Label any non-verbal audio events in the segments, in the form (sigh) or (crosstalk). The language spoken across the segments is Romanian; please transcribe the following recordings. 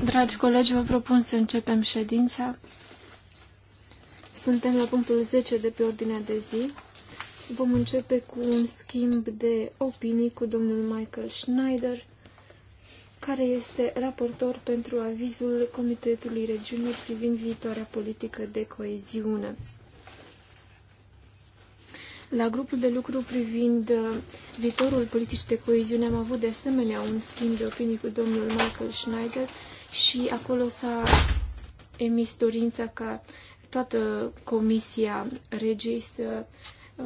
Dragi colegi, vă propun să începem ședința. Suntem la punctul 10 de pe ordinea de zi. Vom începe cu un schimb de opinii cu domnul Michael Schneider, care este raportor pentru avizul Comitetului Regiunii privind viitoarea politică de coeziune. La grupul de lucru privind uh, viitorul politic de coeziune am avut de asemenea un schimb de opinii cu domnul Michael Schneider și acolo s-a emis dorința ca toată comisia regii să uh,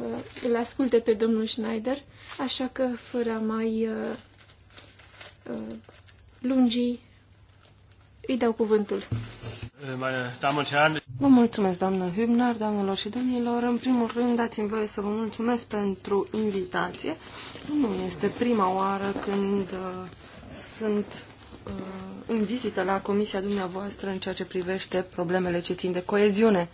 îl asculte pe domnul Schneider, așa că fără a mai uh, lungi îi dau cuvântul. Meine Damen und Herren, Vă mulțumesc, doamnă Hübner, doamnelor și domnilor. În primul rând, dați-mi voie să vă mulțumesc pentru invitație. Nu este prima oară când uh, sunt uh, în vizită la comisia dumneavoastră în ceea ce privește problemele ce țin de coeziune.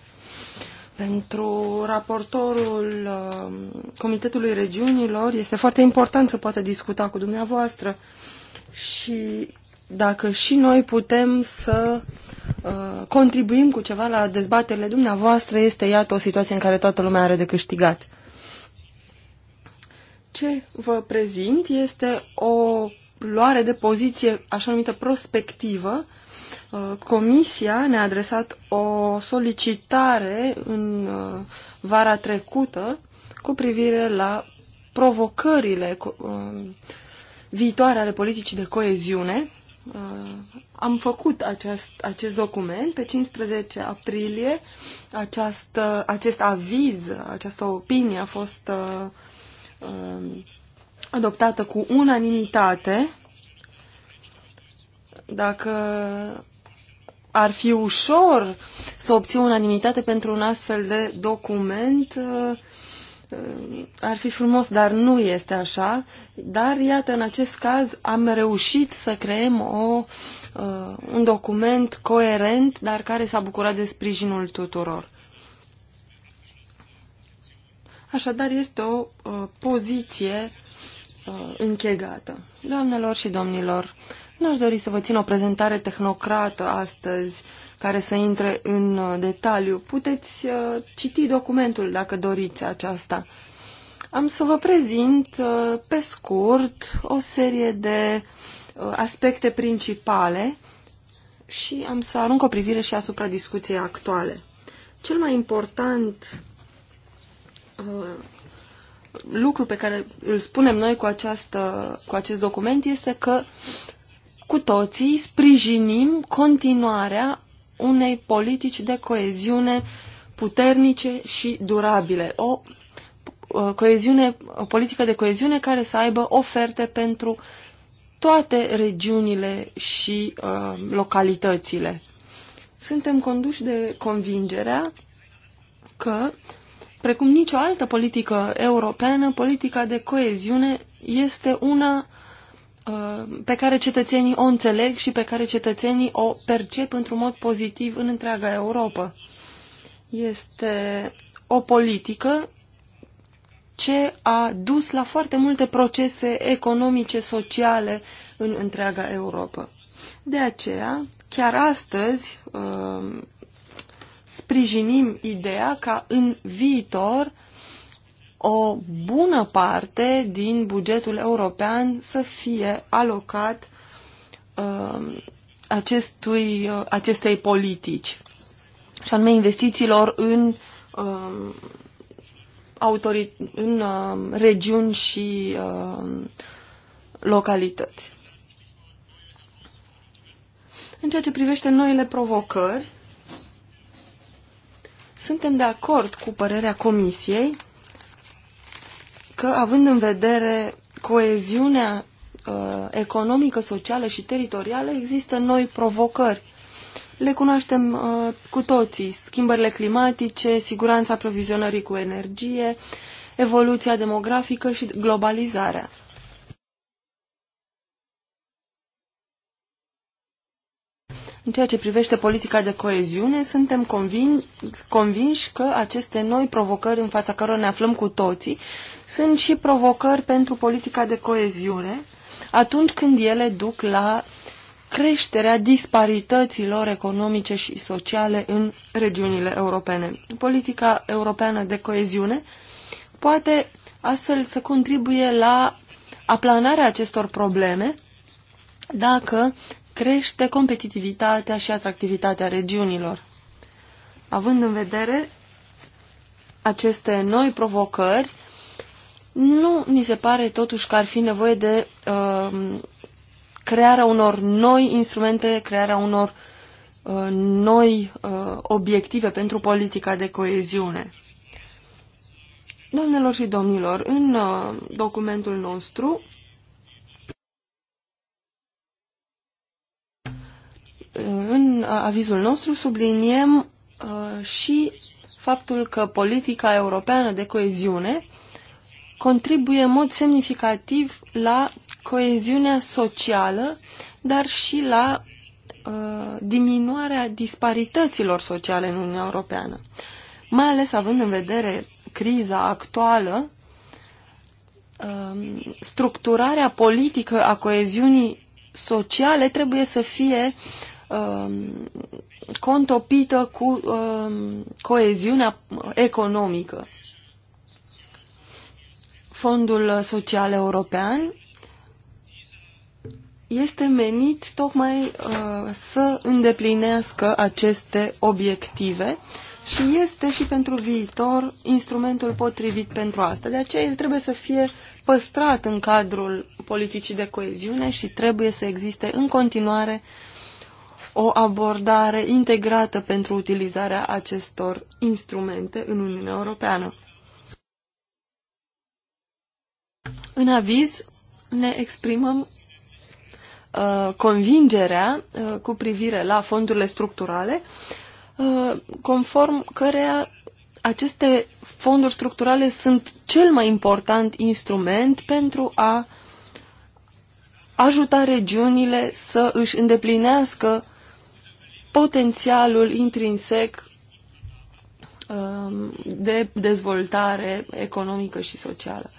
Pentru raportorul uh, Comitetului Regiunilor este foarte important să poată discuta cu dumneavoastră și dacă și noi putem să uh, contribuim cu ceva la dezbaterile dumneavoastră, este, iată, o situație în care toată lumea are de câștigat. Ce vă prezint este o luare de poziție, așa numită prospectivă. Uh, comisia ne-a adresat o solicitare în uh, vara trecută cu privire la provocările uh, viitoare ale politicii de coeziune Uh, am făcut acest, acest document pe 15 aprilie. Această, acest aviz, această opinie a fost uh, um, adoptată cu unanimitate. Dacă ar fi ușor să obții unanimitate pentru un astfel de document, uh, Ehm, ar fi frumos, dar nu este așa. Dar, iată, în acest caz am reușit să creăm o, uh, un document coerent, dar care s-a bucurat de sprijinul tuturor. Așadar, este o uh, poziție uh, închegată. Doamnelor și domnilor, nu aș dori să vă țin o prezentare tehnocrată astăzi care să intre în uh, detaliu. Puteți uh, citi documentul dacă doriți aceasta. Am să vă prezint uh, pe scurt o serie de aspecte principale și am să arunc o privire și asupra discuției actuale. Cel mai important lucru pe care îl spunem noi cu, această, cu acest document este că cu toții sprijinim continuarea unei politici de coeziune puternice și durabile. O uh, coeziune, o politică de coeziune care să aibă oferte pentru toate regiunile și uh, localitățile. Suntem conduși de convingerea că, precum nicio altă politică europeană, politica de coeziune este una Uh, pe care cetățenii o înțeleg și pe care cetățenii o percep într-un mod pozitiv în întreaga Europa. Este o politică ce a dus la foarte multe procese economice, sociale în întreaga Europa. De aceea, chiar astăzi, uh, sprijinim ideea ca în viitor o bună parte din bugetul european să fie alocat um, acestui, uh, acestei politici și anume investițiilor în, um, în um, regiuni și localități. În ceea ce privește noile provocări, suntem de acord cu părerea Comisiei că, având în vedere coeziunea uh, economică, socială și teritorială, există noi provocări. Le cunoaștem uh, cu toții, schimbările climatice, siguranța aprovizionării cu energie, evoluția demografică și globalizarea. În ceea ce privește politica de coeziune, suntem convin, convinși că aceste noi provocări în fața cărora ne aflăm cu toții sunt și provocări pentru politica de coeziune atunci când ele duc la creșterea disparităților economice și sociale în regiunile europene. Politica europeană de coeziune poate astfel să contribuie la aplanarea acestor probleme dacă crește competitivitatea și atractivitatea regiunilor. Având în vedere aceste noi provocări, nu ni se pare totuși că ar fi nevoie de uh, crearea unor noi instrumente, crearea unor uh, noi uh, obiective pentru politica de coeziune. Doamnelor și domnilor, în uh, documentul nostru în uh, avizul nostru subliniem uh, și faptul că politica europeană de coeziune contribuie în mod semnificativ la coeziunea socială, dar și la uh, diminuarea disparităților sociale în Uniunea Europeană. Mai ales având în vedere criza actuală, uh, structurarea politică a coeziunii sociale trebuie să fie uh, um, contopită cu um, coeziunea economică. Fondul Social European este menit tocmai uh, să îndeplinească aceste obiective și este și pentru viitor instrumentul potrivit pentru asta. De aceea el trebuie să fie păstrat în cadrul politicii de coeziune și trebuie să existe în continuare uh, o abordare integrată pentru utilizarea acestor instrumente în Uniunea Europeană. În aviz ne exprimăm uh, convingerea uh, cu privire la fondurile structurale, uh, conform cărea aceste fonduri structurale sunt cel mai important instrument pentru a ajuta regiunile să își îndeplinească potențialul intrinsec um, de dezvoltare economică și socială.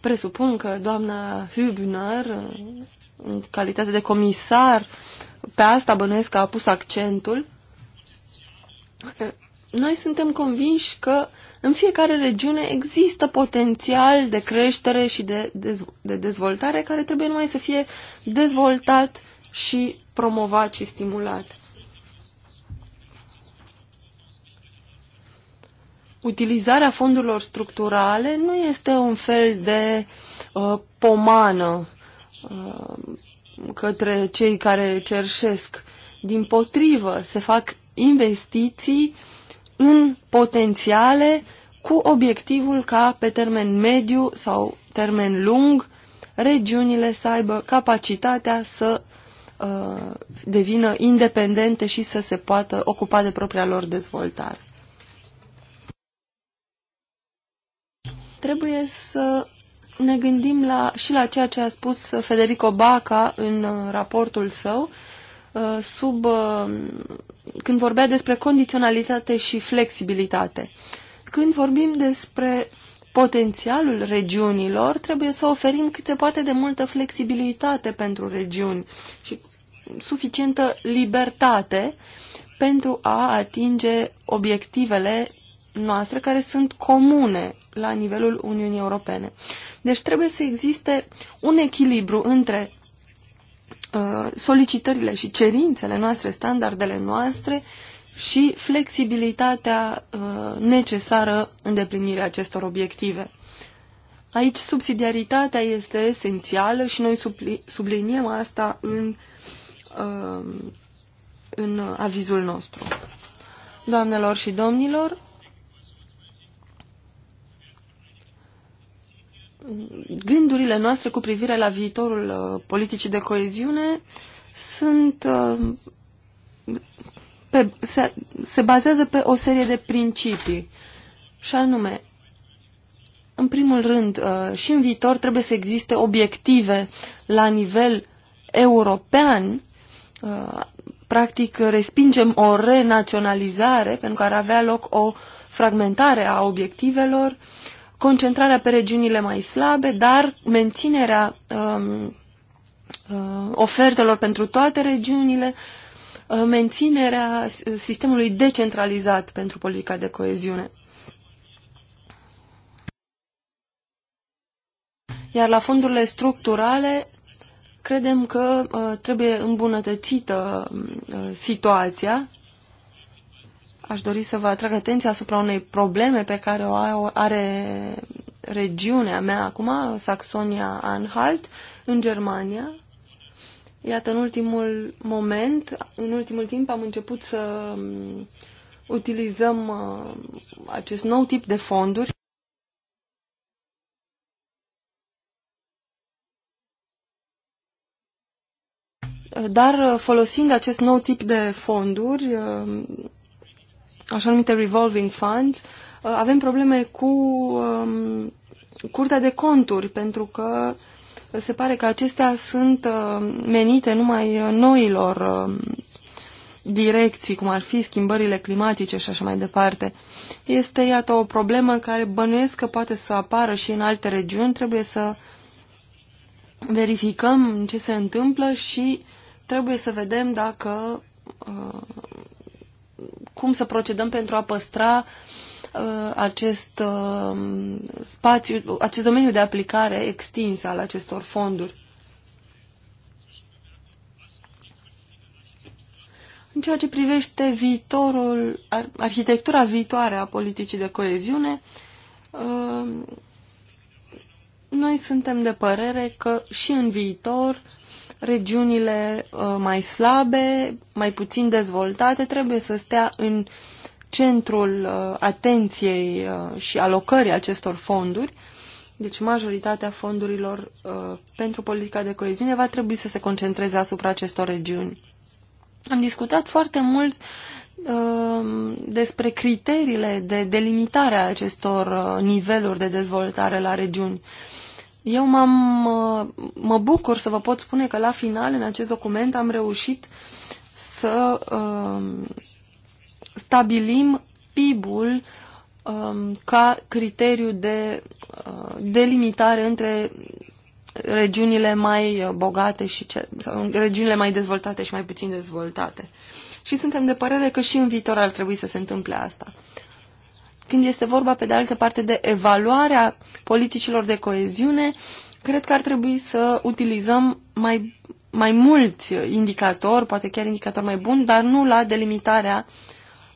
Presupun că doamna Hübner, în calitate de comisar, pe asta bănuiesc că a pus accentul. Noi suntem convinși că în fiecare regiune există potențial de creștere și de, dez de dezvoltare care trebuie numai să fie dezvoltat și promovat și stimulat. utilizarea fondurilor structurale nu este un fel de uh, pomană uh, către cei care cerșesc. Din potrivă, se fac investiții în potențiale cu obiectivul ca pe termen mediu sau termen lung regiunile să aibă capacitatea să uh, devină independente și să se poată ocupa de propria lor dezvoltare. Trebuie să ne gândim la, și la ceea ce a spus Federico Baca în uh, raportul său, uh, sub, uh, când vorbea despre condiționalitate și flexibilitate. Când vorbim despre potențialul regiunilor, trebuie să oferim cât se poate de multă flexibilitate pentru regiuni și suficientă libertate pentru a atinge obiectivele noastre care sunt comune la nivelul Uniunii Europene. Deci trebuie să existe un echilibru între uh, solicitările și cerințele noastre, standardele noastre și flexibilitatea uh, necesară îndeplinirea acestor obiective. Aici subsidiaritatea este esențială și noi subliniem asta în, uh, în avizul nostru. Doamnelor și domnilor, gândurile noastre cu privire la viitorul uh, politicii de coeziune sunt uh, pe, se, se bazează pe o serie de principii și anume în primul rând uh, și în viitor trebuie să existe obiective la nivel european uh, practic respingem o renaționalizare pentru că ar avea loc o fragmentare a obiectivelor uh, concentrarea pe regiunile mai slabe, dar menținerea um, uh, ofertelor pentru toate regiunile, uh, menținerea sistemului decentralizat pentru politica de coeziune. Iar la fondurile structurale, credem că uh, trebuie îmbunătățită situația Aș dori să vă atrag atenția asupra unei probleme pe care o are regiunea mea acum, Saxonia-Anhalt, în Germania. Iată, în ultimul moment, în ultimul timp am început să mm, utilizăm uh, acest nou tip de fonduri dar uh, folosind acest nou tip de fonduri, uh, așa numite revolving funds, uh, avem probleme cu um, curtea de conturi, pentru că se pare că acestea sunt uh, menite numai uh, noilor uh, direcții, cum ar fi schimbările climatice și așa mai departe. Este, iată, o problemă care bănuiesc că poate să apară și în alte regiuni. Trebuie să verificăm ce se întâmplă și trebuie să vedem dacă uh, cum să procedăm pentru a păstra uh, acest uh, spațiu, acest domeniu de aplicare extins al acestor fonduri. În ceea ce privește viitorul, arhitectura viitoare a politicii de coeziune, uh, noi suntem de părere că și în viitor regiunile uh, mai slabe, mai puțin dezvoltate, trebuie să stea în centrul uh, atenției uh, și alocării acestor fonduri. Deci majoritatea fondurilor pentru politica de coeziune va trebui să se concentreze asupra acestor regiuni. Am discutat foarte mult despre criteriile de delimitare a acestor niveluri de dezvoltare la regiuni. Eu m-am, uh, mă bucur să vă pot spune că la final, în acest document, am reușit să um, stabilim PIB-ul um, ca criteriu de uh, delimitare între regiunile mai uh, bogate și ce, sau regiunile mai dezvoltate și mai puțin dezvoltate. Și suntem de părere că și în viitor ar trebui să se întâmple asta. Când este vorba, pe de altă parte, de evaluarea politicilor de coeziune, cred că ar trebui să utilizăm mai, mai mult indicator, poate chiar indicator mai bun, dar nu la delimitarea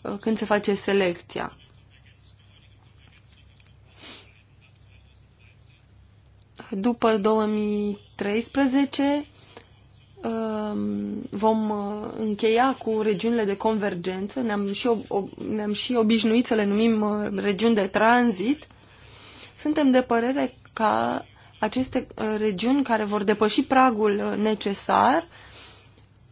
uh, când se face selecția. După 2013, Ehm, vom uh, încheia cu regiunile de convergență, ne-am și, ne și obișnuit să le numim uh, regiuni de tranzit, suntem de părere ca aceste uh, regiuni care vor depăși pragul necesar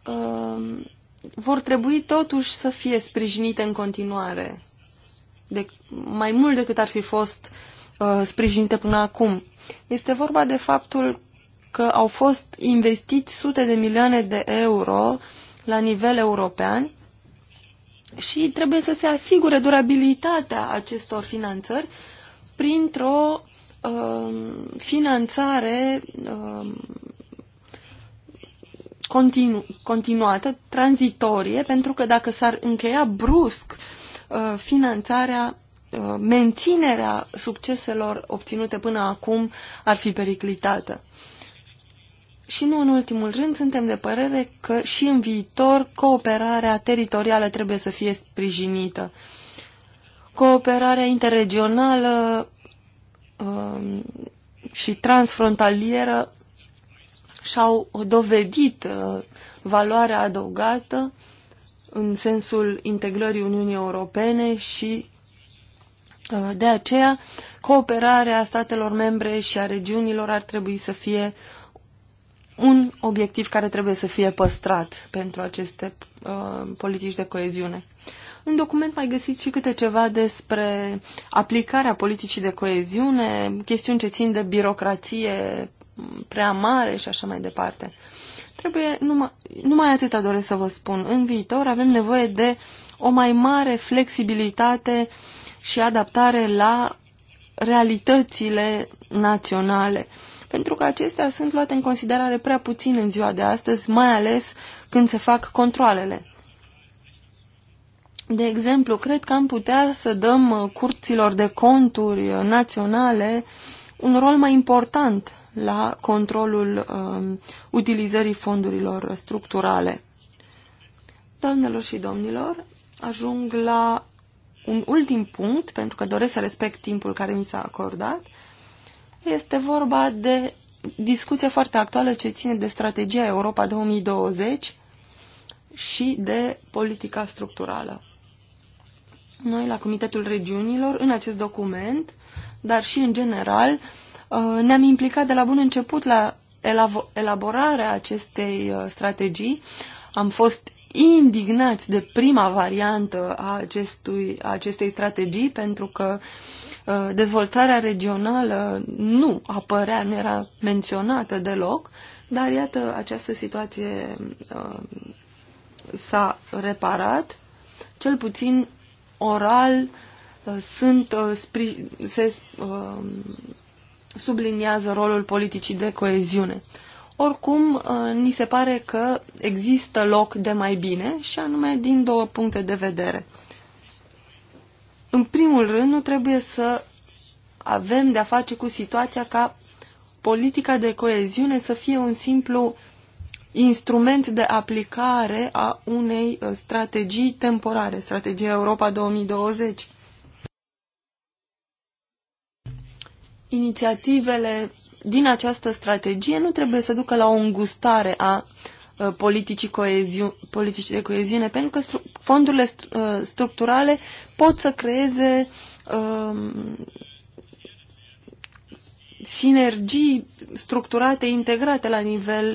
ehm, vor trebui totuși să fie sprijinite în continuare, de, mai mult decât ar fi fost sprijinite până acum. Este vorba de faptul că au fost investiți sute de milioane de euro la nivel european și trebuie să se asigure durabilitatea acestor finanțări printr-o uh, finanțare uh, continu continuată, tranzitorie, pentru că dacă s-ar încheia brusc uh, finanțarea, uh, menținerea succeselor obținute până acum ar fi periclitată. Uh, și nu în ultimul rând, suntem de părere că și în viitor cooperarea teritorială trebuie să fie sprijinită. Cooperarea interregională um, și transfrontalieră și-au dovedit uh, valoarea adăugată în sensul integrării Uniunii Europene și uh, de aceea cooperarea statelor membre și a regiunilor ar trebui să fie uh, un obiectiv care trebuie să fie păstrat pentru aceste uh, politici de coeziune. În document mai găsiți și câte ceva despre aplicarea politicii de coeziune, chestiuni ce țin de birocrație prea mare și așa mai departe. Trebuie, numai, numai atâta doresc să vă spun. În viitor avem nevoie de o mai mare flexibilitate și adaptare la realitățile naționale pentru că acestea sunt luate în considerare prea puțin în ziua de astăzi, mai ales când se fac controlele. De exemplu, cred că am putea să dăm uh, curților de conturi uh, naționale un rol mai important la controlul um, utilizării fondurilor structurale. Doamnelor și domnilor, ajung la un ultim punct, pentru că doresc să respect timpul care mi s-a acordat, este vorba de discuția foarte actuală ce ține de strategia Europa 2020 și de politica structurală. Noi, la Comitetul Regiunilor, în acest document, dar și în general, uh, ne-am implicat de la bun început la elaborarea acestei uh, strategii. Am fost indignați de prima variantă a, acestui, a acestei strategii pentru că uh, Uh, dezvoltarea regională nu apărea, nu era menționată deloc, dar iată, această situație uh, s-a reparat, cel puțin oral uh, sunt, se subliniază rolul politicii de coeziune. Oricum, ni se pare că există loc de mai bine și anume din două puncte de vedere. În primul rând, nu trebuie să avem de-a face cu situația ca politica de coeziune să fie un simplu instrument de aplicare a unei uh, strategii temporare, strategia Europa 2020. Inițiativele din această strategie nu trebuie să ducă la o îngustare a Uh, politicii, coeziu, politicii de coeziune, pentru că stru, fondurile stru, uh, structurale pot să creeze uh, sinergii structurate, integrate la, nivel,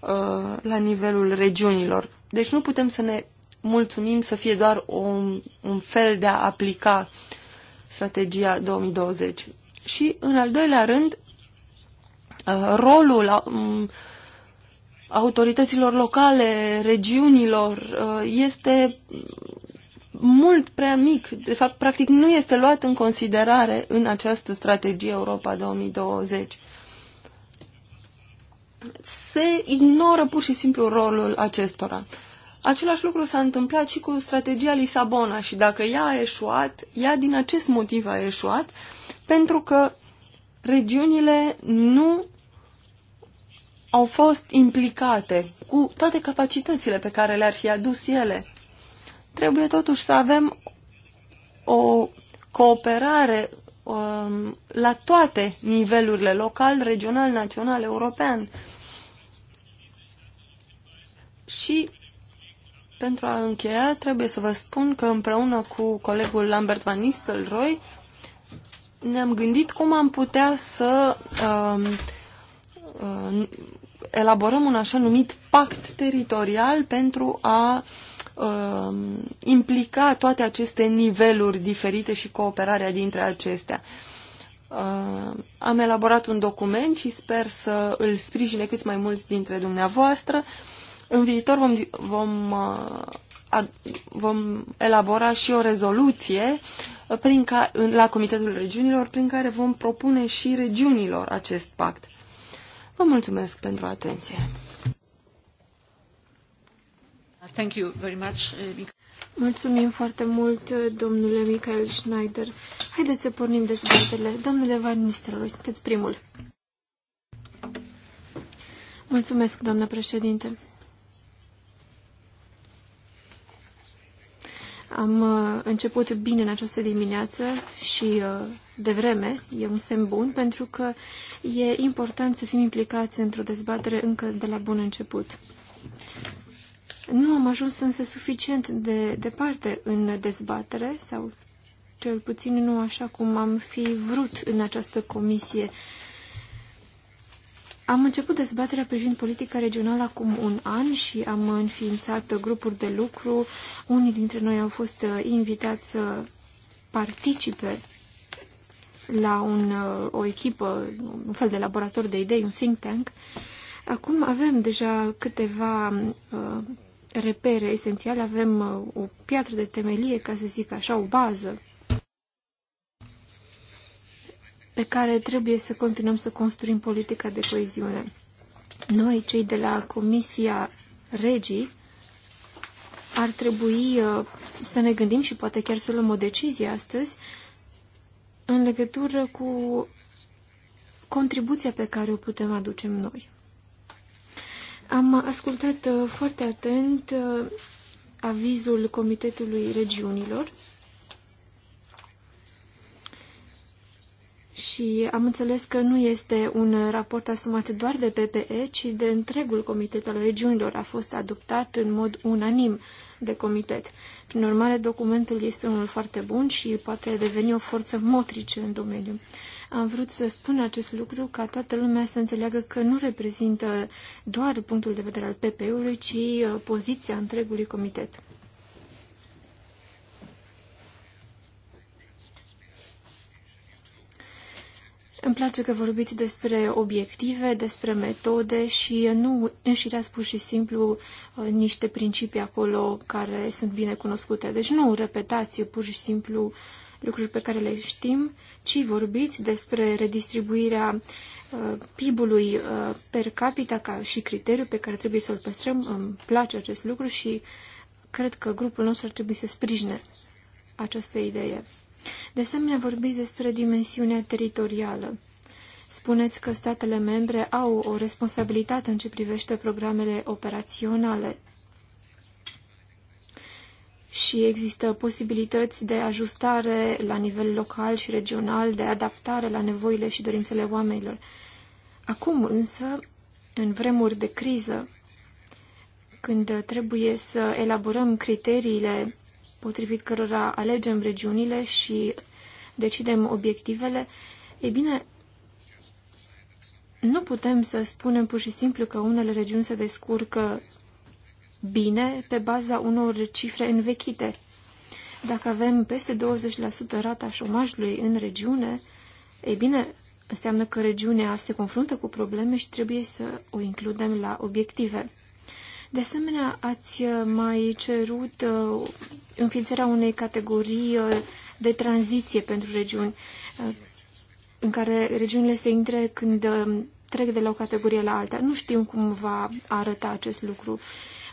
uh, la nivelul regiunilor. Deci nu putem să ne mulțumim să fie doar o, un fel de a aplica strategia 2020. Și, în al doilea rând, uh, rolul um, autorităților locale, regiunilor, uh, este mult prea mic. De fapt, practic nu este luat în considerare în această strategie Europa 2020. Se ignoră pur și simplu rolul acestora. Același lucru s-a întâmplat și cu strategia Lisabona și dacă ea a eșuat, ea din acest motiv a eșuat, pentru că regiunile nu au fost implicate cu toate capacitățile pe care le-ar fi adus ele. Trebuie totuși să avem o cooperare um, la toate nivelurile, local, regional, național, european. Și pentru a încheia, trebuie să vă spun că împreună cu colegul Lambert Van Nistelrooy ne-am gândit cum am putea să um, uh, elaborăm un așa numit pact teritorial pentru a uh, implica toate aceste niveluri diferite și cooperarea dintre acestea. Uh, am elaborat un document și sper să îl sprijine câți mai mulți dintre dumneavoastră. În viitor vom, vom, uh, ad, vom elabora și o rezoluție uh, prin ca, în, la Comitetul Regiunilor prin care vom propune și regiunilor acest pact. Vă mulțumesc pentru atenție. Thank you very much. Uh, Mulțumim foarte mult, uh, domnule Michael Schneider. Haideți să pornim dezbaterile. Domnule Van Nistelrooy, sunteți primul. Mulțumesc, doamnă președinte. Am uh, început bine în această dimineață și de vreme, e un semn bun, pentru că e important să fim implicați într-o dezbatere încă de la bun început. Nu am ajuns însă suficient de departe în dezbatere, sau cel puțin nu așa cum am fi vrut în această comisie. Am început dezbaterea privind politica regională acum un an și am înființat grupuri de lucru. Unii dintre noi au fost uh, invitați să participe la un, uh, o echipă, un fel de laborator de idei, un think tank. Acum avem deja câteva uh, repere esențiale, avem uh, o piatră de temelie, ca să zic așa, o bază pe care trebuie să continuăm să construim politica de coeziune. Noi, cei de la Comisia Regii, ar trebui uh, să ne gândim și poate chiar să luăm o decizie astăzi în legătură cu contribuția pe care o putem aduce noi. Am ascultat uh, foarte atent uh, avizul Comitetului Regiunilor și am înțeles că nu este un raport asumat doar de PPE, ci de întregul Comitet al Regiunilor. A fost adoptat în mod unanim de comitet. Prin urmare, documentul este unul foarte bun și poate deveni o forță motrice în domeniu. Am vrut să spun acest lucru ca toată lumea să înțeleagă că nu reprezintă doar punctul de vedere al PP-ului, ci uh, poziția întregului comitet. Îmi place că vorbiți despre obiective, despre metode și nu înșirați pur și simplu uh, niște principii acolo care sunt bine cunoscute. Deci nu repetați pur și simplu lucruri pe care le știm, ci vorbiți despre redistribuirea uh, PIB-ului uh, per capita ca și criteriu pe care trebuie să-l păstrăm. Îmi place acest lucru și cred că grupul nostru ar trebui să sprijine această idee. De asemenea, vorbiți despre dimensiunea teritorială. Spuneți că statele membre au o responsabilitate în ce privește programele operaționale și există posibilități de ajustare la nivel local și regional, de adaptare la nevoile și dorințele oamenilor. Acum însă, în vremuri de criză, când trebuie să elaborăm criteriile potrivit cărora alegem regiunile și decidem obiectivele, E bine, nu putem să spunem pur și simplu că unele regiuni se descurcă bine pe baza unor cifre învechite. Dacă avem peste 20% rata șomajului în regiune, e bine, înseamnă că regiunea se confruntă cu probleme și trebuie să o includem la obiective. De asemenea, ați uh, mai cerut uh, înființarea unei categorii uh, de tranziție pentru regiuni, în care regiunile se intre când trec de la o categorie la alta. Nu știm cum va arăta acest lucru.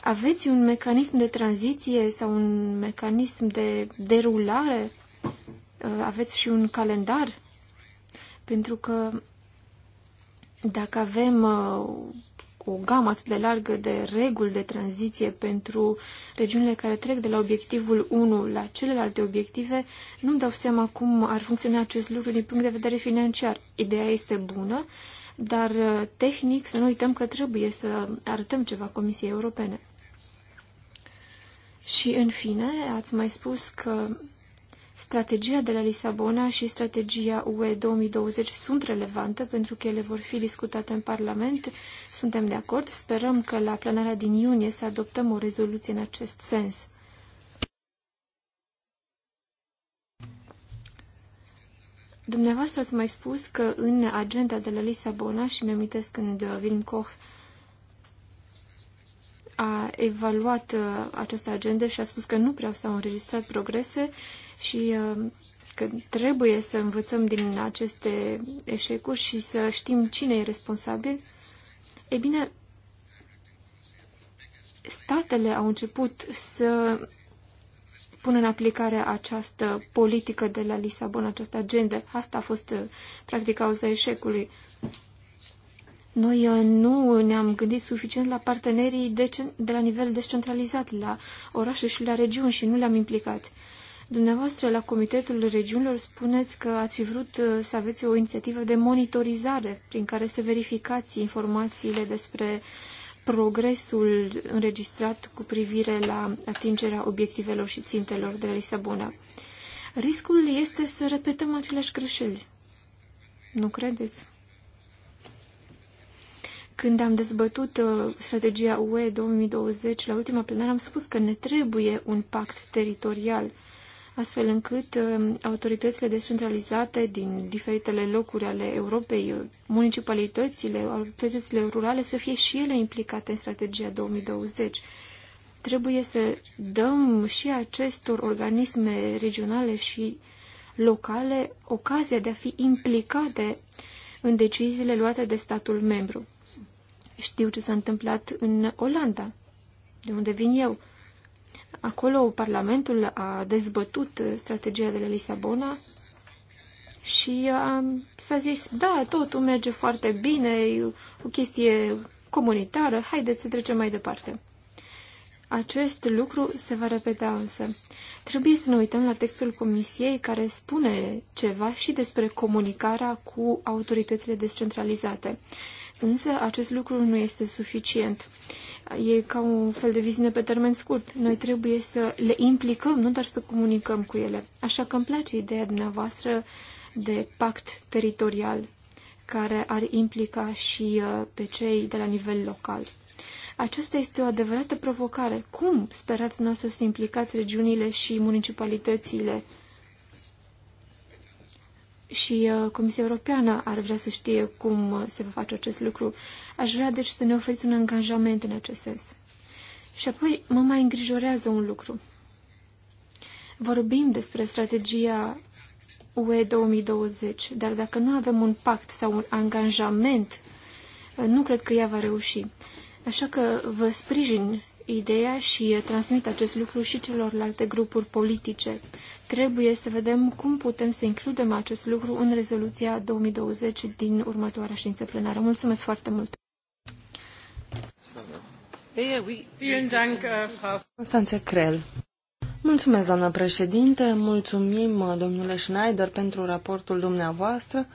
Aveți un mecanism de tranziție sau un mecanism de derulare? Aveți și un calendar? Pentru că dacă avem o gamă atât de largă de reguli de tranziție pentru regiunile care trec de la obiectivul 1 la celelalte obiective, nu-mi dau seama cum ar funcționa acest lucru din punct de vedere financiar. Ideea este bună, dar uh, tehnic să nu uităm că trebuie să arătăm ceva Comisiei Europene. Și în fine, ați mai spus că Strategia de la Lisabona și strategia UE 2020 sunt relevante pentru că ele vor fi discutate în Parlament. Suntem de acord. Sperăm că la planarea din iunie să adoptăm o rezoluție în acest sens. Dumneavoastră ați mai spus că în agenda de la Lisabona, și mi-am când uh, Wilm Koch a evaluat uh, această agendă și a spus că nu prea s-au înregistrat progrese, și uh, că trebuie să învățăm din aceste eșecuri și să știm cine e responsabil, e bine, statele au început să pună în aplicare această politică de la Lisabona, această agendă. Asta a fost, uh, practic, cauza eșecului. Noi uh, nu ne-am gândit suficient la partenerii de, de la nivel descentralizat, la orașe și la regiuni și nu le-am implicat. Dumneavoastră, la Comitetul Regiunilor, spuneți că ați fi vrut uh, să aveți o inițiativă de monitorizare prin care să verificați informațiile despre progresul înregistrat cu privire la atingerea obiectivelor și țintelor de la Lisabona. Riscul este să repetăm aceleași greșeli. Nu credeți? Când am dezbătut uh, strategia UE 2020 la ultima plenară, am spus că ne trebuie un pact teritorial astfel încât uh, autoritățile descentralizate din diferitele locuri ale Europei, uh, municipalitățile, autoritățile rurale să fie și ele implicate în strategia 2020. Trebuie să dăm și acestor organisme regionale și locale ocazia de a fi implicate în deciziile luate de statul membru. Știu ce s-a întâmplat în Olanda, de unde vin eu. Acolo Parlamentul a dezbătut strategia de la Lisabona și s-a zis, da, totul merge foarte bine, e o chestie comunitară, haideți să trecem mai departe. Acest lucru se va repeta însă. Trebuie să ne uităm la textul Comisiei care spune ceva și despre comunicarea cu autoritățile descentralizate. Însă acest lucru nu este suficient. Uh, E ca un fel de viziune pe termen scurt. Noi trebuie să le implicăm, nu doar să comunicăm cu ele. Așa că îmi place ideea dumneavoastră de pact teritorial care ar implica și uh, pe cei de la nivel local. Aceasta este o adevărată provocare. Cum sperați noastră să implicați regiunile și municipalitățile și uh, Comisia Europeană ar vrea să știe cum uh, se va face acest lucru. Aș vrea deci să ne oferiți un angajament în acest sens. Și apoi mă mai îngrijorează un lucru. Vorbim despre strategia UE 2020, dar dacă nu avem un pact sau un angajament, uh, nu cred că ea va reuși. Așa că vă sprijin ideea și transmit acest lucru și celorlalte grupuri politice. Trebuie să vedem cum putem să includem acest lucru în rezoluția 2020 din următoarea ședință plenară. Mulțumesc foarte mult! Uh, Constanțe Crel. Mulțumesc, doamnă președinte, mulțumim, uh, domnule Schneider, pentru raportul dumneavoastră.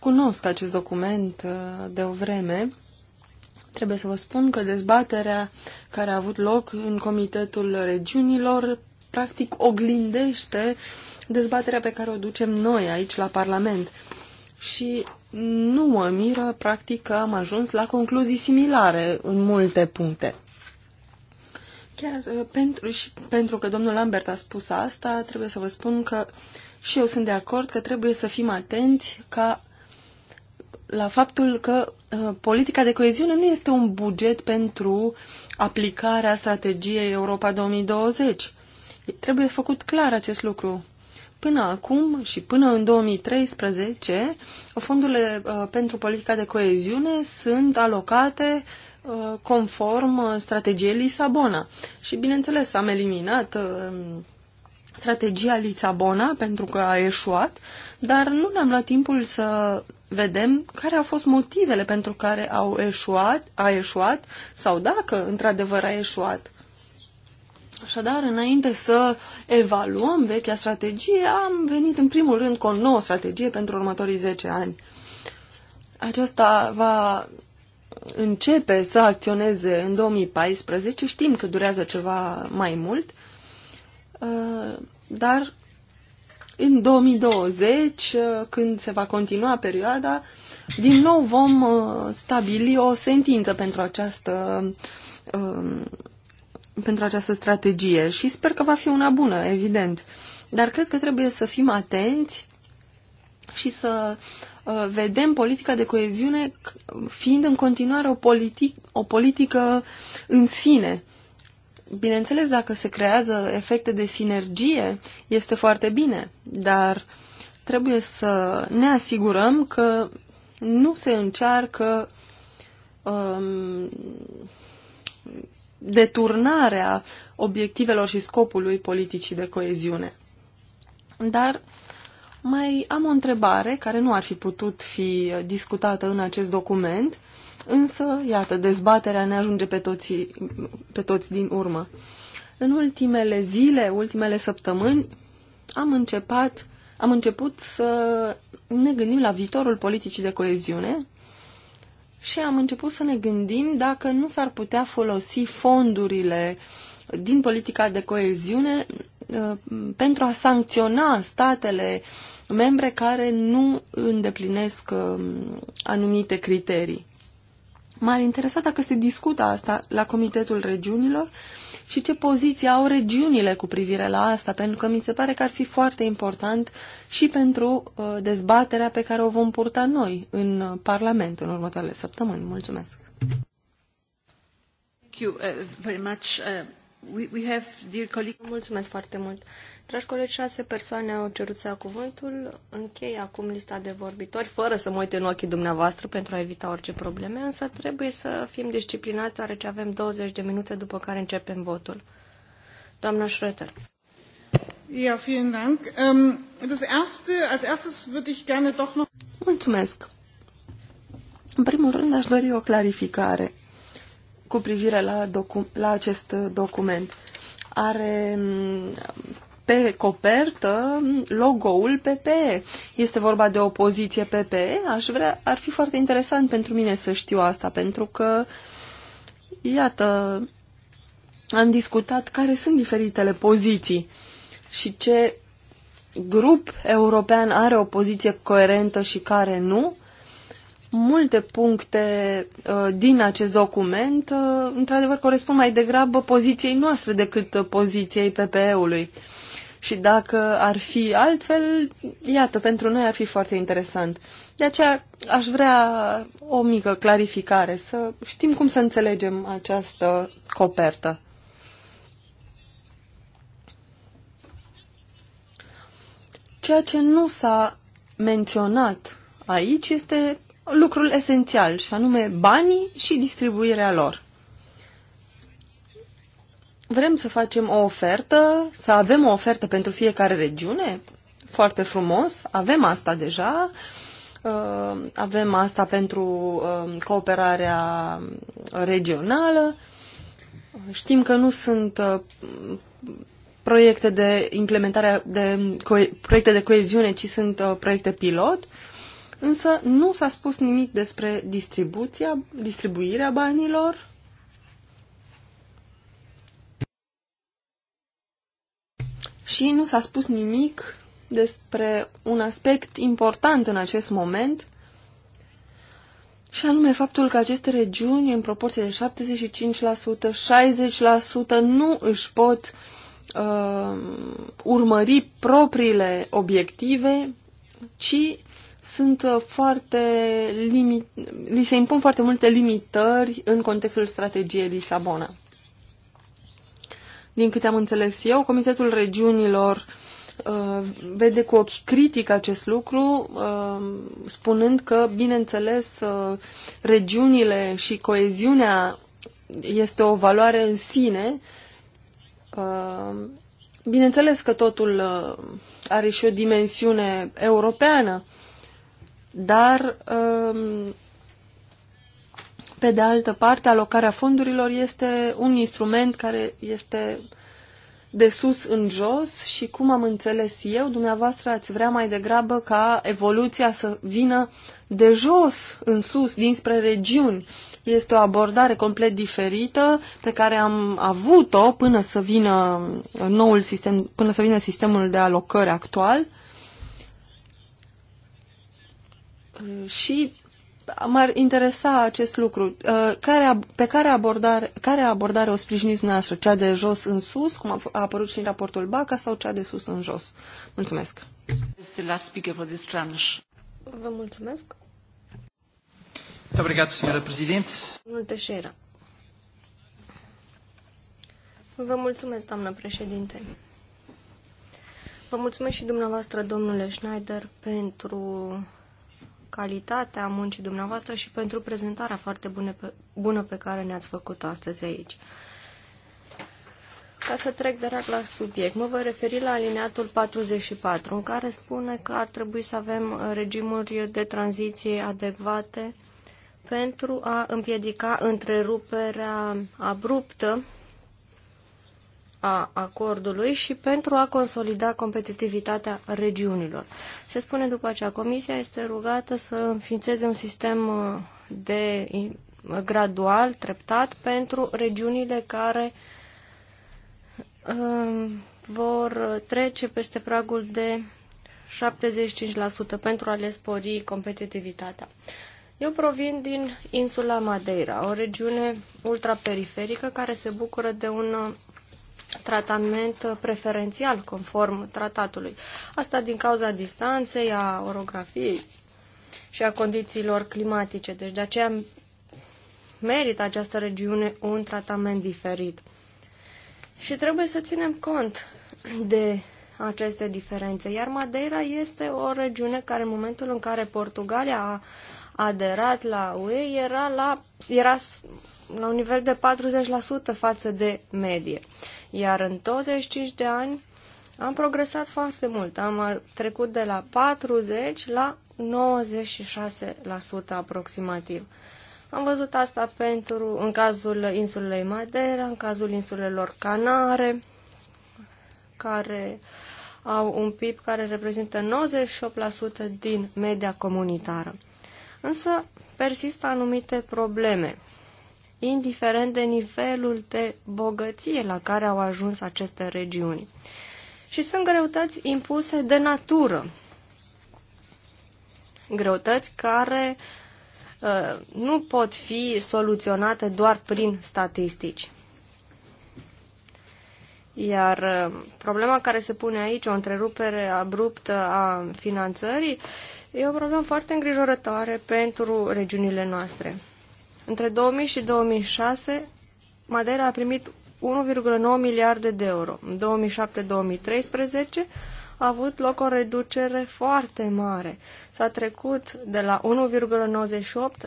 Cunosc acest document uh, de o vreme Trebuie să vă spun că dezbaterea care a avut loc în Comitetul Regiunilor practic oglindește dezbaterea pe care o ducem noi aici la Parlament. Și nu mă miră, practic, că am ajuns la concluzii similare în multe puncte. Chiar uh, pentru, și pentru că domnul Lambert a spus asta, trebuie să vă spun că și eu sunt de acord că trebuie să fim atenți ca la faptul că uh, politica de coeziune nu este un buget pentru aplicarea strategiei Europa 2020. Trebuie făcut clar acest lucru. Până acum și până în 2013, uh, fondurile uh, pentru politica de coeziune sunt alocate uh, conform uh, strategiei Lisabona. Și, bineînțeles, am eliminat uh, strategia Lisabona pentru că a eșuat, dar nu ne-am luat timpul să vedem care au fost motivele pentru care au eșuat, a eșuat sau dacă într-adevăr a eșuat. Așadar, înainte să evaluăm vechea strategie, am venit în primul rând cu o nouă strategie pentru următorii 10 ani. Aceasta va începe să acționeze în 2014, știm că durează ceva mai mult, uh, dar în 2020, uh, când se va continua perioada, din nou vom uh, stabili o sentință pentru această, um, pentru această strategie și sper că va fi una bună, evident. Dar cred că trebuie să fim atenți și să uh, vedem politica de coeziune fiind în continuare o, politic, o politică în sine bineînțeles, dacă se creează efecte de sinergie, este foarte bine, dar trebuie să ne asigurăm că nu se încearcă um, deturnarea obiectivelor și scopului politicii de coeziune. Dar mai am o întrebare care nu ar fi putut fi discutată în acest document, Însă, iată, dezbaterea ne ajunge pe toți, pe toți din urmă. În ultimele zile, ultimele săptămâni, am început, am început să ne gândim la viitorul politicii de coeziune și am început să ne gândim dacă nu s-ar putea folosi fondurile din politica de coeziune uh, pentru a sancționa statele membre care nu îndeplinesc uh, anumite criterii. M-ar interesa dacă se discută asta la Comitetul Regiunilor și ce poziție au regiunile cu privire la asta, pentru că mi se pare că ar fi foarte important și pentru uh, dezbaterea pe care o vom purta noi în uh, Parlament în următoarele săptămâni. Mulțumesc! Thank you, uh, very much, uh... We, have, dear colleague... Mulțumesc foarte mult. Dragi colegi, șase persoane au cerut să ia cuvântul. Închei acum lista de vorbitori, fără să mă uit în ochii dumneavoastră pentru a evita orice probleme, însă trebuie să fim disciplinați, deoarece avem 20 de minute după care începem votul. Doamna Schröter. Ja, vielen Dank. Um, das erste, als erstes würde ich gerne doch noch... Mulțumesc. În primul rând, aș dori o clarificare cu privire la, docu la acest document. Are mm, pe copertă mm, logo-ul PPE. Este vorba de o poziție PPE. Aș vrea, ar fi foarte interesant pentru mine să știu asta, pentru că, iată, am discutat care sunt diferitele poziții și ce grup european are o poziție coerentă și care nu multe puncte uh, din acest document, uh, într-adevăr, corespund mai degrabă poziției noastre decât uh, poziției PPE-ului. Și dacă ar fi altfel, iată, pentru noi ar fi foarte interesant. De aceea aș vrea o mică clarificare, să știm cum să înțelegem această copertă. Ceea ce nu s-a menționat aici este lucrul esențial, și anume banii și distribuirea lor. Vrem să facem o ofertă, să avem o ofertă pentru fiecare regiune? Foarte frumos, avem asta deja. Uh, avem asta pentru uh, cooperarea regională. Știm că nu sunt uh, proiecte de implementare de proiecte de coeziune, ci sunt proiecte pilot însă nu s-a spus nimic despre distribuția, distribuirea banilor. Și nu s-a spus nimic despre un aspect important în acest moment, și anume faptul că aceste regiuni, în proporție de 75%, 60%, nu își pot uh, urmări propriile obiective, ci sunt uh, foarte limit, li se impun foarte multe limitări în contextul strategiei Lisabona. Din câte am înțeles eu, Comitetul Regiunilor uh, vede cu ochi critic acest lucru, uh, spunând că, bineînțeles, uh, regiunile și coeziunea este o valoare în sine. Uh, bineînțeles că totul uh, are și o dimensiune europeană, dar, um, pe de altă parte, alocarea fondurilor este un instrument care este de sus în jos și, cum am înțeles eu, dumneavoastră ați vrea mai degrabă ca evoluția să vină de jos în sus, dinspre regiuni. Este o abordare complet diferită pe care am avut-o până să vină noul sistem, până să vină sistemul de alocări actual și m-ar interesa acest lucru. Uh, care, pe care abordare, care abordare o sprijiniți noastră? Cea de jos în sus, cum a apărut și în raportul BACA, sau cea de sus în jos? Mulțumesc! Este la Vă mulțumesc! Obrigado, senhora Presidente. Teixeira. Vă mulțumesc, doamnă președinte. Vă mulțumesc și dumneavoastră, domnule Schneider, pentru calitatea muncii dumneavoastră și pentru prezentarea foarte bune pe, bună pe care ne-ați făcut astăzi aici. Ca să trec direct la subiect, mă voi referi la alineatul 44, în care spune că ar trebui să avem regimuri de tranziție adecvate pentru a împiedica întreruperea abruptă a acordului și pentru a consolida competitivitatea regiunilor. Se spune după aceea, Comisia este rugată să înființeze un sistem uh, de uh, gradual, treptat, pentru regiunile care uh, vor trece peste pragul de 75% pentru a le spori competitivitatea. Eu provin din insula Madeira, o regiune ultraperiferică care se bucură de un tratament preferențial conform tratatului. Asta din cauza distanței, a orografiei și a condițiilor climatice. Deci de aceea merită această regiune un tratament diferit. Și trebuie să ținem cont de aceste diferențe. Iar Madeira este o regiune care în momentul în care Portugalia a aderat la UE era, la, era la un nivel de 40% față de medie. Iar în 25 de ani am progresat foarte mult. Am trecut de la 40 la 96% aproximativ. Am văzut asta pentru, în cazul insulei Madeira, în cazul insulelor Canare, care au un PIB care reprezintă 98% din media comunitară. Însă persistă anumite probleme indiferent de nivelul de bogăție la care au ajuns aceste regiuni. Și sunt greutăți impuse de natură, greutăți care uh, nu pot fi soluționate doar prin statistici. Iar uh, problema care se pune aici, o întrerupere abruptă a finanțării, e o problemă foarte îngrijorătoare pentru regiunile noastre. Între 2000 și 2006, Madeira a primit 1,9 miliarde de euro. În 2007-2013 a avut loc o reducere foarte mare. S-a trecut de la 1,98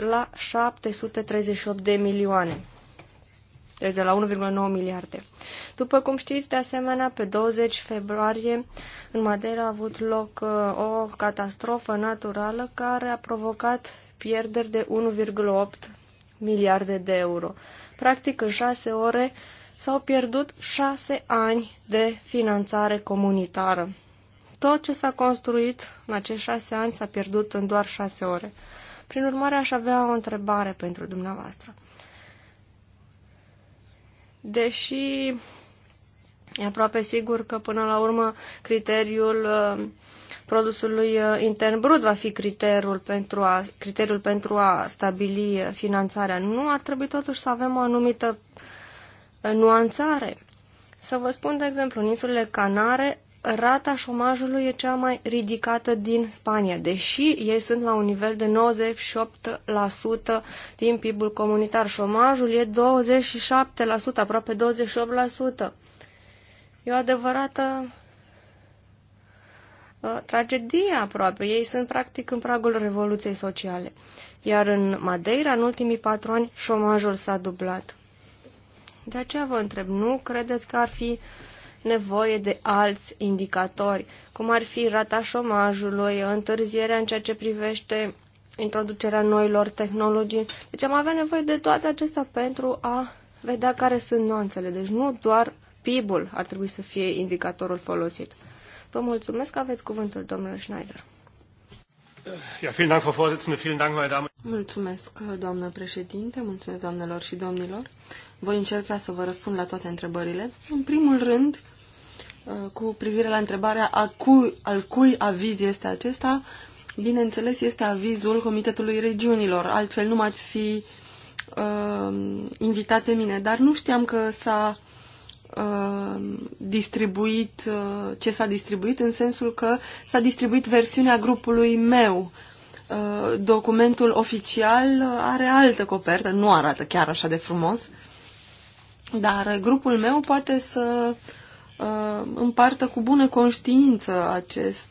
la 738 de milioane. Deci de la 1,9 miliarde. După cum știți, de asemenea, pe 20 februarie în Madeira a avut loc uh, o catastrofă naturală care a provocat pierderi de 1,8 miliarde de euro. Practic, în șase ore s-au pierdut șase ani de finanțare comunitară. Tot ce s-a construit în acești șase ani s-a pierdut în doar șase ore. Prin urmare, aș avea o întrebare pentru dumneavoastră. Deși E aproape sigur că până la urmă criteriul uh, produsului uh, intern brut va fi criteriul pentru a, criteriul pentru a stabili uh, finanțarea. Nu ar trebui totuși să avem o anumită nuanțare. Să vă spun, de exemplu, în insulele Canare, rata șomajului e cea mai ridicată din Spania, deși ei sunt la un nivel de 98% din PIB-ul comunitar. Șomajul e 27%, aproape 28%. E o adevărată uh, tragedie aproape. Ei sunt practic în pragul revoluției sociale. Iar în Madeira, în ultimii patru ani, șomajul s-a dublat. De aceea vă întreb, nu credeți că ar fi nevoie de alți indicatori, cum ar fi rata șomajului, întârzierea în ceea ce privește introducerea noilor tehnologii. Deci am avea nevoie de toate acestea pentru a vedea care sunt nuanțele. Deci nu doar PIB-ul ar trebui să fie indicatorul folosit. Vă mulțumesc că aveți cuvântul, domnule Schneider. Mulțumesc, doamnă președinte, mulțumesc doamnelor și domnilor. Voi încerca să vă răspund la toate întrebările. În primul rând, uh, cu privire la întrebarea a cui, al cui aviz este acesta, bineînțeles este avizul Comitetului Regiunilor, altfel nu m-ați fi uh, invitat pe mine, dar nu știam că s-a Uh, distribuit, uh, ce s-a distribuit, în sensul că s-a distribuit versiunea grupului meu. Uh, documentul oficial are altă copertă, nu arată chiar așa de frumos, dar grupul meu poate să împartă cu bună conștiință acest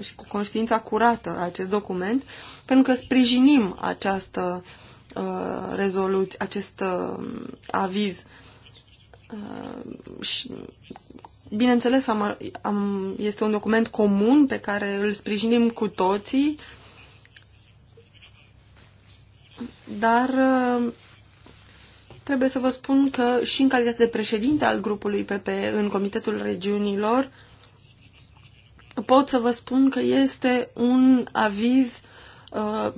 și cu conștiința curată acest document, pentru că sprijinim această rezoluție, acest aviz și, bineînțeles, am, am, este un document comun pe care îl sprijinim cu toții, dar uh, trebuie să vă spun că și în calitate de președinte al grupului PP în Comitetul Regiunilor, pot să vă spun că este un aviz uh,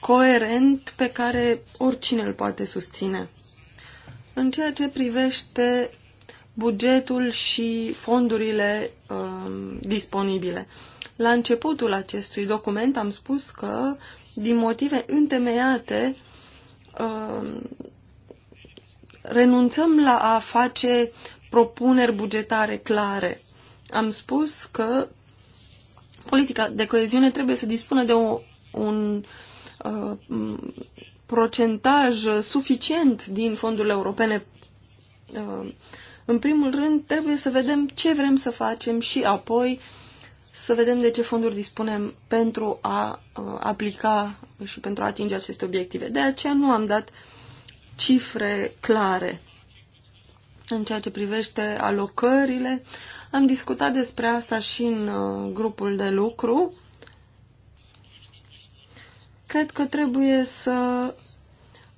coerent pe care oricine îl poate susține. În ceea ce privește bugetul și fondurile uh, disponibile. La începutul acestui document am spus că, din motive întemeiate, uh, renunțăm la a face propuneri bugetare clare. Am spus că politica de coeziune trebuie să dispună de o, un, uh, procentaj suficient din fondurile europene. Uh, în primul rând, trebuie să vedem ce vrem să facem și apoi să vedem de ce fonduri dispunem pentru a uh, aplica și pentru a atinge aceste obiective. De aceea nu am dat cifre clare în ceea ce privește alocările. Am discutat despre asta și în uh, grupul de lucru Cred că trebuie să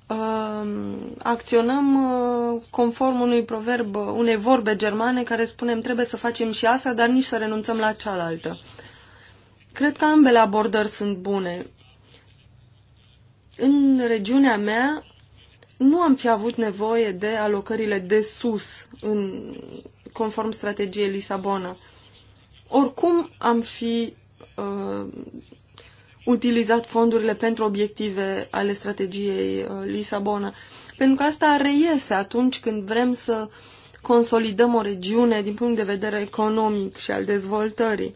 uh, acționăm uh, conform unui proverb, uh, unei vorbe germane care spunem trebuie să facem și asta, dar nici să renunțăm la cealaltă. Cred că ambele abordări sunt bune. În regiunea mea nu am fi avut nevoie de alocările de sus în conform strategiei Lisabona. Oricum am fi uh, utilizat fondurile pentru obiective ale strategiei uh, Lisabona. Pentru că asta reiese atunci când vrem să consolidăm o regiune din punct de vedere economic și al dezvoltării.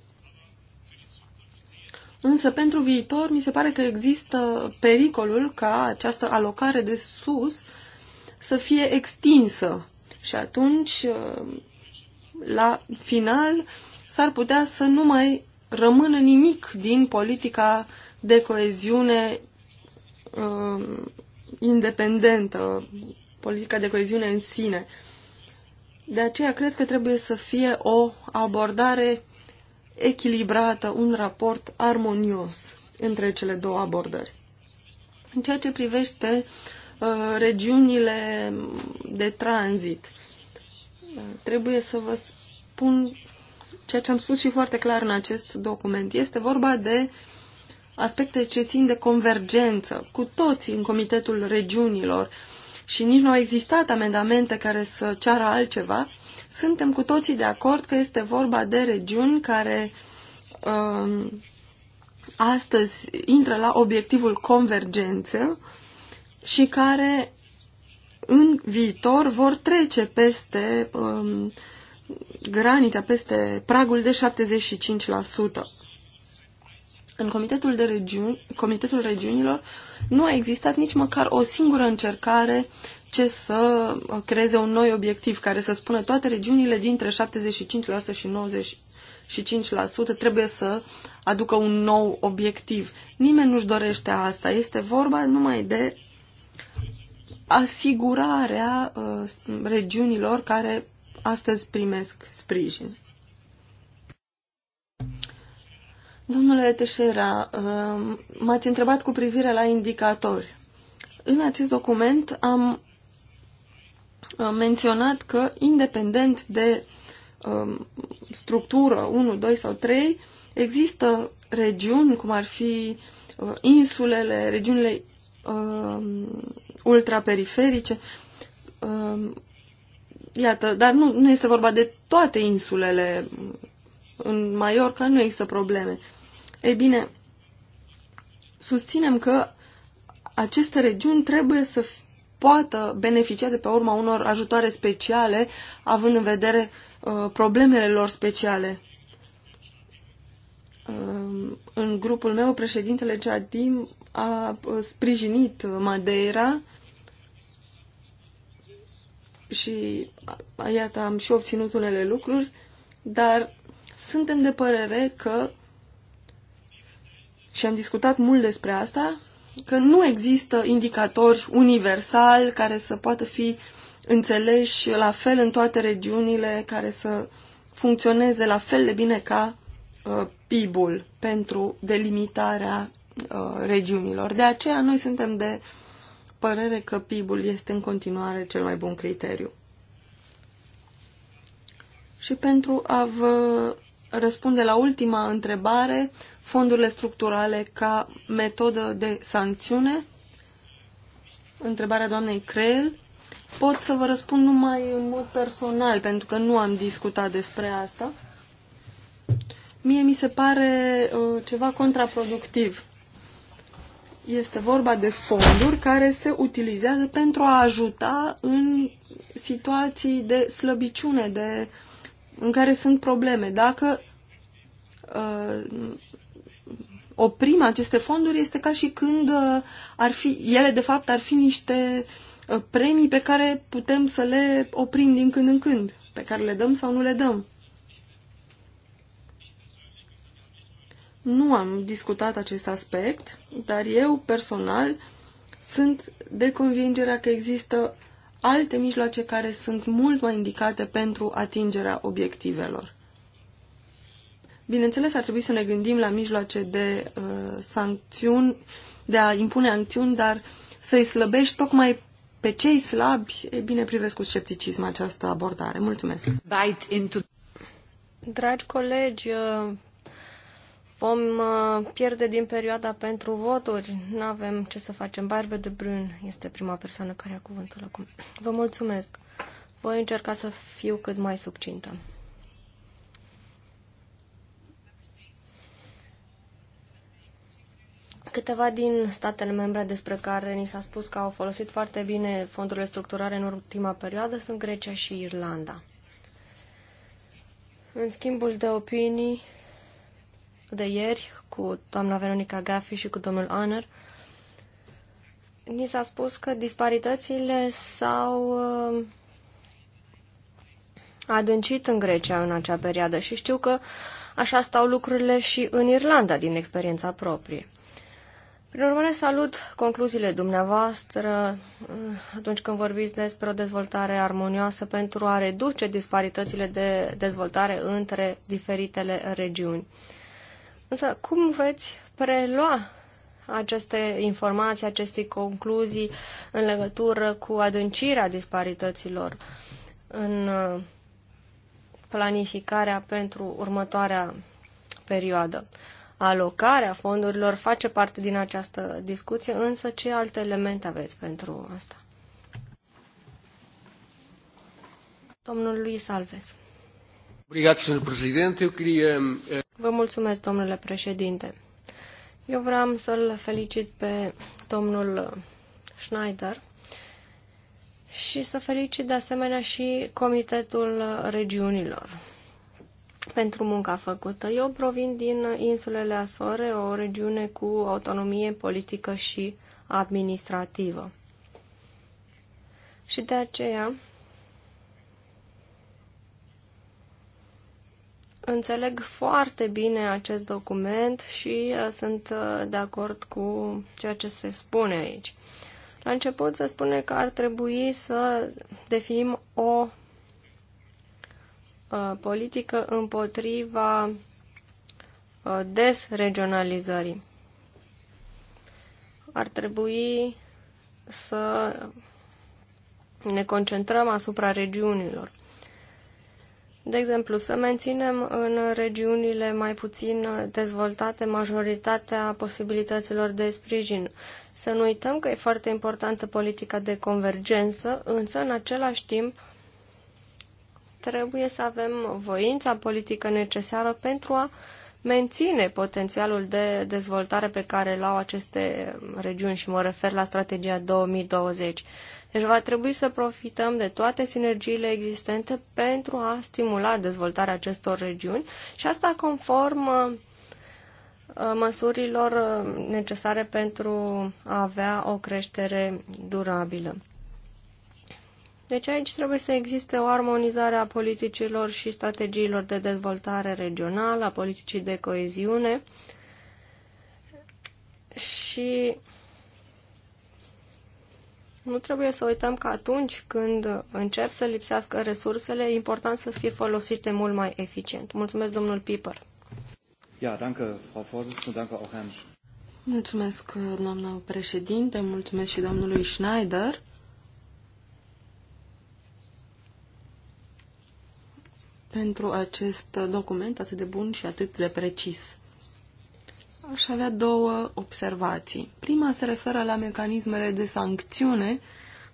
Însă pentru viitor mi se pare că există pericolul ca această alocare de sus să fie extinsă și atunci uh, la final s-ar putea să nu mai rămână nimic din politica de coeziune uh, independentă, politica de coeziune în sine. De aceea cred că trebuie să fie o abordare echilibrată, un raport armonios între cele două abordări. În ceea ce privește uh, regiunile de tranzit, trebuie să vă spun ceea ce am spus și foarte clar în acest document. Este vorba de aspecte ce țin de convergență cu toți în Comitetul Regiunilor și nici nu au existat amendamente care să ceară altceva, suntem cu toții de acord că este vorba de regiuni care um, astăzi intră la obiectivul convergență și care în viitor vor trece peste um, granița, peste pragul de 75%. În Comitetul, de regiuni, Comitetul Regiunilor nu a existat nici măcar o singură încercare ce să creeze un noi obiectiv care să spună toate regiunile dintre 75% și 95% trebuie să aducă un nou obiectiv. Nimeni nu-și dorește asta. Este vorba numai de asigurarea uh, regiunilor care astăzi primesc sprijin. Domnule Teșera, um, m-ați întrebat cu privire la indicatori. În acest document am menționat că, independent de um, structură 1, 2 sau 3, există regiuni, cum ar fi uh, insulele, regiunile um, ultraperiferice, Iată, dar nu, nu este vorba de toate insulele. În Mallorca nu există probleme. Ei bine, susținem că aceste regiuni trebuie să poată beneficia de pe urma unor ajutoare speciale, având în vedere uh, problemele lor speciale. Uh, în grupul meu, președintele Jadim a uh, sprijinit Madeira și iată, am și obținut unele lucruri, dar suntem de părere că și am discutat mult despre asta, că nu există indicatori universal care să poată fi înțeleși la fel în toate regiunile, care să funcționeze la fel de bine ca uh, PIB-ul pentru delimitarea uh, regiunilor. De aceea noi suntem de uh, părere că PIB-ul este în continuare cel mai bun criteriu. Și pentru a vă răspunde la ultima întrebare, fondurile structurale ca metodă de sancțiune, întrebarea doamnei Creel, pot să vă răspund numai în mod personal, pentru că nu am discutat despre asta. Mie mi se pare uh, ceva contraproductiv este vorba de fonduri care se utilizează pentru a ajuta în situații de slăbiciune, de, în care sunt probleme. Dacă uh, oprim aceste fonduri, este ca și când uh, ar fi, ele de fapt ar fi niște uh, premii pe care putem să le oprim din când în când, pe care le dăm sau nu le dăm. Nu am discutat acest aspect, dar eu personal sunt de convingerea că există alte mijloace care sunt mult mai indicate pentru atingerea obiectivelor. Bineînțeles, ar trebui să ne gândim la mijloace de uh, sancțiuni, de a impune sancțiuni, dar să-i slăbești tocmai pe cei slabi, e bine, privesc cu scepticism această abordare. Mulțumesc! Dragi colegi, uh, Vom uh, pierde din perioada pentru voturi. Nu avem ce să facem. Barbe de Brun este prima persoană care a cuvântul acum. Vă mulțumesc. Voi încerca să fiu cât mai succintă. Câteva din statele membre despre care ni s-a spus că au folosit foarte bine fondurile structurare în ultima perioadă sunt Grecia și Irlanda. În schimbul de opinii, nostru de ieri cu doamna Veronica Gafi și cu domnul Aner, ni s-a spus că disparitățile s-au uh, adâncit în Grecia în acea perioadă și știu că așa stau lucrurile și în Irlanda din experiența proprie. Prin urmare, salut concluziile dumneavoastră uh, atunci când vorbiți despre o dezvoltare armonioasă pentru a reduce disparitățile de dezvoltare între diferitele regiuni. Însă, cum veți prelua aceste informații, aceste concluzii în legătură cu adâncirea disparităților în uh, planificarea pentru următoarea perioadă. Alocarea fondurilor face parte din această discuție, însă ce alte elemente aveți pentru asta? Domnul Luis Alves. Obrigado, Sr. Presidente. Eu queria eh, Vă mulțumesc, domnule președinte. Eu vreau să-l felicit pe domnul Schneider și să felicit de asemenea și Comitetul Regiunilor pentru munca făcută. Eu provin din insulele Asore, o regiune cu autonomie politică și administrativă. Și de aceea Înțeleg foarte bine acest document și uh, sunt uh, de acord cu ceea ce se spune aici. La început se spune că ar trebui să definim o uh, politică împotriva desregionalizării. Ar trebui să ne concentrăm asupra regiunilor. De exemplu, să menținem în regiunile mai puțin dezvoltate majoritatea posibilităților de sprijin. Să nu uităm că e foarte importantă politica de convergență, însă în același timp trebuie să avem voința politică necesară pentru a uh, menține potențialul de dezvoltare pe care îl au aceste regiuni și mă refer la strategia 2020. Deci va trebui să profităm de toate sinergiile existente pentru a stimula dezvoltarea acestor regiuni și asta conform uh, uh, măsurilor uh, necesare pentru a avea o creștere durabilă. Deci aici trebuie să existe o armonizare a politicilor și strategiilor de dezvoltare regională, a politicii de coeziune și nu trebuie să uităm că atunci când încep să lipsească resursele, e important să fie folosite mult mai eficient. Mulțumesc, domnul Piper. Ja, danke, Frau Vorsitzende, danke auch Herrn. Mulțumesc, doamnă președinte, mulțumesc și domnului Schneider pentru acest document atât de bun și atât de precis. Aș avea două observații. Prima se referă la mecanismele de sancțiune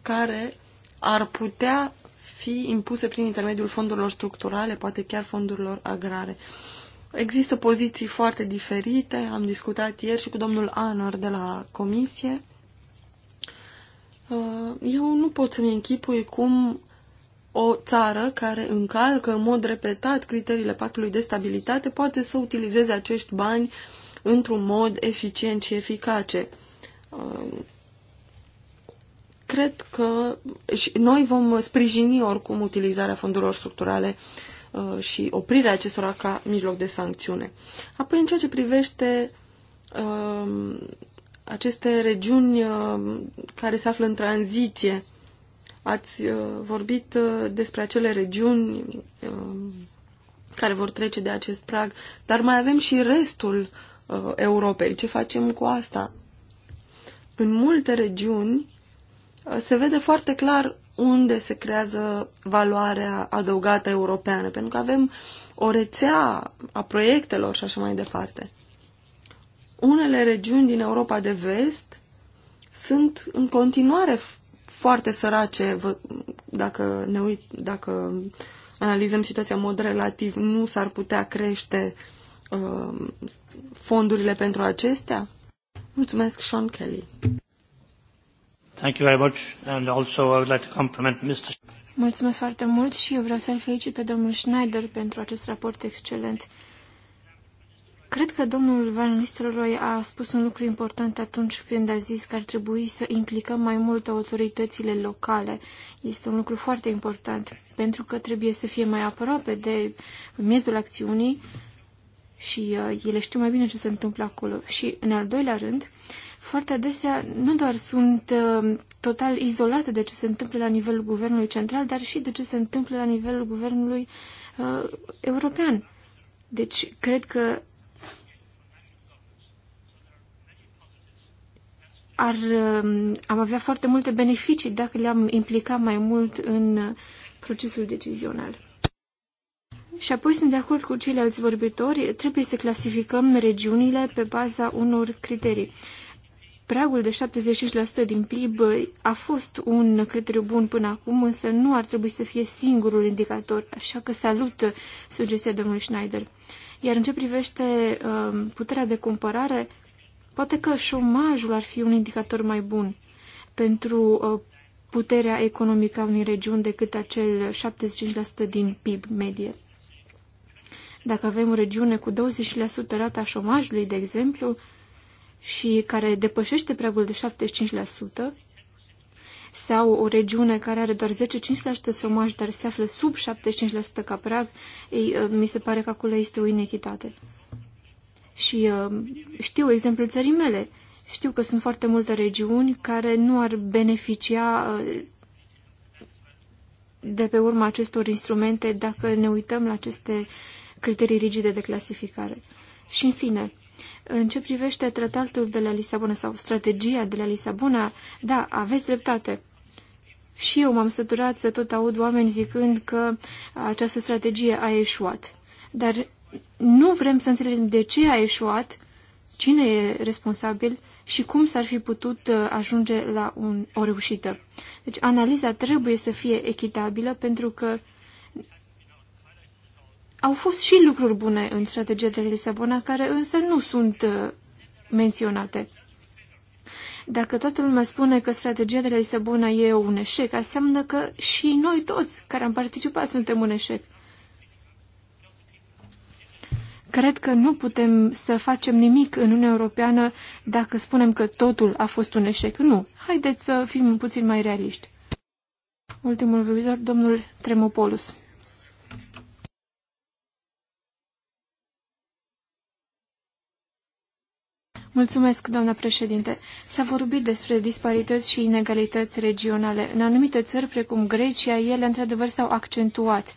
care ar putea fi impuse prin intermediul fondurilor structurale, poate chiar fondurilor agrare. Există poziții foarte diferite, am discutat ieri și cu domnul Anar de la comisie. Uh, eu nu pot să-mi închipui cum o țară care încalcă în mod repetat criteriile pactului de stabilitate poate să utilizeze acești bani într-un mod eficient și eficace. Um, cred că și noi vom sprijini oricum utilizarea fondurilor structurale uh, și oprirea acestora ca mijloc de sancțiune. Apoi, în ceea ce privește um, aceste regiuni um, care se află în tranziție, Ați uh, vorbit uh, despre acele regiuni uh, care vor trece de acest prag, dar mai avem și restul Europei. Ce facem cu asta? În multe regiuni se vede foarte clar unde se creează valoarea adăugată europeană, pentru că avem o rețea a proiectelor și așa mai departe. Unele regiuni din Europa de vest sunt în continuare foarte sărace, dacă, ne uit, dacă analizăm situația în mod relativ, nu s-ar putea crește uh, fondurile pentru acestea? Mulțumesc, Sean Kelly. Thank you very much and also I would like to compliment Mr. Mulțumesc foarte mult și eu vreau să-l felicit pe domnul Schneider pentru acest raport excelent. Cred că domnul Van Nistelrooy a spus un lucru important atunci când a zis că ar trebui să implicăm mai mult autoritățile locale. Este un lucru foarte important, pentru că trebuie să fie mai aproape de miezul acțiunii și uh, ele știu mai bine ce se întâmplă acolo. Și, în al doilea rând, foarte adesea nu doar sunt uh, total izolate de ce se întâmplă la nivelul guvernului central, dar și de ce se întâmplă la nivelul guvernului uh, european. Deci, cred că ar, um, am avea foarte multe beneficii dacă le-am implica mai mult în procesul decizional. Și apoi sunt de acord cu ceilalți vorbitori, trebuie să clasificăm regiunile pe baza unor criterii. Pragul de 75% din PIB a fost un criteriu bun până acum, însă nu ar trebui să fie singurul indicator, așa că salut sugestia domnului Schneider. Iar în ce privește um, puterea de cumpărare, Poate că șomajul ar fi un indicator mai bun pentru uh, puterea economică a unei regiuni decât acel 75% din PIB medie. Dacă avem o regiune cu 20% rata șomajului, de exemplu, și care depășește pragul de 75%, sau o regiune care are doar 10-15% șomaj, dar se află sub 75% ca prag, ei, uh, mi se pare că acolo este o inechitate. Și uh, știu exemplul țării mele. Știu că sunt foarte multe regiuni care nu ar beneficia uh, de pe urma acestor instrumente dacă ne uităm la aceste criterii rigide de clasificare. Și în fine, în ce privește tratatul de la Lisabona sau strategia de la Lisabona, da, aveți dreptate. Și eu m-am săturat să tot aud oameni zicând că această strategie a eșuat. Dar nu vrem să înțelegem de ce a eșuat, cine e responsabil și cum s-ar fi putut uh, ajunge la un, o reușită. Deci analiza trebuie să fie echitabilă pentru că au fost și lucruri bune în strategia de Lisabona, care însă nu sunt uh, menționate. Dacă toată lumea spune că strategia de la Lisabona e un eșec, înseamnă că și noi toți care am participat suntem un eșec. Cred că nu putem să facem nimic în Uniunea Europeană dacă spunem că totul a fost un eșec. Nu. Haideți să fim puțin mai realiști. Ultimul vorbitor, domnul Tremopolus. Mulțumesc, doamna președinte. S-a vorbit despre disparități și inegalități regionale. În anumite țări, precum Grecia, ele într-adevăr s-au accentuat.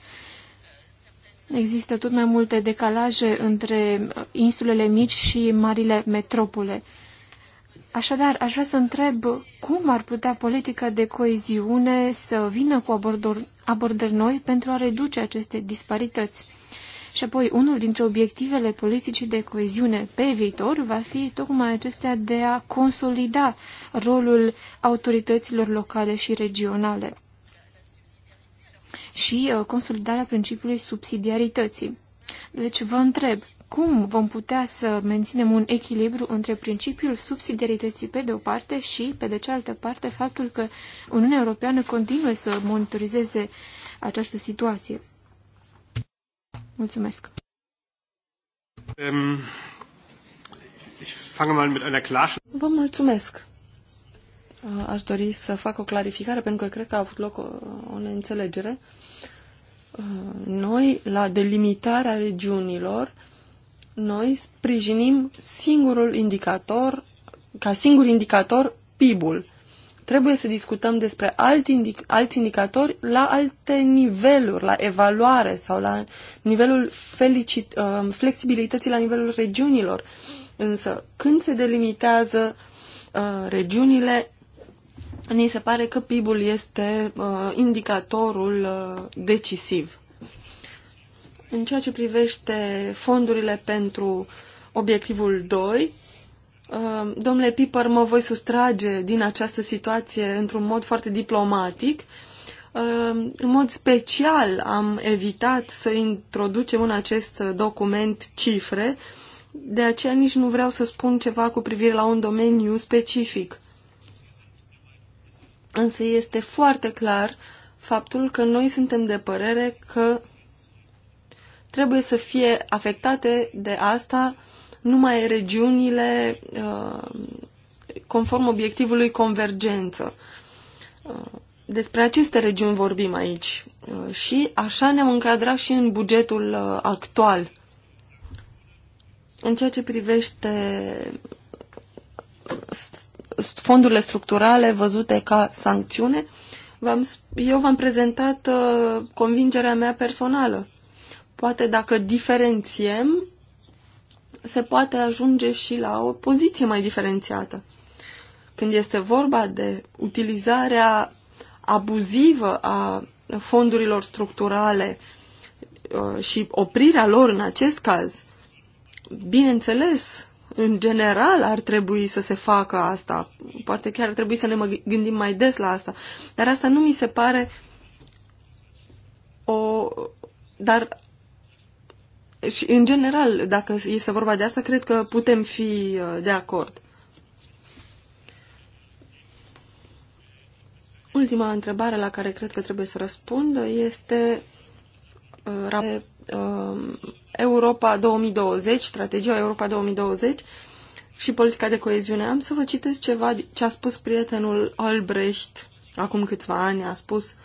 Există tot mai multe decalaje între insulele mici și marile metropole. Așadar, aș vrea să întreb cum ar putea politica de coeziune să vină cu abordări, noi pentru a reduce aceste disparități. Și apoi, unul dintre obiectivele politicii de coeziune pe viitor va fi tocmai acestea de a consolida rolul autorităților locale și regionale și uh, consolidarea principiului subsidiarității. Deci vă întreb, cum vom putea să menținem un echilibru între principiul subsidiarității pe de o parte și, pe de cealaltă parte, faptul că Uniunea Europeană continuă să monitorizeze această situație? Mulțumesc. Vă mulțumesc. Aș dori să fac o clarificare, pentru că cred că a avut loc o, o neînțelegere. Uh, noi, la delimitarea regiunilor, noi sprijinim singurul indicator, ca singur indicator, PIB-ul. Trebuie să discutăm despre alt indic, alți indicatori la alte niveluri, la evaluare sau la nivelul felicit, uh, flexibilității la nivelul regiunilor. Însă, când se delimitează uh, regiunile, ni se pare că PIB-ul este uh, indicatorul uh, decisiv. În ceea ce privește fondurile pentru obiectivul 2, uh, domnule Piper, mă voi sustrage din această situație într-un mod foarte diplomatic. Uh, în mod special am evitat să introducem în acest document cifre, de aceea nici nu vreau să spun ceva cu privire la un domeniu specific Însă este foarte clar faptul că noi suntem de părere că trebuie să fie afectate de asta numai regiunile uh, conform obiectivului convergență. Uh, despre aceste regiuni vorbim aici uh, și așa ne-am încadrat și în bugetul actual. În ceea ce privește fondurile structurale văzute ca sancțiune, v-am, eu v-am prezentat uh, convingerea mea personală. Poate dacă diferențiem, se poate ajunge și la o poziție mai diferențiată. Când este vorba de utilizarea abuzivă a fondurilor structurale uh, și oprirea lor în acest caz, bineînțeles, în general ar trebui să se facă asta. Poate chiar ar trebui să ne gândim mai des la asta. Dar asta nu mi se pare o... Dar și în general, dacă este vorba de asta, cred că putem fi uh, de acord. Ultima întrebare la care cred că trebuie să răspund este uh, Um, Europa 2020, strategia Europa 2020 și politica de coeziune. Am să vă citesc ceva ce a spus prietenul Albrecht acum câțiva ani. A spus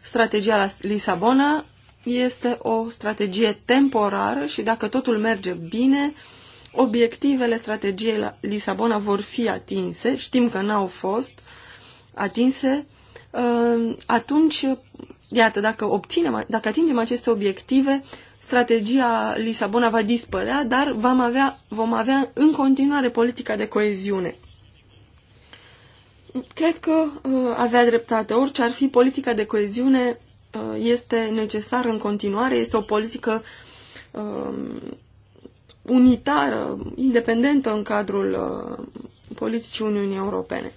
strategia la Lisabona este o strategie temporară și dacă totul merge bine, obiectivele strategiei la Lisabona vor fi atinse, știm că n-au fost atinse, uh, atunci Iată, dacă, obținem, dacă atingem aceste obiective, strategia Lisabona va dispărea, dar vom avea, vom avea în continuare politica de coeziune. Cred că uh, avea dreptate. Orice ar fi, politica de coeziune uh, este necesară în continuare, este o politică uh, unitară, independentă în cadrul uh, politicii Uniunii Europene.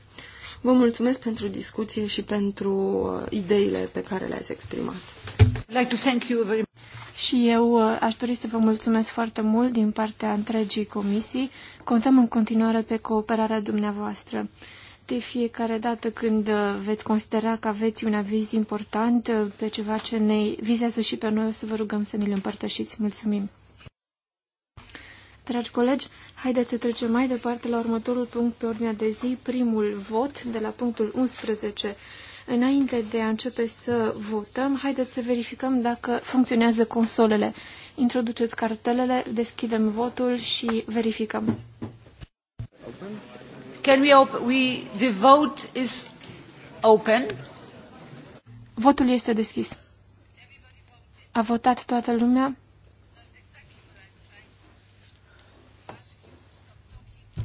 Vă mulțumesc pentru discuție și pentru uh, ideile pe care le-ați exprimat. Like to thank you very și eu uh, aș dori să vă mulțumesc foarte mult din partea întregii comisii. Contăm în continuare pe cooperarea dumneavoastră. De fiecare dată când uh, veți considera că aveți un aviz important pe ceva ce ne vizează și pe noi, o să vă rugăm să ne-l împărtășiți. Mulțumim! Dragi colegi, Haideți să trecem mai departe la următorul punct pe ordinea de zi, primul vot de la punctul 11. Înainte de a începe să votăm, haideți să verificăm dacă funcționează consolele. Introduceți cartelele, deschidem votul și verificăm. Can we open? We, the vote is open. Votul este deschis. A votat toată lumea?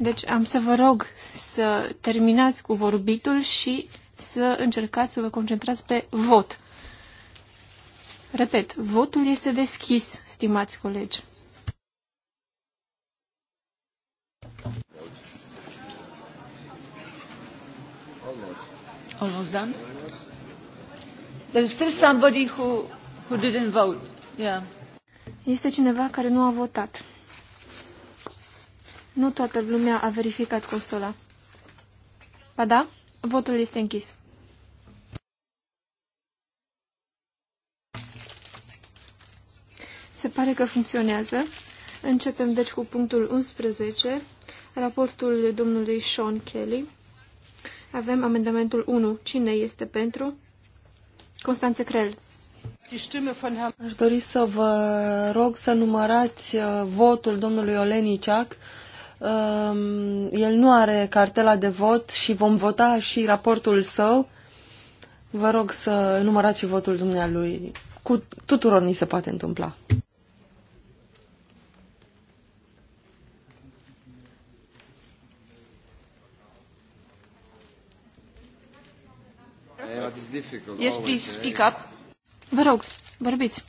Deci am să vă rog să terminați cu vorbitul și să încercați să vă concentrați pe vot. Repet, votul este deschis, stimați colegi. Almost done. There is still somebody who, who didn't vote. Yeah. Este cineva care nu a votat. Nu toată lumea a verificat consola. Ba da, votul este închis. Se pare că funcționează. Începem deci cu punctul 11, raportul domnului Sean Kelly. Avem amendamentul 1. Cine este pentru? Constanțe Crel. Aș dori să vă rog să numărați uh, votul domnului Oleniceac Um, el nu are cartela de vot și vom vota și raportul său. Vă rog să numărați și votul dumnealui. Cu tuturor ni se poate întâmpla. Eh, yes, please eh? speak up. Vă rog, vorbiți.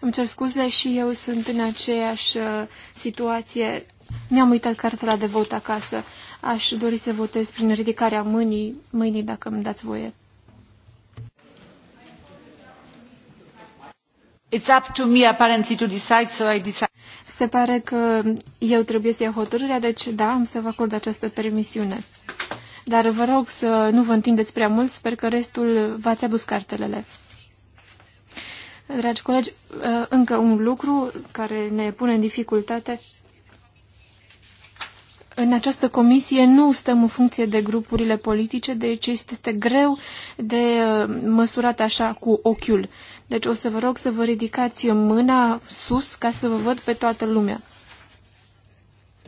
Îmi cer scuze și eu sunt în aceeași uh, situație. Mi-am uitat cartela de vot acasă. Aș dori să votez prin ridicarea mâinii, mâinii dacă îmi dați voie. It's up to me apparently to decide, so I decide. Se pare că eu trebuie să iau hotărârea, deci da, am să vă acord această permisiune. Dar vă rog să nu vă întindeți prea mult, sper că restul v-ați adus cartelele. Dragi colegi, uh, încă un lucru care ne pune în dificultate. În această comisie nu stăm în funcție de grupurile politice, deci este greu de uh, măsurat așa cu ochiul. Deci o să vă rog să vă ridicați mâna sus ca să vă văd pe toată lumea.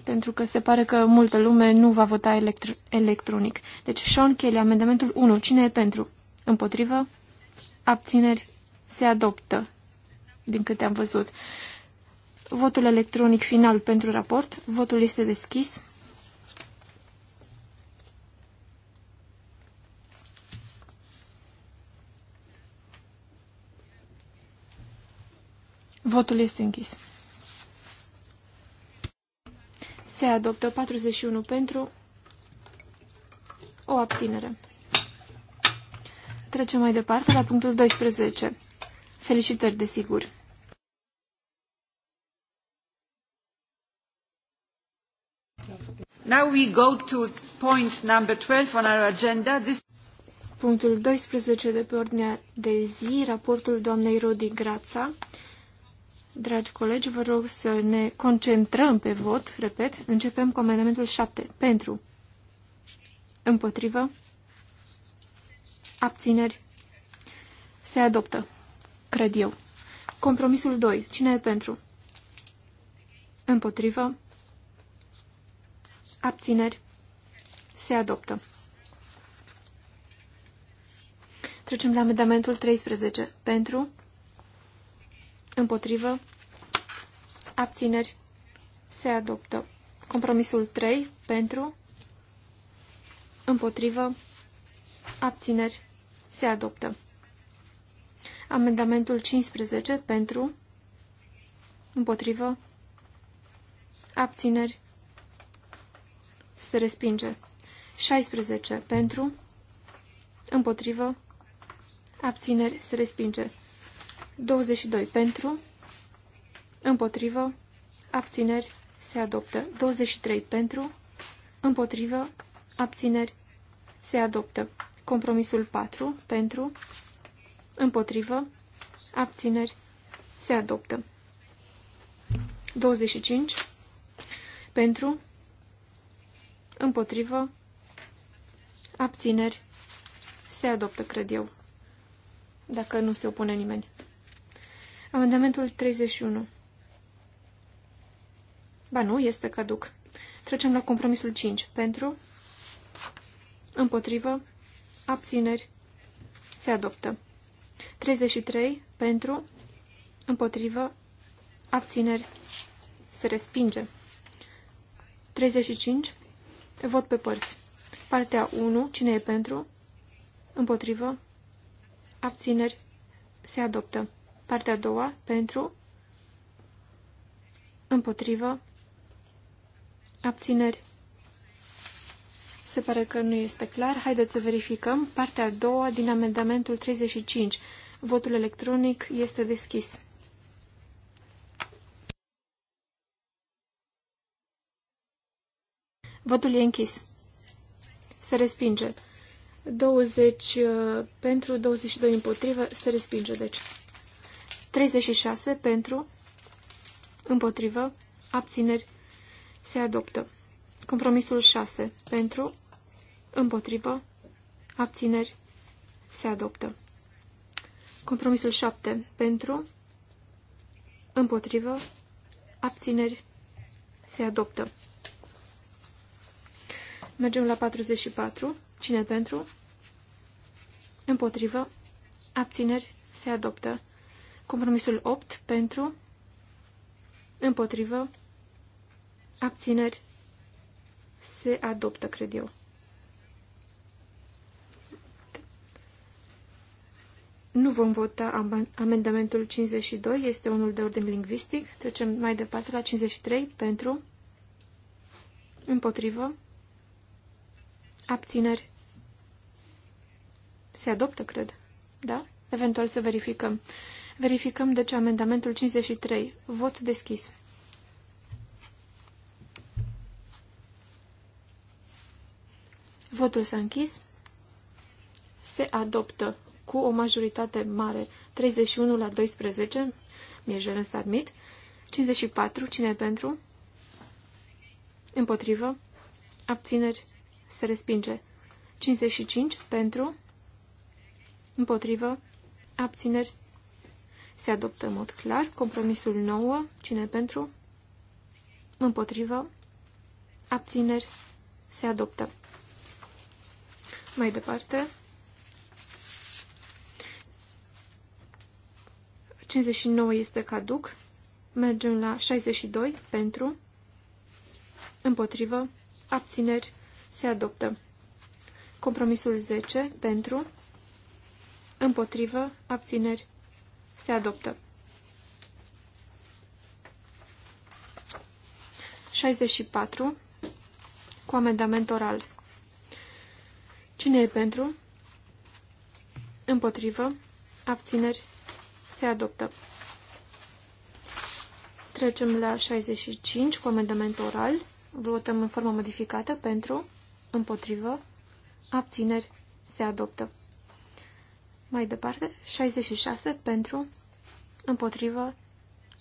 Pentru că se pare că multă lume nu va vota electro electronic. Deci Sean Kelly, amendamentul 1. Cine e pentru? Împotrivă? Abțineri? se adoptă, din câte am văzut. Votul electronic final pentru raport. Votul este deschis. Votul este închis. Se adoptă 41 pentru o abținere. Trecem mai departe la punctul 12. Felicitări, desigur! Now we go to point number 12 on our agenda. This... Punctul 12 de pe ordinea de zi, raportul doamnei Rodi Grața. Dragi colegi, vă rog să ne concentrăm pe vot, repet, începem cu amendamentul 7. Pentru, împotrivă, abțineri, se adoptă cred eu. Compromisul 2. Cine e pentru? Împotrivă. Abțineri. Se adoptă. Trecem la amendamentul 13. Pentru. Împotrivă. Abțineri. Se adoptă. Compromisul 3. Pentru. Împotrivă. Abțineri. Se adoptă. Amendamentul 15 pentru, împotrivă, abțineri, se respinge. 16 pentru, împotrivă, abțineri, se respinge. 22 pentru, împotrivă, abțineri, se adoptă. 23 pentru, împotrivă, abțineri, se adoptă. Compromisul 4 pentru, Împotrivă. Abțineri. Se adoptă. 25. Pentru. Împotrivă. Abțineri. Se adoptă, cred eu. Dacă nu se opune nimeni. Amendamentul 31. Ba nu, este caduc. Trecem la compromisul 5. Pentru. Împotrivă. Abțineri. Se adoptă. 33 pentru, împotrivă, abțineri, se respinge. 35, vot pe părți. Partea 1, cine e pentru, împotrivă, abțineri, se adoptă. Partea 2 pentru, împotrivă, abțineri, se pare că nu este clar. Haideți să verificăm partea a doua din amendamentul 35. Votul electronic este deschis. Votul e închis. Se respinge. 20 uh, pentru, 22 împotrivă, se respinge, deci. 36 pentru, împotrivă, abțineri, se adoptă. Compromisul 6 pentru, împotrivă, abțineri, se adoptă. Compromisul 7. Pentru, împotrivă, abțineri, se adoptă. Mergem la 44. Cine pentru? Împotrivă, abțineri, se adoptă. Compromisul 8. Pentru, împotrivă, abțineri, se adoptă, cred eu. Nu vom vota amendamentul 52, este unul de ordin lingvistic. Trecem mai departe la 53, pentru, împotrivă, abțineri. Se adoptă, cred, da? Eventual să verificăm. Verificăm, deci, amendamentul 53. Vot deschis. Votul s-a închis. Se adoptă cu o majoritate mare, 31 la 12, Mirjelen să admit, 54, cine pentru? Împotrivă, abțineri, se respinge. 55, pentru, împotrivă, abțineri, se adoptă în mod clar. Compromisul 9, cine pentru? Împotrivă, abțineri, se adoptă. Mai departe, 59 este caduc. Mergem la 62 pentru, împotrivă, abțineri, se adoptă. Compromisul 10 pentru, împotrivă, abțineri, se adoptă. 64 cu amendament oral. Cine e pentru? Împotrivă, abțineri, se adoptă. Trecem la 65 cu amendament oral. Votăm în formă modificată pentru, împotrivă, abțineri, se adoptă. Mai departe, 66 pentru, împotrivă,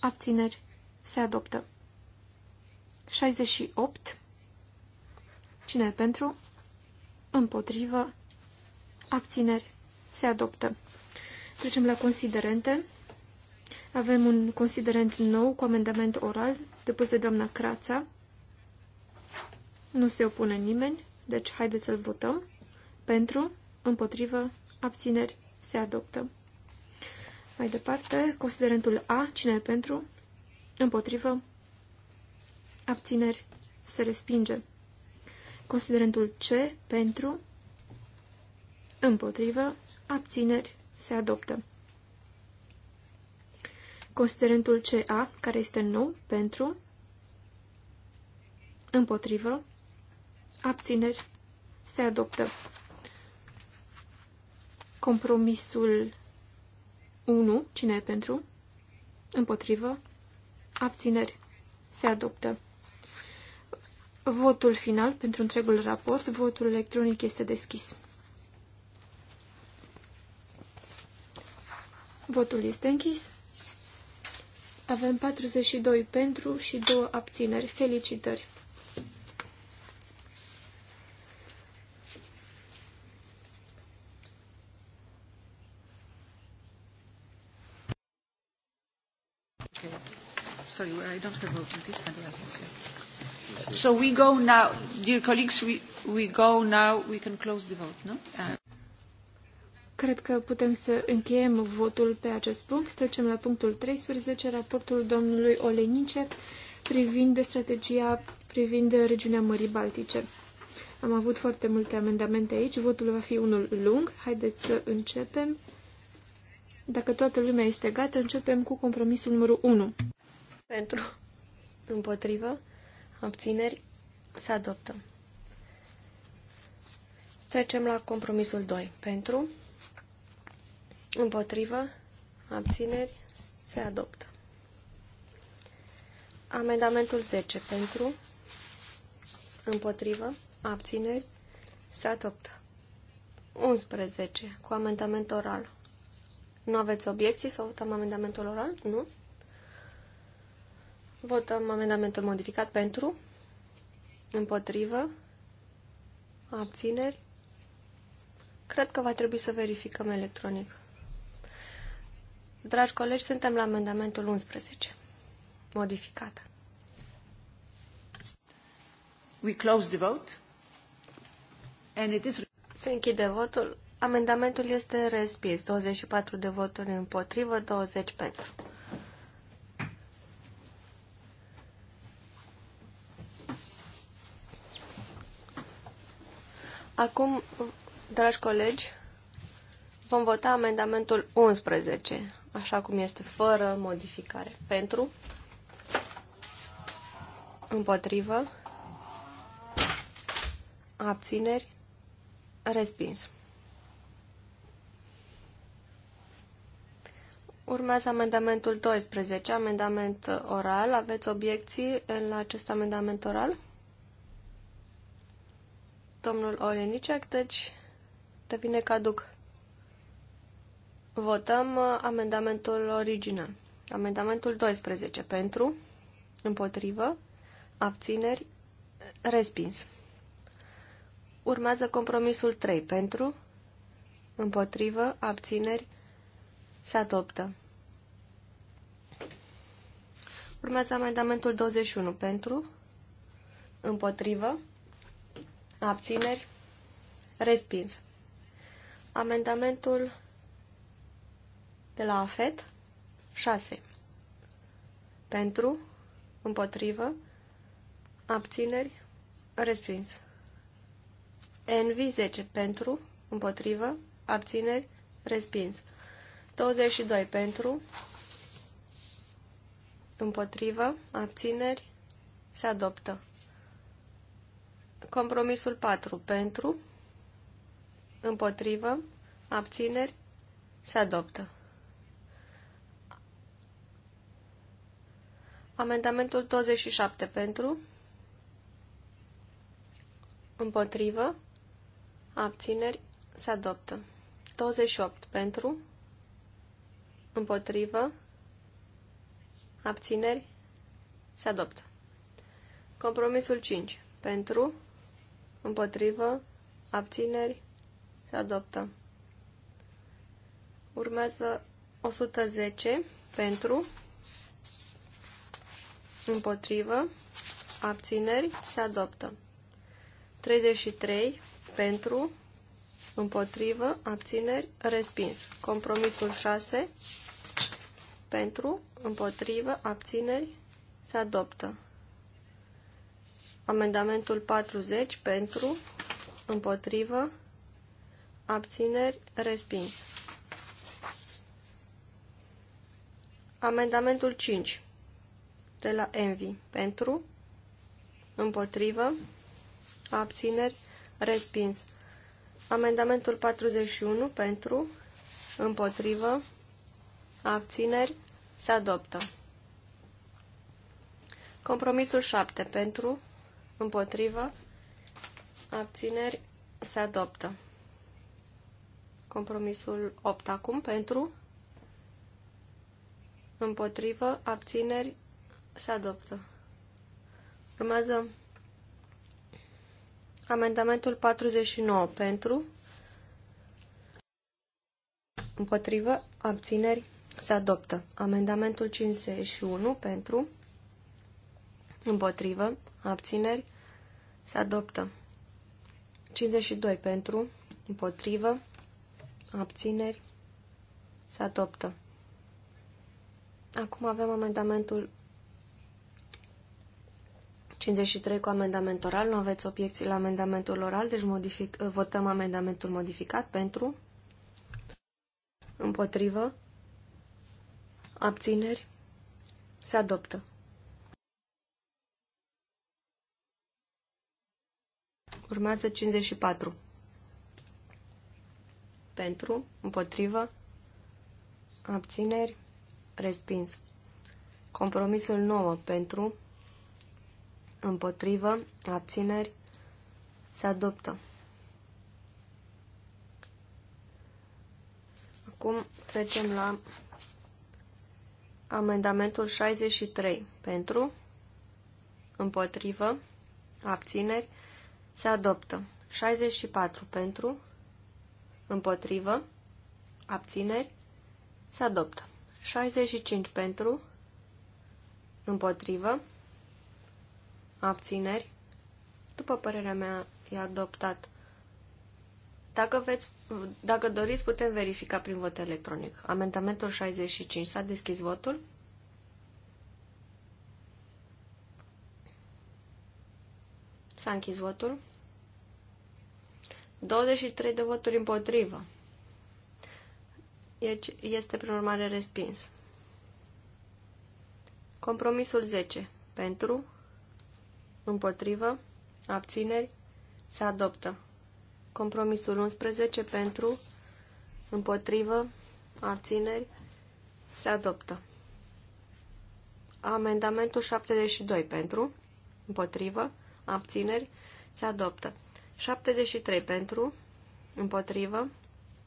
abțineri, se adoptă. 68. Cine pentru, împotrivă, abțineri, se adoptă. Trecem la considerente. Avem un considerent nou cu amendament oral depus de doamna Crața. Nu se opune nimeni, deci haideți să-l votăm. Pentru, împotrivă, abțineri, se adoptă. Mai departe, considerentul A, cine e pentru, împotrivă, abțineri, se respinge. Considerentul C, pentru, împotrivă, abțineri, se adoptă. Considerentul CA, care este nou, pentru, împotrivă, abțineri, se adoptă. Compromisul 1, cine e pentru, împotrivă, abțineri, se adoptă. Votul final pentru întregul raport, votul electronic este deschis. Votul este închis. Avem 42 pentru și 2 abțineri. Felicitări! sorry, I don't have vote So we go now, dear colleagues, we, we go now, we can close the vote, no? Uh, Cred că putem să încheiem votul pe acest punct. Trecem la punctul 13, raportul domnului Olenice privind de strategia privind de regiunea Mării Baltice. Am avut foarte multe amendamente aici, votul va fi unul lung. Haideți să începem. Dacă toată lumea este gata, începem cu compromisul numărul 1. Pentru, împotrivă, abțineri, se adoptă. Trecem la compromisul 2. Pentru, Împotrivă. Abțineri. Se adoptă. Amendamentul 10 pentru. Împotrivă. Abțineri. Se adoptă. 11. Cu amendament oral. Nu aveți obiecții să votăm amendamentul oral? Nu? Votăm amendamentul modificat pentru. Împotrivă. Abțineri. Cred că va trebui să verificăm electronic. Dragi colegi, suntem la amendamentul 11, modificat. We close the vote. And it is... Se închide votul. Amendamentul este respins. 24 de voturi împotrivă, 20 pentru. Acum, dragi colegi, vom vota amendamentul 11 așa cum este, fără modificare. Pentru, împotrivă, abțineri, respins. Urmează amendamentul 12, amendament oral. Aveți obiecții la acest amendament oral? Domnul Olenicec, deci devine caduc. Votăm uh, amendamentul original. Amendamentul 12 pentru, împotrivă, abțineri, respins. Urmează compromisul 3 pentru, împotrivă, abțineri, se adoptă. Urmează amendamentul 21 pentru, împotrivă, abțineri, respins. Amendamentul de la AFET 6. Pentru, împotrivă, abțineri, respins. NV 10 pentru, împotrivă, abțineri, respins. 22 pentru, împotrivă, abțineri, se adoptă. Compromisul 4 pentru, împotrivă, abțineri, se adoptă. Amendamentul 27 pentru, împotrivă, abțineri, se adoptă. 28 pentru, împotrivă, abțineri, se adoptă. Compromisul 5 pentru, împotrivă, abțineri, se adoptă. Urmează 110 pentru, împotrivă, abțineri, se adoptă. 33 pentru, împotrivă, abțineri, respins. Compromisul 6 pentru, împotrivă, abțineri, se adoptă. Amendamentul 40 pentru, împotrivă, abțineri, respins. Amendamentul 5 de la Envy. Pentru, împotrivă, abțineri, respins. Amendamentul 41 pentru, împotrivă, abțineri, se adoptă. Compromisul 7 pentru, împotrivă, abțineri, se adoptă. Compromisul 8 acum pentru, împotrivă, abțineri, se adoptă. Urmează amendamentul 49 pentru, împotrivă, abțineri, se adoptă. Amendamentul 51 pentru, împotrivă, abțineri, se adoptă. 52 pentru, împotrivă, abțineri, se adoptă. Acum avem amendamentul 53 cu amendament oral. Nu aveți obiecții la amendamentul oral, deci modific, uh, votăm amendamentul modificat pentru. Împotrivă. Abțineri. Se adoptă. Urmează 54. Pentru, împotrivă, abțineri, respins. Compromisul 9 pentru, împotrivă, abțineri, se adoptă. Acum trecem la amendamentul 63. Pentru, împotrivă, abțineri, se adoptă. 64. Pentru, împotrivă, abțineri, se adoptă. 65. Pentru, împotrivă, abțineri, după părerea mea, e adoptat. Dacă, veți, dacă doriți, putem verifica prin vot electronic. Amendamentul 65. S-a deschis votul? S-a închis votul. 23 de voturi împotrivă. Deci, este, prin urmare, respins. Compromisul 10. Pentru, împotrivă, abțineri, se adoptă. Compromisul 11 pentru, împotrivă, abțineri, se adoptă. Amendamentul 72 pentru, împotrivă, abțineri, se adoptă. 73 pentru, împotrivă,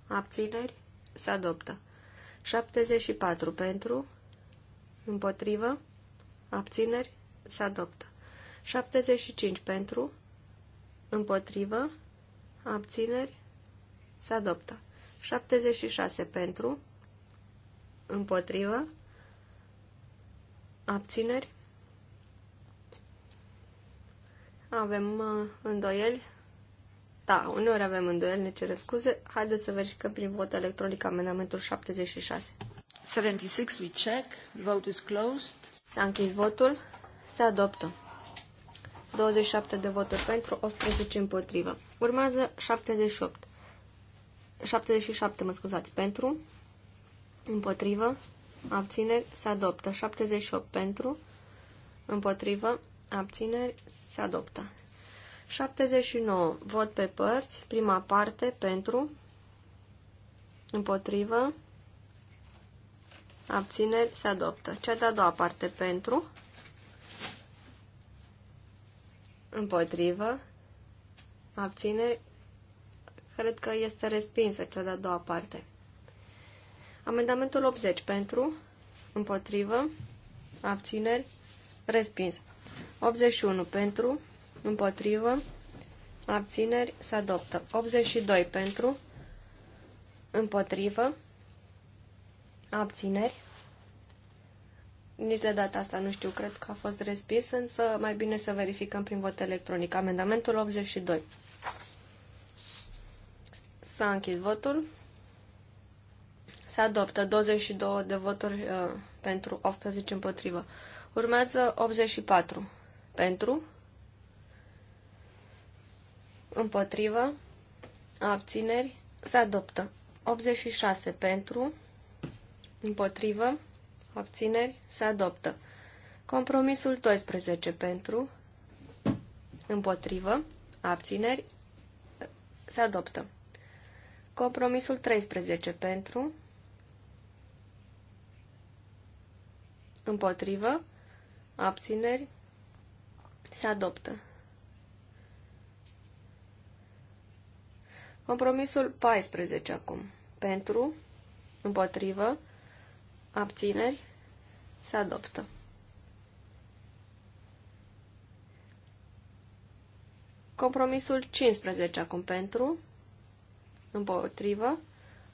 abțineri, se adoptă. 74 pentru, împotrivă, abțineri, se adoptă. 75 pentru, împotrivă, abțineri, se adoptă. 76 pentru, împotrivă, abțineri. Avem uh, îndoieli. Da, uneori avem îndoieli, ne cerem scuze. Haideți să verificăm prin vot electronic amendamentul 76. 76, we check. Vote is closed. S-a închis votul. Se adoptă. 27 de voturi pentru, 18 împotrivă. Urmează 78. 77, mă scuzați, pentru, împotrivă, abțineri, se adoptă. 78 pentru, împotrivă, abțineri, se adoptă. 79, vot pe părți, prima parte, pentru, împotrivă, abțineri, se adoptă. Cea de-a doua parte, pentru, Împotrivă. Abțineri. Cred că este respinsă cea de-a doua parte. Amendamentul 80 pentru, împotrivă, abțineri, respins. 81 pentru, împotrivă, abțineri, se adoptă. 82 pentru, împotrivă, abțineri, nici de data asta nu știu, cred că a fost respins, însă mai bine să verificăm prin vot electronic. Amendamentul 82. S-a închis votul. Se adoptă 22 de voturi uh, pentru 18 împotrivă. Urmează 84 pentru, împotrivă, abțineri, se adoptă. 86 pentru, împotrivă, abțineri, se adoptă. Compromisul 12 pentru, împotrivă, abțineri, se adoptă. Compromisul 13 pentru, împotrivă, abțineri, se adoptă. Compromisul 14 acum. Pentru, împotrivă, abțineri, se adoptă. Compromisul 15 acum pentru, împotrivă,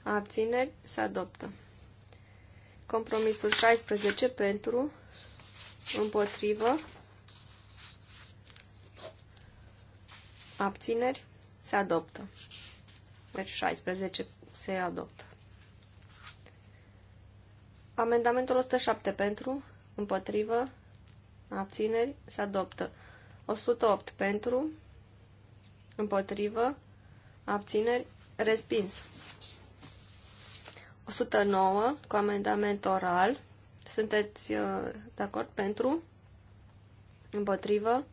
abțineri, se adoptă. Compromisul 16 pentru, împotrivă, abțineri, se adoptă. Deci 16 se adoptă. Amendamentul 107 pentru, împotrivă, abțineri, se adoptă. 108 pentru, împotrivă, abțineri, respins. 109 cu amendament oral. Sunteți uh, de acord pentru? Împotrivă?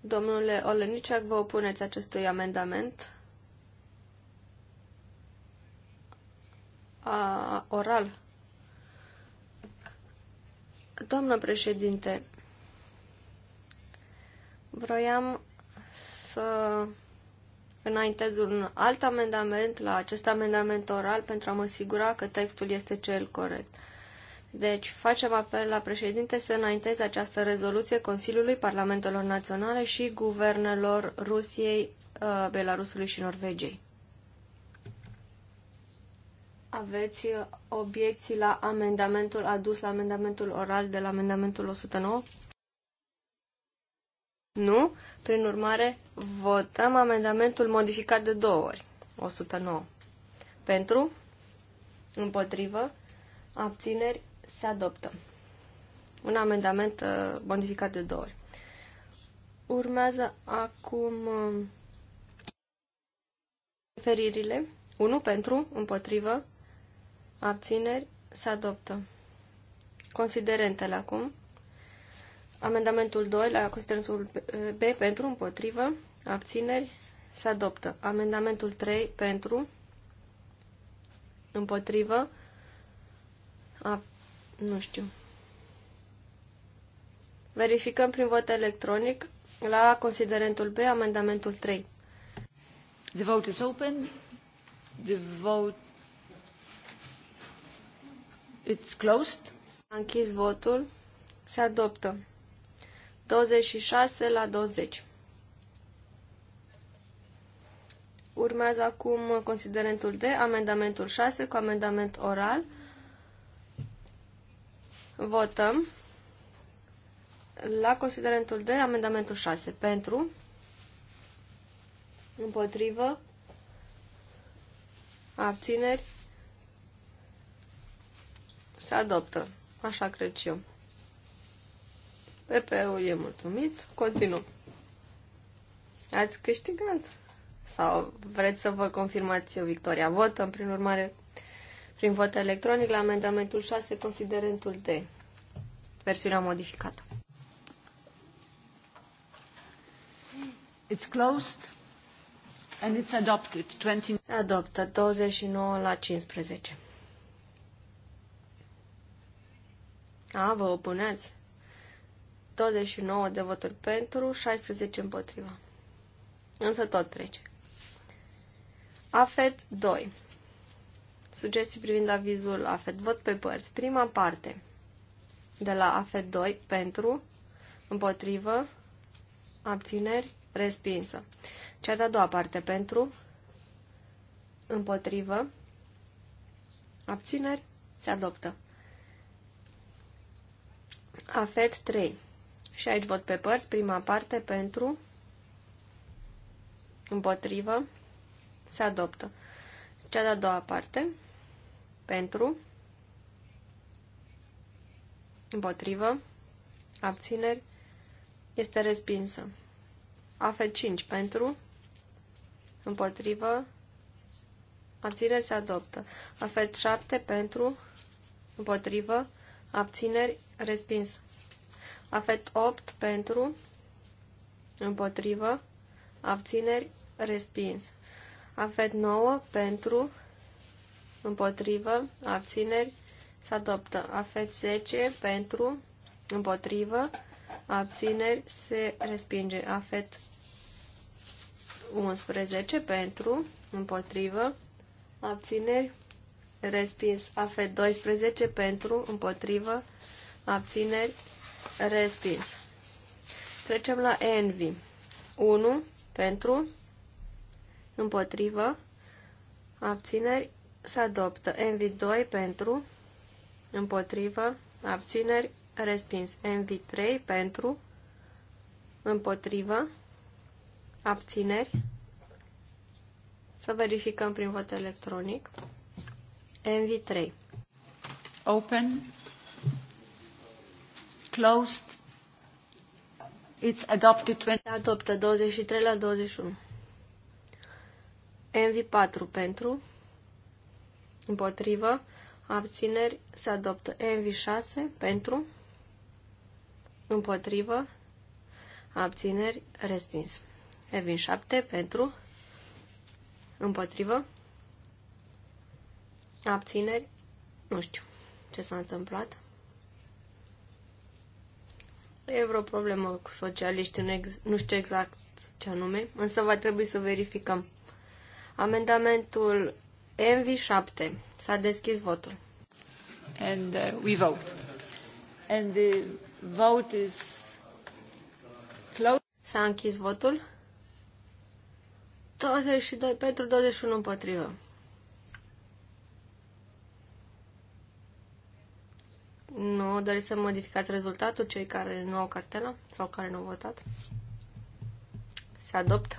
Domnule Olenicea, vă opuneți acestui amendament? a, oral. Doamnă președinte, vroiam să înaintez un alt amendament la acest amendament oral pentru a mă asigura că textul este cel corect. Deci facem apel la președinte să înainteze această rezoluție Consiliului Parlamentelor Naționale și guvernelor Rusiei, uh, Belarusului și Norvegiei aveți uh, obiecții la amendamentul adus, la amendamentul oral de la amendamentul 109? Nu? Prin urmare, votăm amendamentul modificat de două ori. 109. Pentru? Împotrivă? Abțineri? Se adoptă. Un amendament uh, modificat de două ori. Urmează acum uh, referirile. 1 pentru, împotrivă, Abțineri? Se adoptă. Considerentele acum. Amendamentul 2 la considerentul B pentru, împotrivă, abțineri, se adoptă. Amendamentul 3 pentru, împotrivă, a, nu știu. Verificăm prin vot electronic la considerentul B, amendamentul 3. The vote is open. The vote It's closed. A închis votul. Se adoptă. 26 la 20. Urmează acum considerentul D, amendamentul 6 cu amendament oral. Votăm la considerentul D, amendamentul 6. Pentru, împotrivă, abțineri, se adoptă. Așa cred și eu. PP-ul e mulțumit. Continuăm. Ați câștigat? Sau vreți să vă confirmați victoria? Votăm, prin urmare, prin vot electronic la amendamentul 6, considerentul D. Versiunea modificată. It's closed and it's adopted. 20... Adoptă 29 la 15. A, vă opuneați? 29 de voturi pentru, 16 împotriva. Însă tot trece. AFET 2. Sugestii privind avizul AFET. Vot pe părți. Prima parte de la AFET 2 pentru, împotrivă, abțineri, respinsă. Cea de-a doua parte pentru, împotrivă, abțineri, se adoptă. AFET 3. Și aici vot pe părți, prima parte pentru, împotrivă, se adoptă. Cea de-a doua parte, pentru, împotrivă, abțineri, este respinsă. AFET 5 pentru, împotrivă, abțineri se adoptă. AFET 7 pentru, împotrivă, abțineri Respins. Afet 8 pentru, împotrivă, abțineri, respins. Afet 9 pentru, împotrivă, abțineri, se adoptă. Afet 10 pentru, împotrivă, abțineri, se respinge. Afet 11 pentru, împotrivă, abțineri, respins. Afet 12 pentru, împotrivă, abțineri abțineri, respins. Trecem la Envy. 1 pentru, împotrivă, abțineri, se adoptă. Envy 2 pentru, împotrivă, abțineri, respins. Envy 3 pentru, împotrivă, abțineri. Să verificăm prin vot electronic. Envy 3. Open Closed. It's adopted 20. Adoptă 23 la 21. MV4 pentru. Împotrivă. Abțineri. Se adoptă MV6 pentru. Împotrivă. Abțineri. Respins. MV7 pentru. Împotrivă. Abțineri. Nu știu ce s-a întâmplat. E vreo problemă cu socialiștii, nu, ex- nu știu exact ce anume, însă va trebui să verificăm. Amendamentul MV7. S-a deschis votul. And uh, we vote. And the vote is closed. S-a închis votul. 22 pentru 21 împotrivă. Nu, doriți să modificați rezultatul cei care nu au cartela sau care nu au votat? Se adoptă.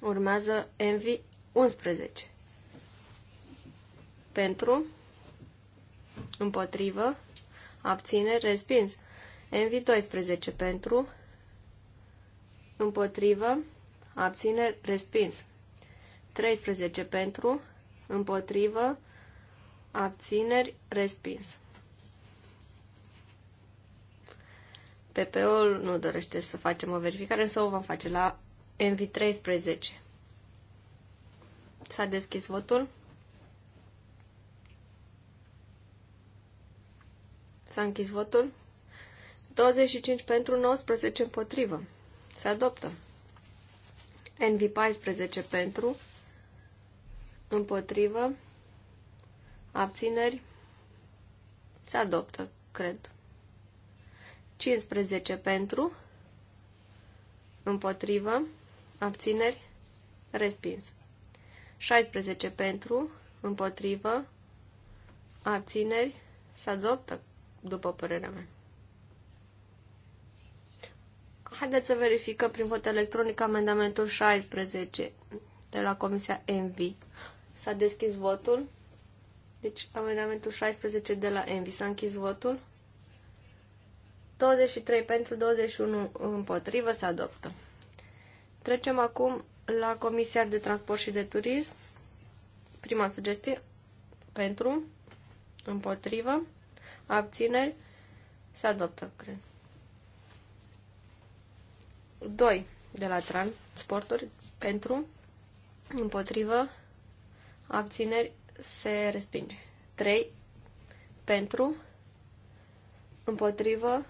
Urmează Envy 11. Pentru, împotrivă, abține, respins. Envy 12 pentru, împotrivă, abține, respins. 13 pentru, împotrivă, abțineri, respins. ppo ul nu dorește să facem o verificare, însă o vom face la MV13. S-a deschis votul. S-a închis votul. 25 pentru, 19 împotrivă. Se adoptă. NV14 pentru, împotrivă, abțineri, se adoptă, cred. 15 pentru, împotrivă, abțineri, respins. 16 pentru, împotrivă, abțineri, se adoptă, după părerea mea. Haideți să verificăm prin vot electronic amendamentul 16 de la Comisia ENVI. S-a deschis votul. Deci amendamentul 16 de la ENVI. S-a închis votul. 23 pentru 21 împotrivă se adoptă. Trecem acum la Comisia de Transport și de Turism. Prima sugestie pentru, împotrivă, abțineri, se adoptă, cred. 2 de la transporturi sporturi, pentru, împotrivă, abțineri, se respinge. 3 pentru, împotrivă,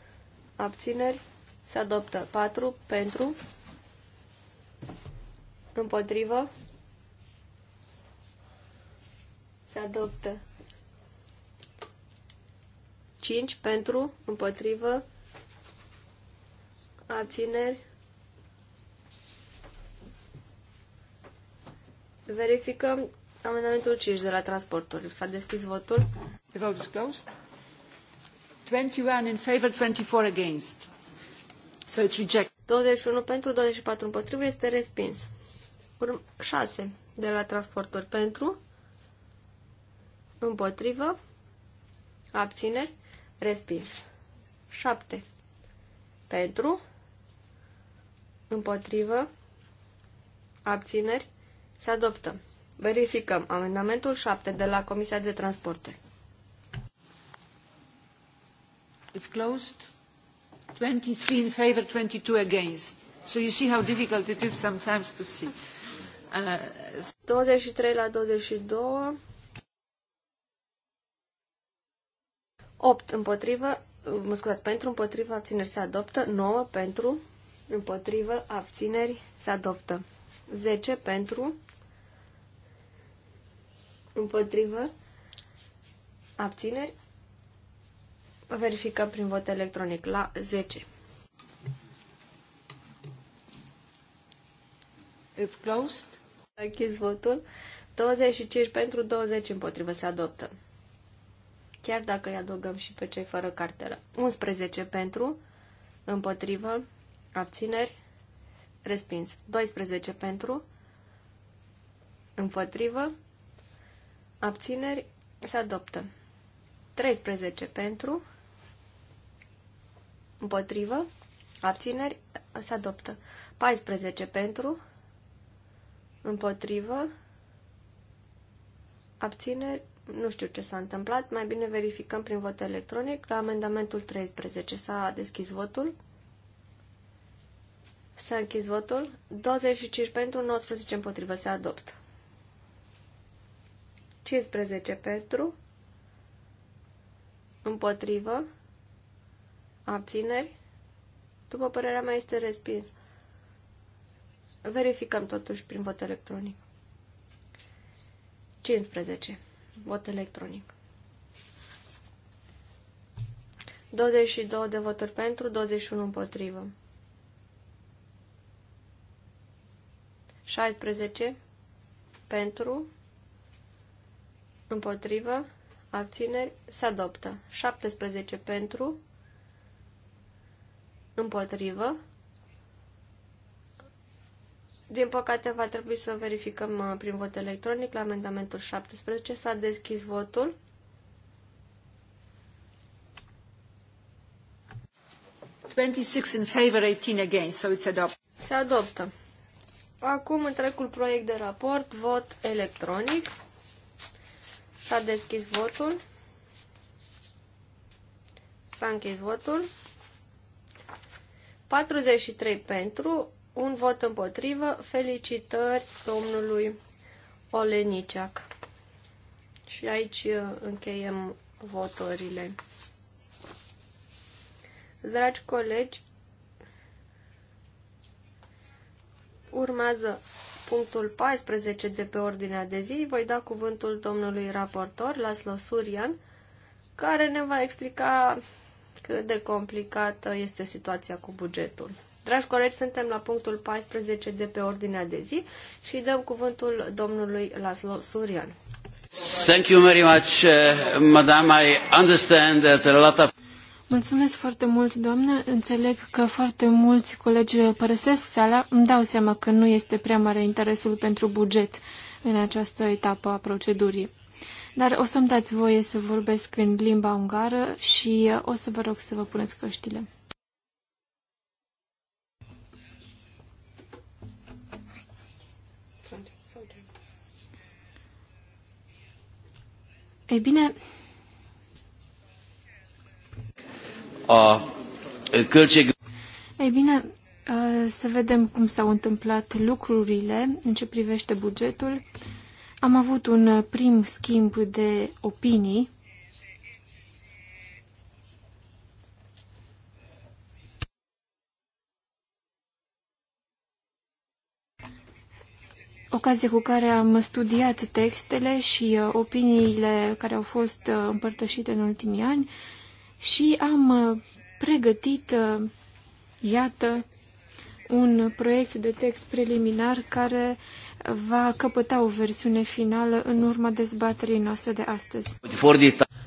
abțineri, se adoptă. 4 pentru, împotrivă, se adoptă. 5 pentru, împotrivă, abțineri. Verificăm amendamentul 5 de la transporturi. S-a deschis votul. The closed. 21 in favor, 24 against. So it's rejected. 21 pentru, 24 împotriva este respins. 6 de la transportor pentru, împotrivă, abțineri, respins. 7 pentru, împotrivă, abțineri, se adoptă. Verificăm amendamentul 7 de la Comisia de Transporturi. It's closed. 23 in favour, 22 against. So you see how difficult it is sometimes to see. Uh, 23 la 22. 8 împotrivă, uh, mă scuzați, pentru împotrivă abțineri se adoptă, 9 pentru împotrivă abțineri se adoptă, 10 pentru împotrivă abțineri Verificăm prin vot electronic la 10. If closed. Închis votul. 25 pentru 20 împotrivă se adoptă. Chiar dacă îi adăugăm și pe cei fără cartelă. 11 pentru, împotrivă, abțineri, respins. 12 pentru, împotrivă, abțineri, se adoptă. 13 pentru, Împotrivă. Abțineri. Se adoptă. 14 pentru. Împotrivă. Abțineri. Nu știu ce s-a întâmplat. Mai bine verificăm prin vot electronic. La amendamentul 13 s-a deschis votul. S-a închis votul. 25 pentru, 19 împotrivă. Se adoptă. 15 pentru. Împotrivă. Abțineri? După părerea mea este respins. Verificăm totuși prin vot electronic. 15. Vot electronic. 22 de voturi pentru, 21 împotrivă. 16 pentru, împotrivă, abțineri, se adoptă. 17 pentru, Împotrivă. Din păcate va trebui să verificăm uh, prin vot electronic la amendamentul 17. S-a deschis votul. in against, so it's adopted. Se adoptă. Acum întregul proiect de raport, vot electronic. S-a deschis votul. S-a închis votul. 43 pentru, un vot împotrivă. Felicitări domnului Oleniciac. Și aici uh, încheiem votările. Dragi colegi, urmează punctul 14 de pe ordinea de zi. Voi da cuvântul domnului raportor, Laslo Surian, care ne va explica cât de complicată este situația cu bugetul. Dragi colegi, suntem la punctul 14 de pe ordinea de zi și dăm cuvântul domnului Laszlo Surian. Thank you very much, uh, madam. I understand that a lot of... Mulțumesc foarte mult, doamnă. Înțeleg că foarte mulți colegi părăsesc sala. Îmi dau seama că nu este prea mare interesul pentru buget în această etapă a procedurii dar o să-mi dați voie să vorbesc în limba ungară și uh, o să vă rog să vă puneți căștile. Ei bine, a călce... Ei bine, uh, să vedem cum s-au întâmplat lucrurile în ce privește bugetul. Am avut un uh, prim schimb de opinii. ocazie cu care am studiat textele și uh, opiniile care au fost uh, împărtășite în ultimii ani și am pregătit, iată, un proiect de text preliminar care va căpăta o versiune finală în urma dezbaterii noastre de astăzi.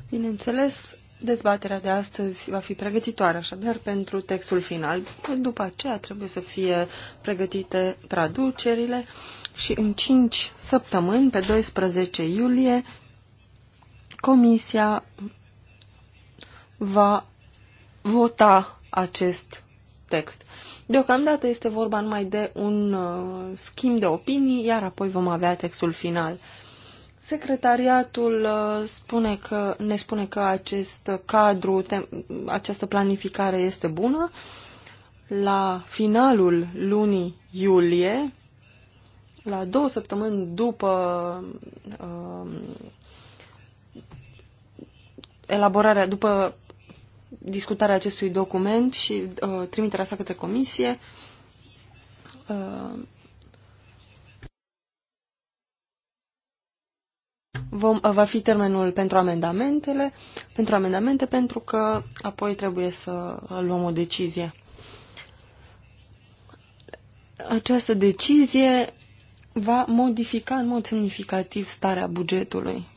Bineînțeles, dezbaterea de astăzi va fi pregătitoare, așadar, pentru textul final. După aceea trebuie să fie pregătite traducerile și în 5 săptămâni, pe 12 iulie, Comisia va vota acest text. Deocamdată este vorba numai de un uh, schimb de opinii, iar apoi vom avea textul final. Secretariatul uh, spune că, ne spune că acest cadru, tem, această planificare este bună. La finalul lunii iulie, la două săptămâni după uh, elaborarea, după discutarea acestui document și uh, trimiterea sa către comisie. Uh, vom, va fi termenul pentru amendamentele, pentru amendamente, pentru că apoi trebuie să luăm o decizie. Această decizie va modifica în mod semnificativ starea bugetului.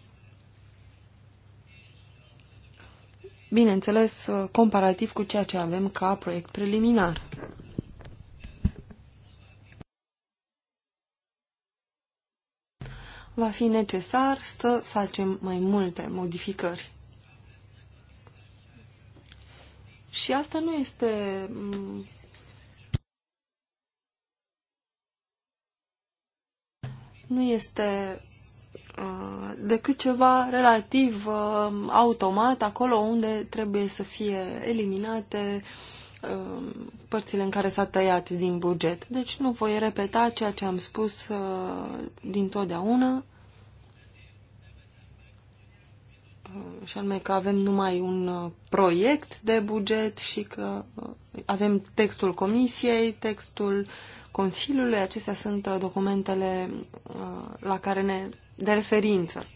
bineînțeles, comparativ cu ceea ce avem ca proiect preliminar. Va fi necesar să facem mai multe modificări. Și asta nu este mm, nu este Uh, decât ceva relativ uh, automat acolo unde trebuie să fie eliminate uh, părțile în care s-a tăiat din buget. Deci nu voi repeta ceea ce am spus din totdeauna, și anume că avem numai un proiect de buget și că avem textul comisiei, textul Consiliului, acestea sunt documentele la care ne de referință.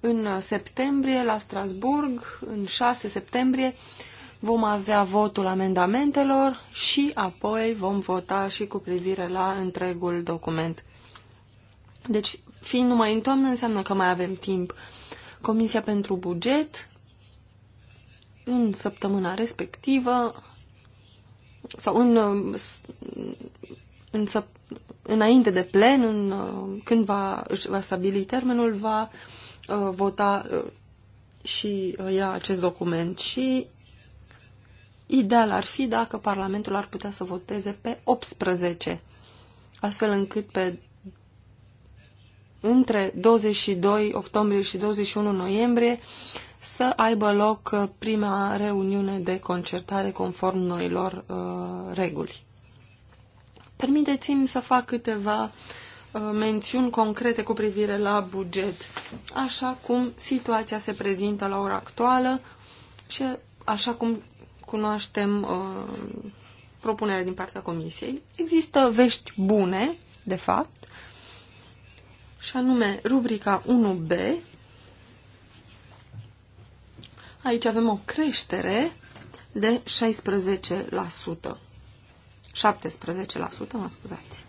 În septembrie, la Strasburg, în 6 septembrie, vom avea votul amendamentelor și apoi vom vota și cu privire la întregul document. Deci, fiind numai în toamnă, înseamnă că mai avem timp. Comisia pentru buget, în săptămâna respectivă, sau în, în, înainte de plen, în, uh, când va, își va stabili termenul, va uh, vota uh, și uh, ia acest document. Și ideal ar fi dacă Parlamentul ar putea să voteze pe 18, astfel încât pe între 22 octombrie și 21 noiembrie să aibă loc uh, prima reuniune de concertare conform noilor uh, reguli. Permiteți-mi să fac câteva uh, mențiuni concrete cu privire la buget, așa cum situația se prezintă la ora actuală și așa cum cunoaștem uh, propunerea din partea Comisiei. Există vești bune, de fapt, și anume rubrica 1B. Aici avem o creștere de 16%. 17%, mă scuzați.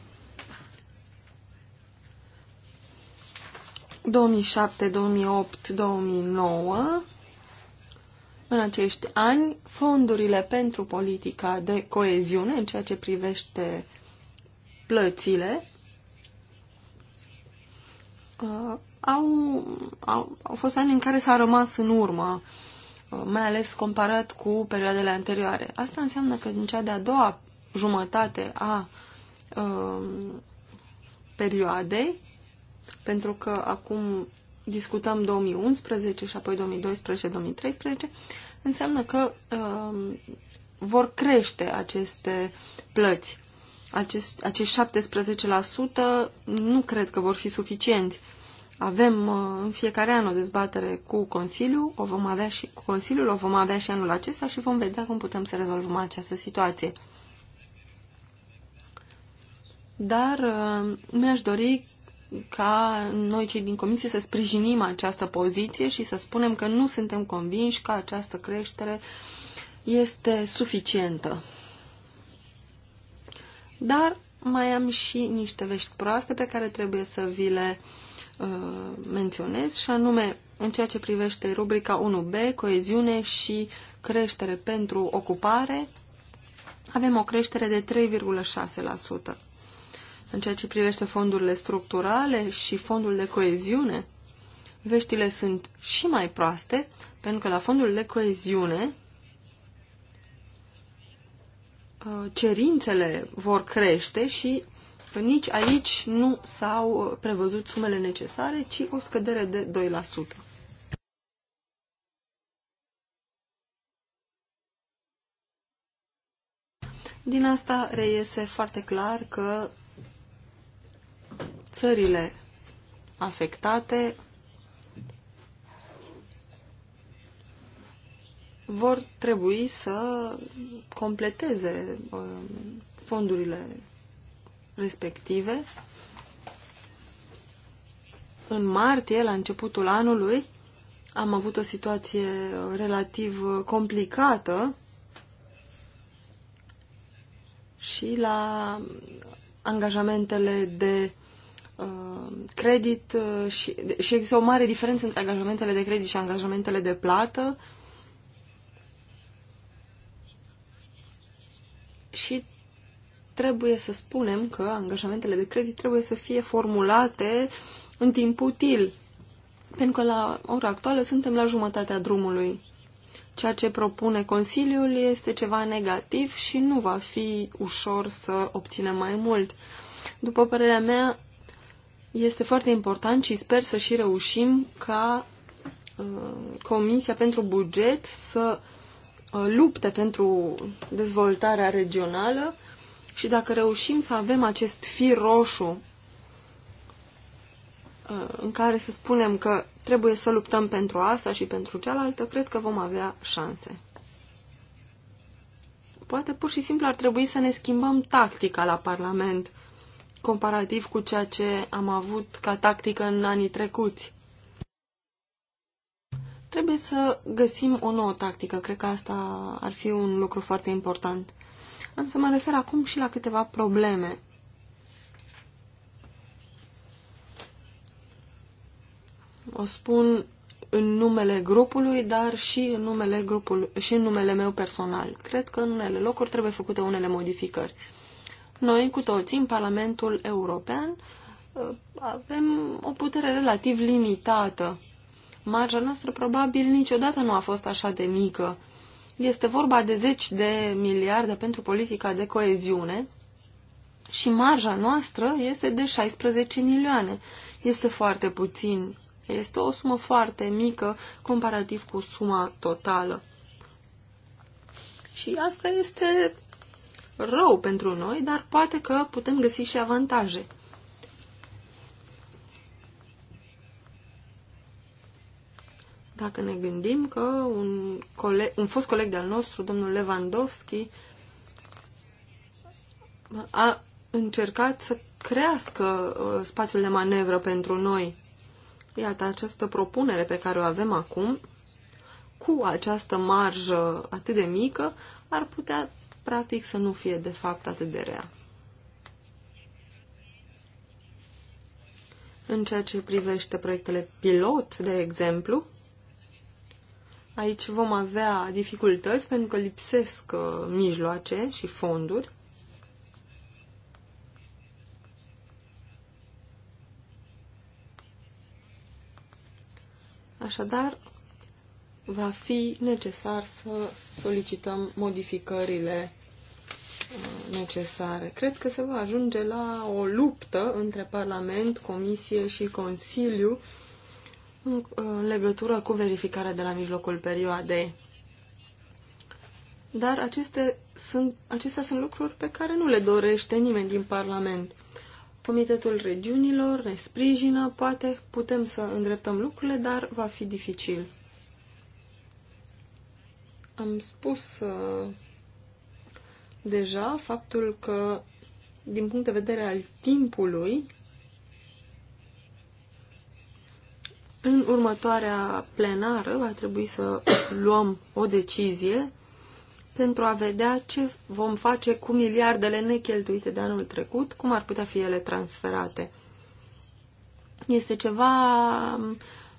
2007, 2008, 2009, în acești ani, fondurile pentru politica de coeziune, în ceea ce privește plățile, uh, au, au, au fost ani în care s-a rămas în urmă, uh, mai ales comparat cu perioadele anterioare. Asta înseamnă că în cea de-a doua jumătate a um, perioadei, pentru că acum discutăm 2011 și apoi 2012-2013, înseamnă că um, vor crește aceste plăți. Acest, acești 17% nu cred că vor fi suficienți. Avem uh, în fiecare an o dezbatere cu Consiliul, o vom avea și cu Consiliul, o vom avea și anul acesta și vom vedea cum putem să rezolvăm această situație dar uh, mi-aș dori ca noi cei din comisie să sprijinim această poziție și să spunem că nu suntem convinși că această creștere este suficientă. Dar mai am și niște vești proaste pe care trebuie să vi le uh, menționez și anume în ceea ce privește rubrica 1B, coeziune și creștere pentru ocupare, avem o creștere de 3,6%. În ceea ce privește fondurile structurale și fondul de coeziune, veștile sunt și mai proaste, pentru că la fondul de coeziune uh, cerințele vor crește și nici aici nu s-au uh, prevăzut sumele necesare, ci o scădere de 2%. Din asta reiese foarte clar că țările afectate vor trebui să completeze um, fondurile respective. În martie, la începutul anului, am avut o situație relativ complicată și la angajamentele de Uh, credit uh, și, și există o mare diferență între angajamentele de credit și angajamentele de plată și trebuie să spunem că angajamentele de credit trebuie să fie formulate în timp util, pentru că la ora actuală suntem la jumătatea drumului. Ceea ce propune Consiliul este ceva negativ și nu va fi ușor să obținem mai mult. După părerea mea, este foarte important și sper să și reușim ca uh, Comisia pentru Buget să uh, lupte pentru dezvoltarea regională și dacă reușim să avem acest fir roșu uh, în care să spunem că trebuie să luptăm pentru asta și pentru cealaltă, cred că vom avea șanse. Poate pur și simplu ar trebui să ne schimbăm tactica la Parlament comparativ cu ceea ce am avut ca tactică în anii trecuți. Trebuie să găsim o nouă tactică, cred că asta ar fi un lucru foarte important. Am să mă refer acum și la câteva probleme. O spun în numele grupului, dar și în numele, grupului și în numele meu personal. Cred că în unele locuri trebuie făcute unele modificări. Noi, cu toții, în Parlamentul European, uh, avem o putere relativ limitată. Marja noastră probabil niciodată nu a fost așa de mică. Este vorba de zeci de miliarde pentru politica de coeziune și marja noastră este de 16 milioane. Este foarte puțin. Este o sumă foarte mică comparativ cu suma totală. Și asta este rău pentru noi, dar poate că putem găsi și avantaje. Dacă ne gândim că un, coleg, un fost coleg de-al nostru, domnul Lewandowski, a încercat să crească uh, spațiul de manevră pentru noi. Iată, această propunere pe care o avem acum, cu această marjă atât de mică, ar putea practic să nu fie de fapt atât de rea. În ceea ce privește proiectele pilot, de exemplu, aici vom avea dificultăți pentru că lipsesc uh, mijloace și fonduri. Așadar, va fi necesar să solicităm modificările uh, necesare. Cred că se va ajunge la o luptă între Parlament, Comisie și Consiliu uh, în legătură cu verificarea de la mijlocul perioadei. Dar aceste sunt, acestea sunt lucruri pe care nu le dorește nimeni din Parlament. Comitetul Regiunilor ne sprijină, poate putem să îndreptăm lucrurile, dar va fi dificil. Am spus uh, deja faptul că, din punct de vedere al timpului, în următoarea plenară va trebui să (coughs) luăm o decizie pentru a vedea ce vom face cu miliardele necheltuite de anul trecut, cum ar putea fi ele transferate. Este ceva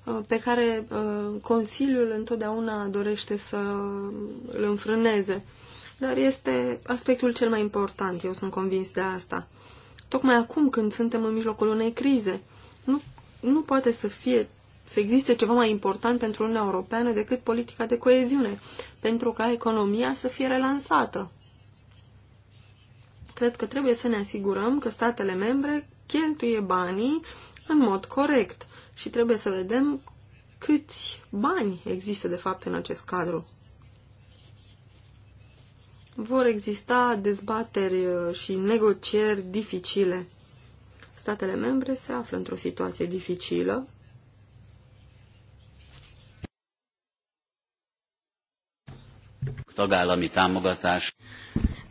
Uh, pe care uh, Consiliul întotdeauna dorește să îl înfrâneze. Dar este aspectul cel mai important, eu sunt convins de asta. Tocmai acum, când suntem în mijlocul unei crize, nu, nu poate să fie să existe ceva mai important pentru Uniunea Europeană decât politica de coeziune, pentru ca economia să fie relansată. Cred că trebuie să ne asigurăm că statele membre cheltuie banii în mod corect și trebuie să vedem câți bani există de fapt în acest cadru. Vor exista dezbateri uh, și negocieri dificile. Statele membre se află într-o situație dificilă.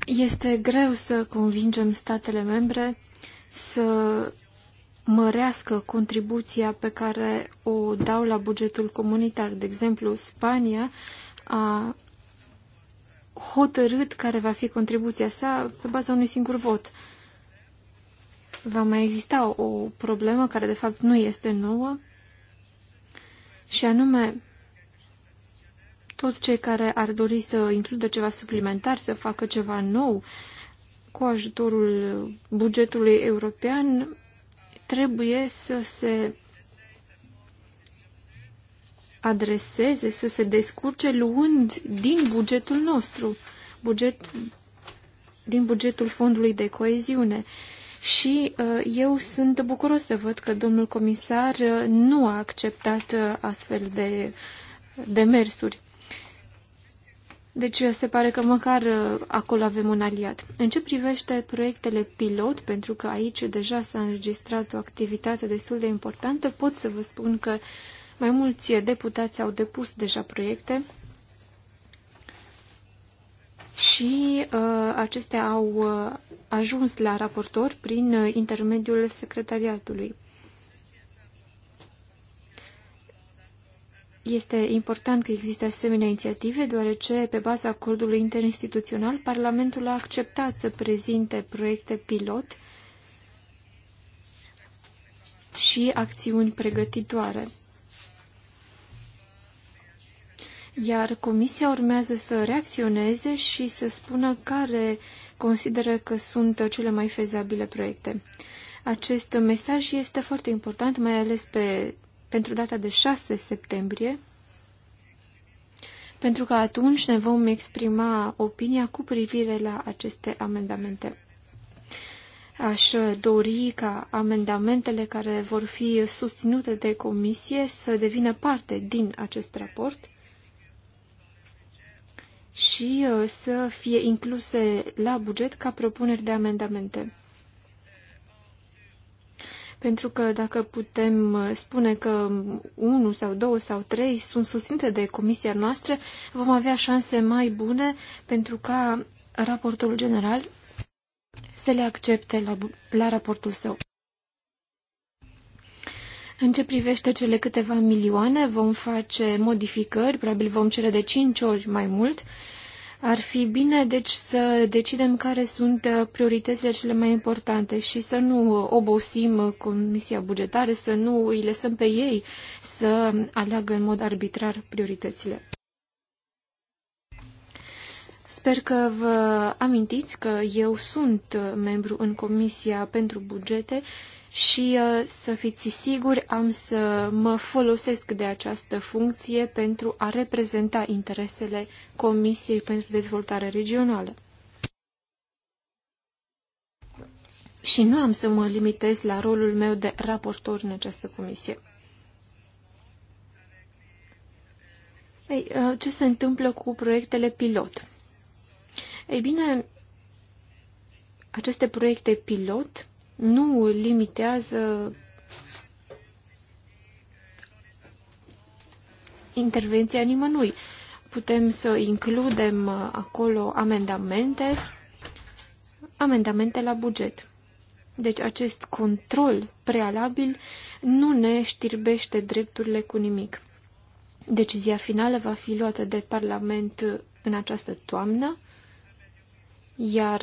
Este greu să convingem statele membre să mărească contribuția pe care o dau la bugetul comunitar. De exemplu, Spania a hotărât care va fi contribuția sa pe baza unui singur vot. Va mai exista o, o problemă care de fapt nu este nouă și anume toți cei care ar dori să includă ceva suplimentar, să facă ceva nou cu ajutorul bugetului european, trebuie să se adreseze, să se descurce luând din bugetul nostru, buget, din bugetul fondului de coeziune. Și uh, eu sunt bucuros să văd că domnul comisar uh, nu a acceptat uh, astfel de demersuri. Deci uh, se pare că măcar uh, acolo avem un aliat. În ce privește proiectele pilot, pentru că aici deja s-a înregistrat o activitate destul de importantă, pot să vă spun că mai mulți deputați au depus deja proiecte și uh, acestea au uh, ajuns la raportor prin uh, intermediul secretariatului. Este important că există asemenea inițiative, deoarece, pe baza acordului interinstituțional, Parlamentul a acceptat să prezinte proiecte pilot și acțiuni pregătitoare. Iar Comisia urmează să reacționeze și să spună care consideră că sunt cele mai fezabile proiecte. Acest mesaj este foarte important, mai ales pe pentru data de 6 septembrie, pentru că atunci ne vom exprima opinia cu privire la aceste amendamente. Aș dori ca amendamentele care vor fi susținute de comisie să devină parte din acest raport și uh, să fie incluse la buget ca propuneri de amendamente. Pentru că dacă putem uh, spune că unul sau două sau trei sunt susținute de comisia noastră, vom avea șanse mai bune pentru ca raportul general să le accepte la, la raportul său. În ce privește cele câteva milioane, vom face modificări, probabil vom cere de 5 ori mai mult ar fi bine, deci, să decidem care sunt uh, prioritățile cele mai importante și să nu obosim uh, Comisia Bugetară, să nu îi lăsăm pe ei să aleagă în mod arbitrar prioritățile. Sper că vă amintiți că eu sunt uh, membru în Comisia pentru Bugete și uh, să fiți siguri, am să mă folosesc de această funcție pentru a reprezenta interesele Comisiei pentru Dezvoltare Regională. Și nu am să mă limitez la rolul meu de raportor în această comisie. Ei, uh, ce se întâmplă cu proiectele pilot? Ei bine, aceste proiecte pilot nu limitează intervenția nimănui. Putem să includem acolo amendamente, amendamente la buget. Deci acest control prealabil nu ne știrbește drepturile cu nimic. Decizia finală va fi luată de Parlament în această toamnă, iar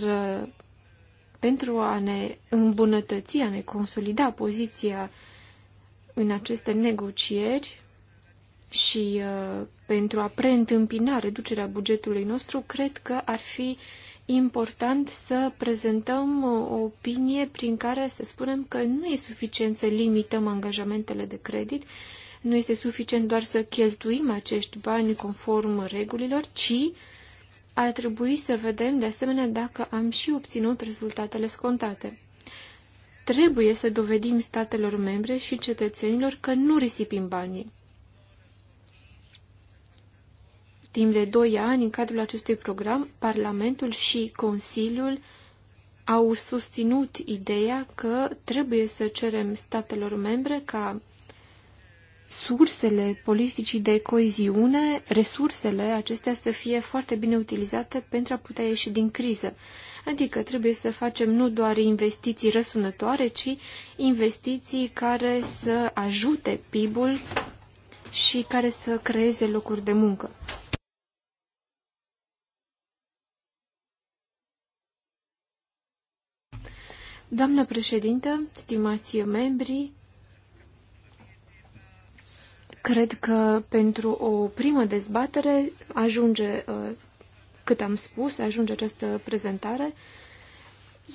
pentru a ne îmbunătăți, a ne consolida poziția în aceste negocieri și uh, pentru a preîntâmpina reducerea bugetului nostru, cred că ar fi important să prezentăm uh, o opinie prin care să spunem că nu e suficient să limităm angajamentele de credit, nu este suficient doar să cheltuim acești bani conform regulilor, ci ar trebui să vedem de asemenea dacă am și obținut rezultatele scontate. Trebuie să dovedim statelor membre și cetățenilor că nu risipim banii. Timp de doi ani, în cadrul acestui program, Parlamentul și Consiliul au susținut ideea că trebuie să cerem statelor membre ca sursele politicii de coeziune, resursele acestea să fie foarte bine utilizate pentru a putea ieși din criză. Adică trebuie să facem nu doar investiții răsunătoare, ci investiții care să ajute PIB-ul și care să creeze locuri de muncă. Doamnă președintă, stimați membri, Cred că pentru o primă dezbatere ajunge uh, cât am spus, ajunge această prezentare.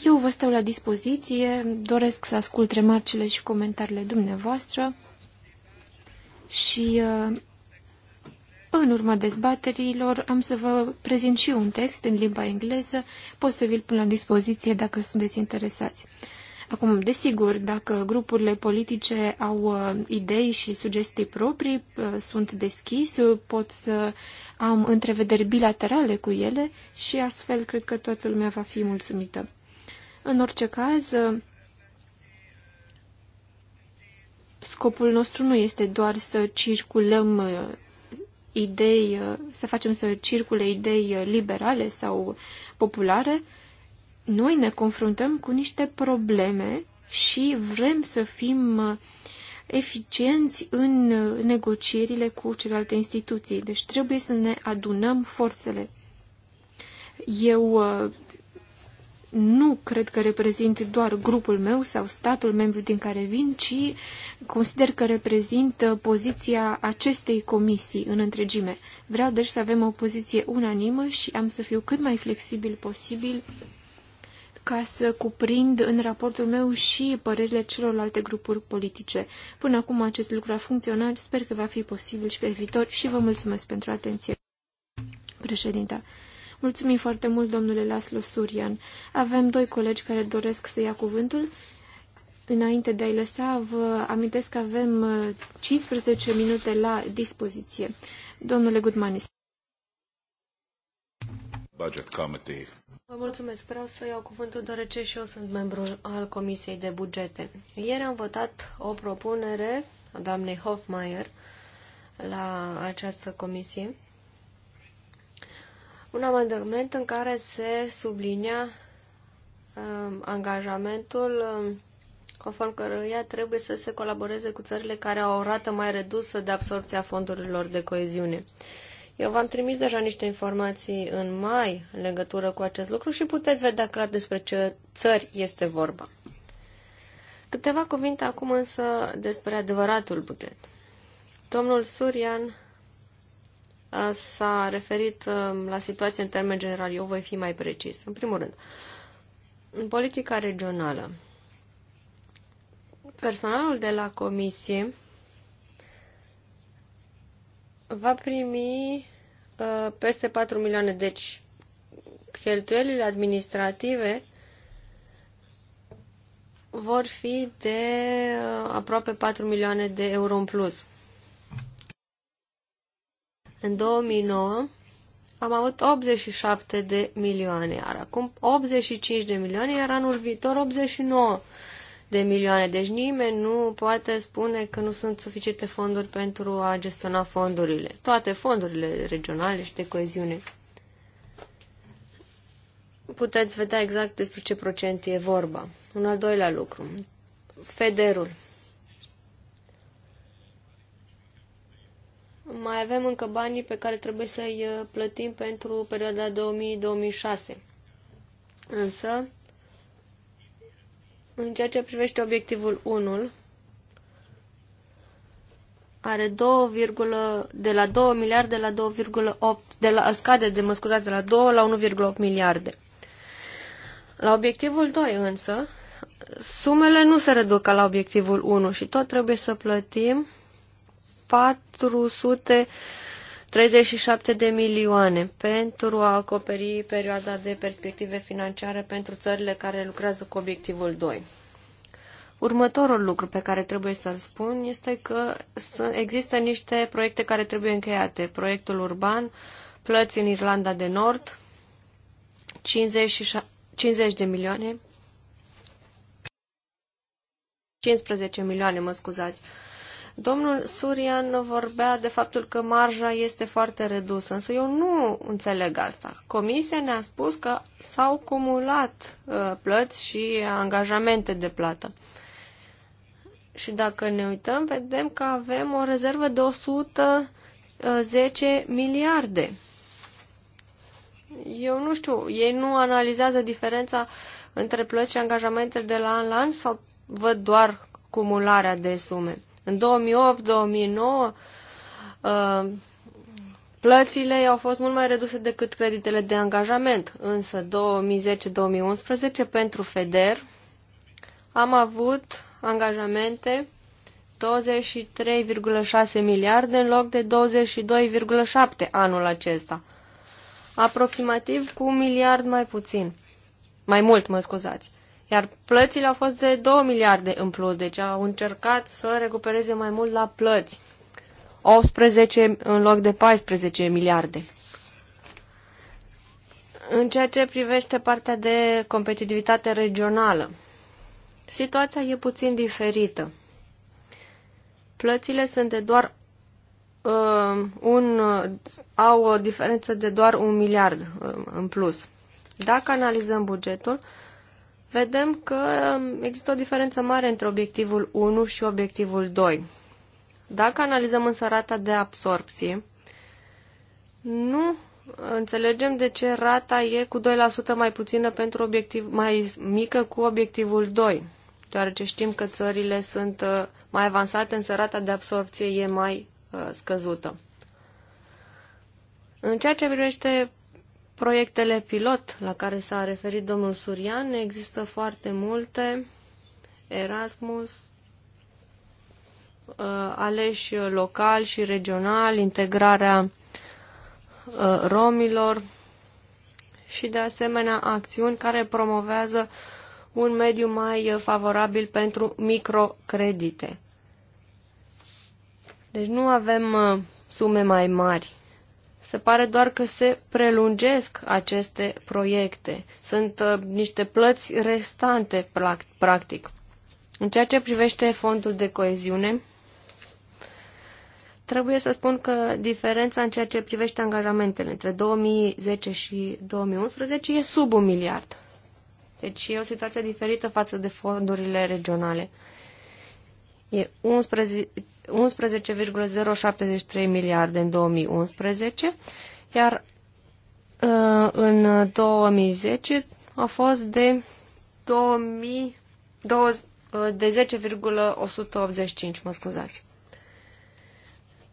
Eu vă stau la dispoziție, doresc să ascult remarcile și comentariile dumneavoastră și uh, în urma dezbaterilor am să vă prezint și un text în limba engleză, pot să vi-l pun la dispoziție dacă sunteți interesați. Acum, desigur, dacă grupurile politice au uh, idei și sugestii proprii, uh, sunt deschis, uh, pot să am întrevederi bilaterale cu ele și astfel cred că toată lumea va fi mulțumită. În orice caz, scopul nostru nu este doar să circulăm idei, să facem să circule idei liberale sau populare, noi ne confruntăm cu niște probleme și vrem să fim uh, eficienți în uh, negocierile cu celelalte instituții. Deci trebuie să ne adunăm forțele. Eu uh, nu cred că reprezint doar grupul meu sau statul membru din care vin, ci consider că reprezint poziția acestei comisii în întregime. Vreau deci să avem o poziție unanimă și am să fiu cât mai flexibil posibil ca să cuprind în raportul meu și părerile celorlalte grupuri politice. Până acum acest lucru a funcționat, sper că va fi posibil și pe viitor și vă mulțumesc pentru atenție. Președinta, mulțumim foarte mult, domnule Laslo Surian. Avem doi colegi care doresc să ia cuvântul. Înainte de a-i lăsa, vă amintesc că avem 15 uh, minute la dispoziție. Domnule Gudmanis. Budget Committee Vă mulțumesc. Vreau să iau cuvântul deoarece și eu sunt membru al Comisiei de Bugete. Ieri am votat o propunere a doamnei Hofmeier la această comisie. Un amendament în care se sublinia um, angajamentul um, conform căruia trebuie să se colaboreze cu țările care au o rată mai redusă de absorbția a fondurilor de coeziune. Uh, eu v-am trimis deja niște informații în mai în legătură cu acest lucru și puteți vedea clar despre ce țări este vorba. Câteva cuvinte acum însă despre adevăratul buget. Domnul Surian s-a referit la situație în termen general. Eu voi fi mai precis. În primul rând, în politica regională, personalul de la comisie va primi uh, peste 4 milioane. Deci, cheltuielile administrative vor fi de uh, aproape 4 milioane de euro în plus. În 2009 am avut 87 de milioane, iar acum 85 de milioane, iar anul viitor 89 de milioane. Deci nimeni nu poate spune că nu sunt suficiente fonduri pentru a gestiona fondurile. Toate fondurile regionale și de coeziune. Puteți vedea exact despre ce procent e vorba. Un al doilea lucru. Federul. Mai avem încă banii pe care trebuie să-i uh, plătim pentru perioada 2000-2006. Însă, în ceea ce privește obiectivul 1, are 2, de la 2 miliarde la 2,8, de la, scade de, mă scuzați, de la 2 la 1,8 miliarde. La obiectivul 2 însă, sumele nu se reduc ca la obiectivul 1 și tot trebuie să plătim 400 37 de milioane pentru a acoperi perioada de perspective financiare pentru țările care lucrează cu obiectivul 2. Următorul lucru pe care trebuie să-l spun este că există niște proiecte care trebuie încheiate. Proiectul urban, plăți în Irlanda de Nord, 50, de milioane, 15 milioane, mă scuzați, Domnul Surian vorbea de faptul că marja este foarte redusă, însă eu nu înțeleg asta. Comisia ne-a spus că s-au cumulat uh, plăți și angajamente de plată. Și dacă ne uităm, vedem că avem o rezervă de 110 miliarde. Eu nu știu, ei nu analizează diferența între plăți și angajamente de la an la an sau văd doar cumularea de sume? În 2008-2009 uh, plățile au fost mult mai reduse decât creditele de angajament, însă 2010-2011 pentru FEDER am avut angajamente 23,6 miliarde în loc de 22,7 anul acesta. Aproximativ cu un miliard mai puțin. Mai mult, mă scuzați. Iar plățile au fost de 2 miliarde în plus, deci au încercat să recupereze mai mult la plăți. 18 în loc de 14 miliarde. În ceea ce privește partea de competitivitate regională, situația e puțin diferită. Plățile sunt de doar uh, un, uh, au o diferență de doar un miliard uh, în plus. Dacă analizăm bugetul, uh, vedem că um, există o diferență mare între obiectivul 1 și obiectivul 2. Dacă analizăm însă rata de absorpție, nu înțelegem de ce rata e cu 2% mai puțină pentru obiectiv, mai mică cu obiectivul 2, deoarece știm că țările sunt uh, mai avansate, însă rata de absorpție e mai uh, scăzută. În ceea ce privește Proiectele pilot la care s-a referit domnul Surian, există foarte multe. Erasmus, uh, aleși local și regional, integrarea uh, romilor și de asemenea acțiuni care promovează un mediu mai uh, favorabil pentru microcredite. Deci nu avem sume mai mari se pare doar că se prelungesc aceste proiecte. Sunt uh, niște plăți restante, practic. În ceea ce privește fondul de coeziune, trebuie să spun că diferența în ceea ce privește angajamentele între 2010 și 2011 e sub un miliard. Deci e o situație diferită față de fondurile regionale. E 11, 11,073 miliarde în 2011, iar uh, în 2010 a fost de 2000, 20, uh, de 10,185, mă scuzați.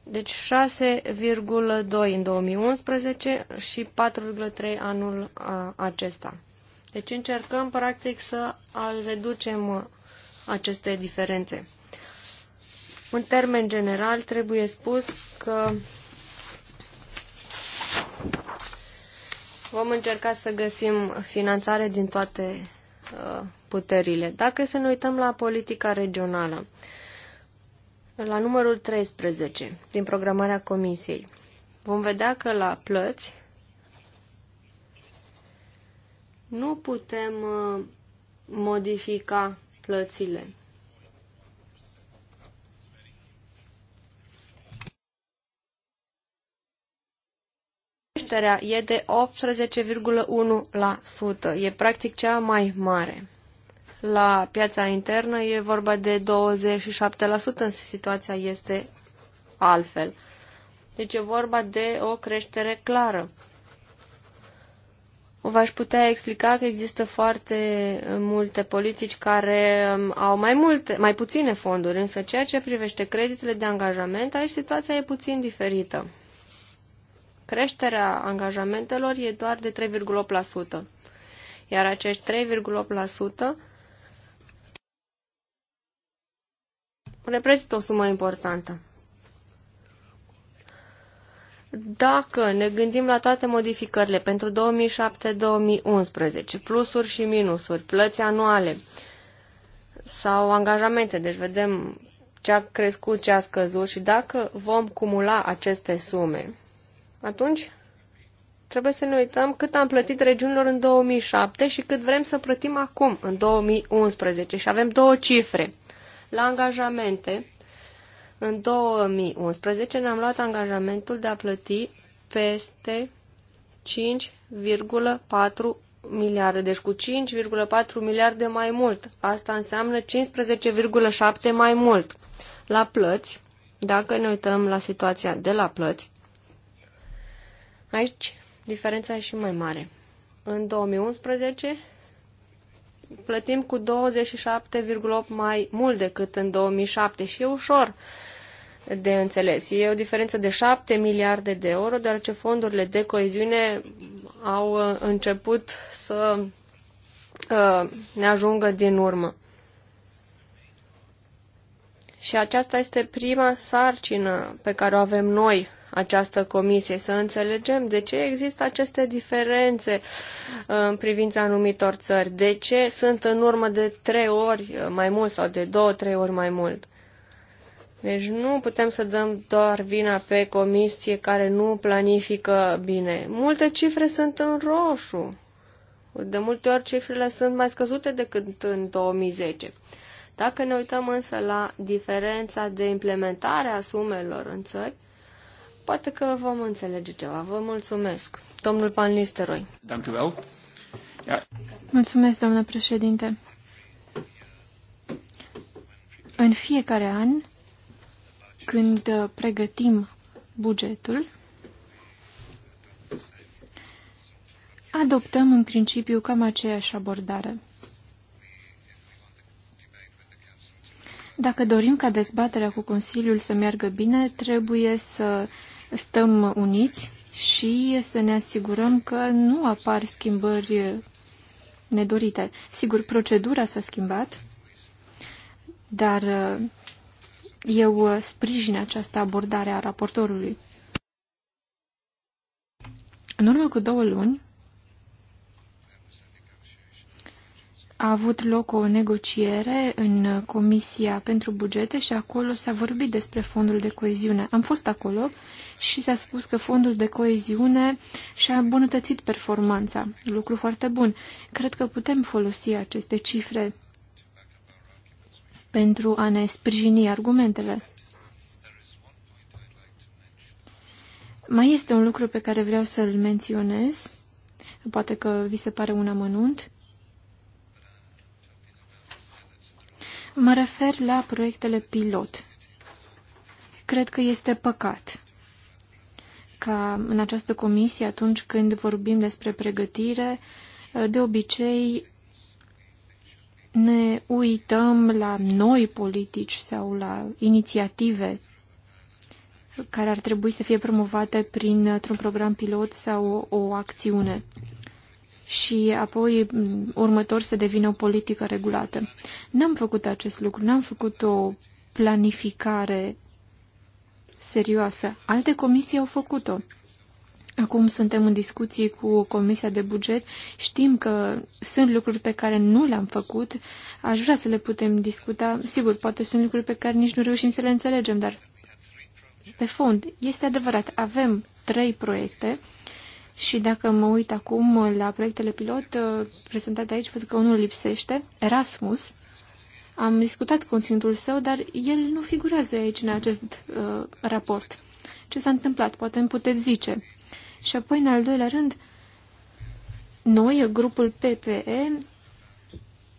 Deci 6,2 în 2011 și 4,3 anul acesta. Deci încercăm practic să reducem aceste diferențe. În termen general, trebuie spus că vom încerca să găsim finanțare din toate uh, puterile. Dacă să ne uităm la politica regională, la numărul 13 din programarea Comisiei, vom vedea că la plăți nu putem uh, modifica plățile. creșterea e de 18,1%. E practic cea mai mare. La piața internă e vorba de 27%, însă situația este altfel. Deci e vorba de o creștere clară. V-aș putea explica că există foarte multe politici care um, au mai, multe, mai puține fonduri, însă ceea ce privește creditele de angajament, aici situația e puțin diferită. Creșterea angajamentelor e doar de 3,8%, iar acești 3,8% reprezintă o sumă importantă. Dacă ne gândim la toate modificările pentru 2007-2011, plusuri și minusuri, plăți anuale sau angajamente, deci vedem ce a crescut, ce a scăzut și dacă vom cumula aceste sume, atunci trebuie să ne uităm cât am plătit regiunilor în 2007 și cât vrem să plătim acum, în 2011. Și avem două cifre. La angajamente, în 2011 ne-am luat angajamentul de a plăti peste 5,4 miliarde, deci cu 5,4 miliarde mai mult. Asta înseamnă 15,7 mai mult. La plăți, dacă ne uităm la situația de la plăți, Aici diferența e și mai mare. În 2011 plătim cu 27,8 mai mult decât în 2007 și e ușor de înțeles. E o diferență de 7 miliarde de euro, deoarece fondurile de coeziune au uh, început să uh, ne ajungă din urmă. Și aceasta este prima sarcină pe care o avem noi această comisie, să înțelegem de ce există aceste diferențe uh, în privința anumitor țări, de ce sunt în urmă de trei ori uh, mai mult sau de două, trei ori mai mult. Deci nu putem să dăm doar vina pe comisie care nu planifică bine. Multe cifre sunt în roșu. De multe ori cifrele sunt mai scăzute decât în 2010. Dacă ne uităm însă la diferența de implementare a sumelor în țări, Poate că vom înțelege ceva. Vă mulțumesc. Domnul Pan Listeroi. Mulțumesc, domnule președinte. În fiecare an, când pregătim bugetul, adoptăm în principiu cam aceeași abordare. Dacă dorim ca dezbaterea cu Consiliul să meargă bine, trebuie să stăm uniți și să ne asigurăm că nu apar schimbări nedorite. Sigur, procedura s-a schimbat, dar uh, eu uh, sprijin această abordare a raportorului. În urmă cu două luni, a avut loc o negociere în Comisia pentru Bugete și acolo s-a vorbit despre fondul de coeziune. Am fost acolo și s-a spus că fondul de coeziune și-a îmbunătățit performanța. Lucru foarte bun. Cred că putem folosi aceste cifre pentru a ne sprijini argumentele. Mai este un lucru pe care vreau să-l menționez, poate că vi se pare un amănunt. Mă refer la proiectele pilot. Cred că este păcat ca în această comisie, atunci când vorbim despre pregătire, de obicei ne uităm la noi politici sau la inițiative care ar trebui să fie promovate printr-un program pilot sau o, o acțiune și apoi mm, următor să devină o politică regulată. N-am făcut acest lucru, n-am făcut o planificare serioasă. Alte comisii au făcut-o. Acum suntem în discuții cu Comisia de Buget. Știm că sunt lucruri pe care nu le-am făcut. Aș vrea să le putem discuta. Sigur, poate sunt lucruri pe care nici nu reușim să le înțelegem, dar pe fond, este adevărat, avem trei proiecte și dacă mă uit acum la proiectele pilot uh, prezentate aici, văd că unul lipsește, Erasmus. Am discutat conținutul său, dar el nu figurează aici în acest uh, raport. Ce s-a întâmplat? Poate îmi puteți zice. Și apoi, în al doilea rând, noi, grupul PPE,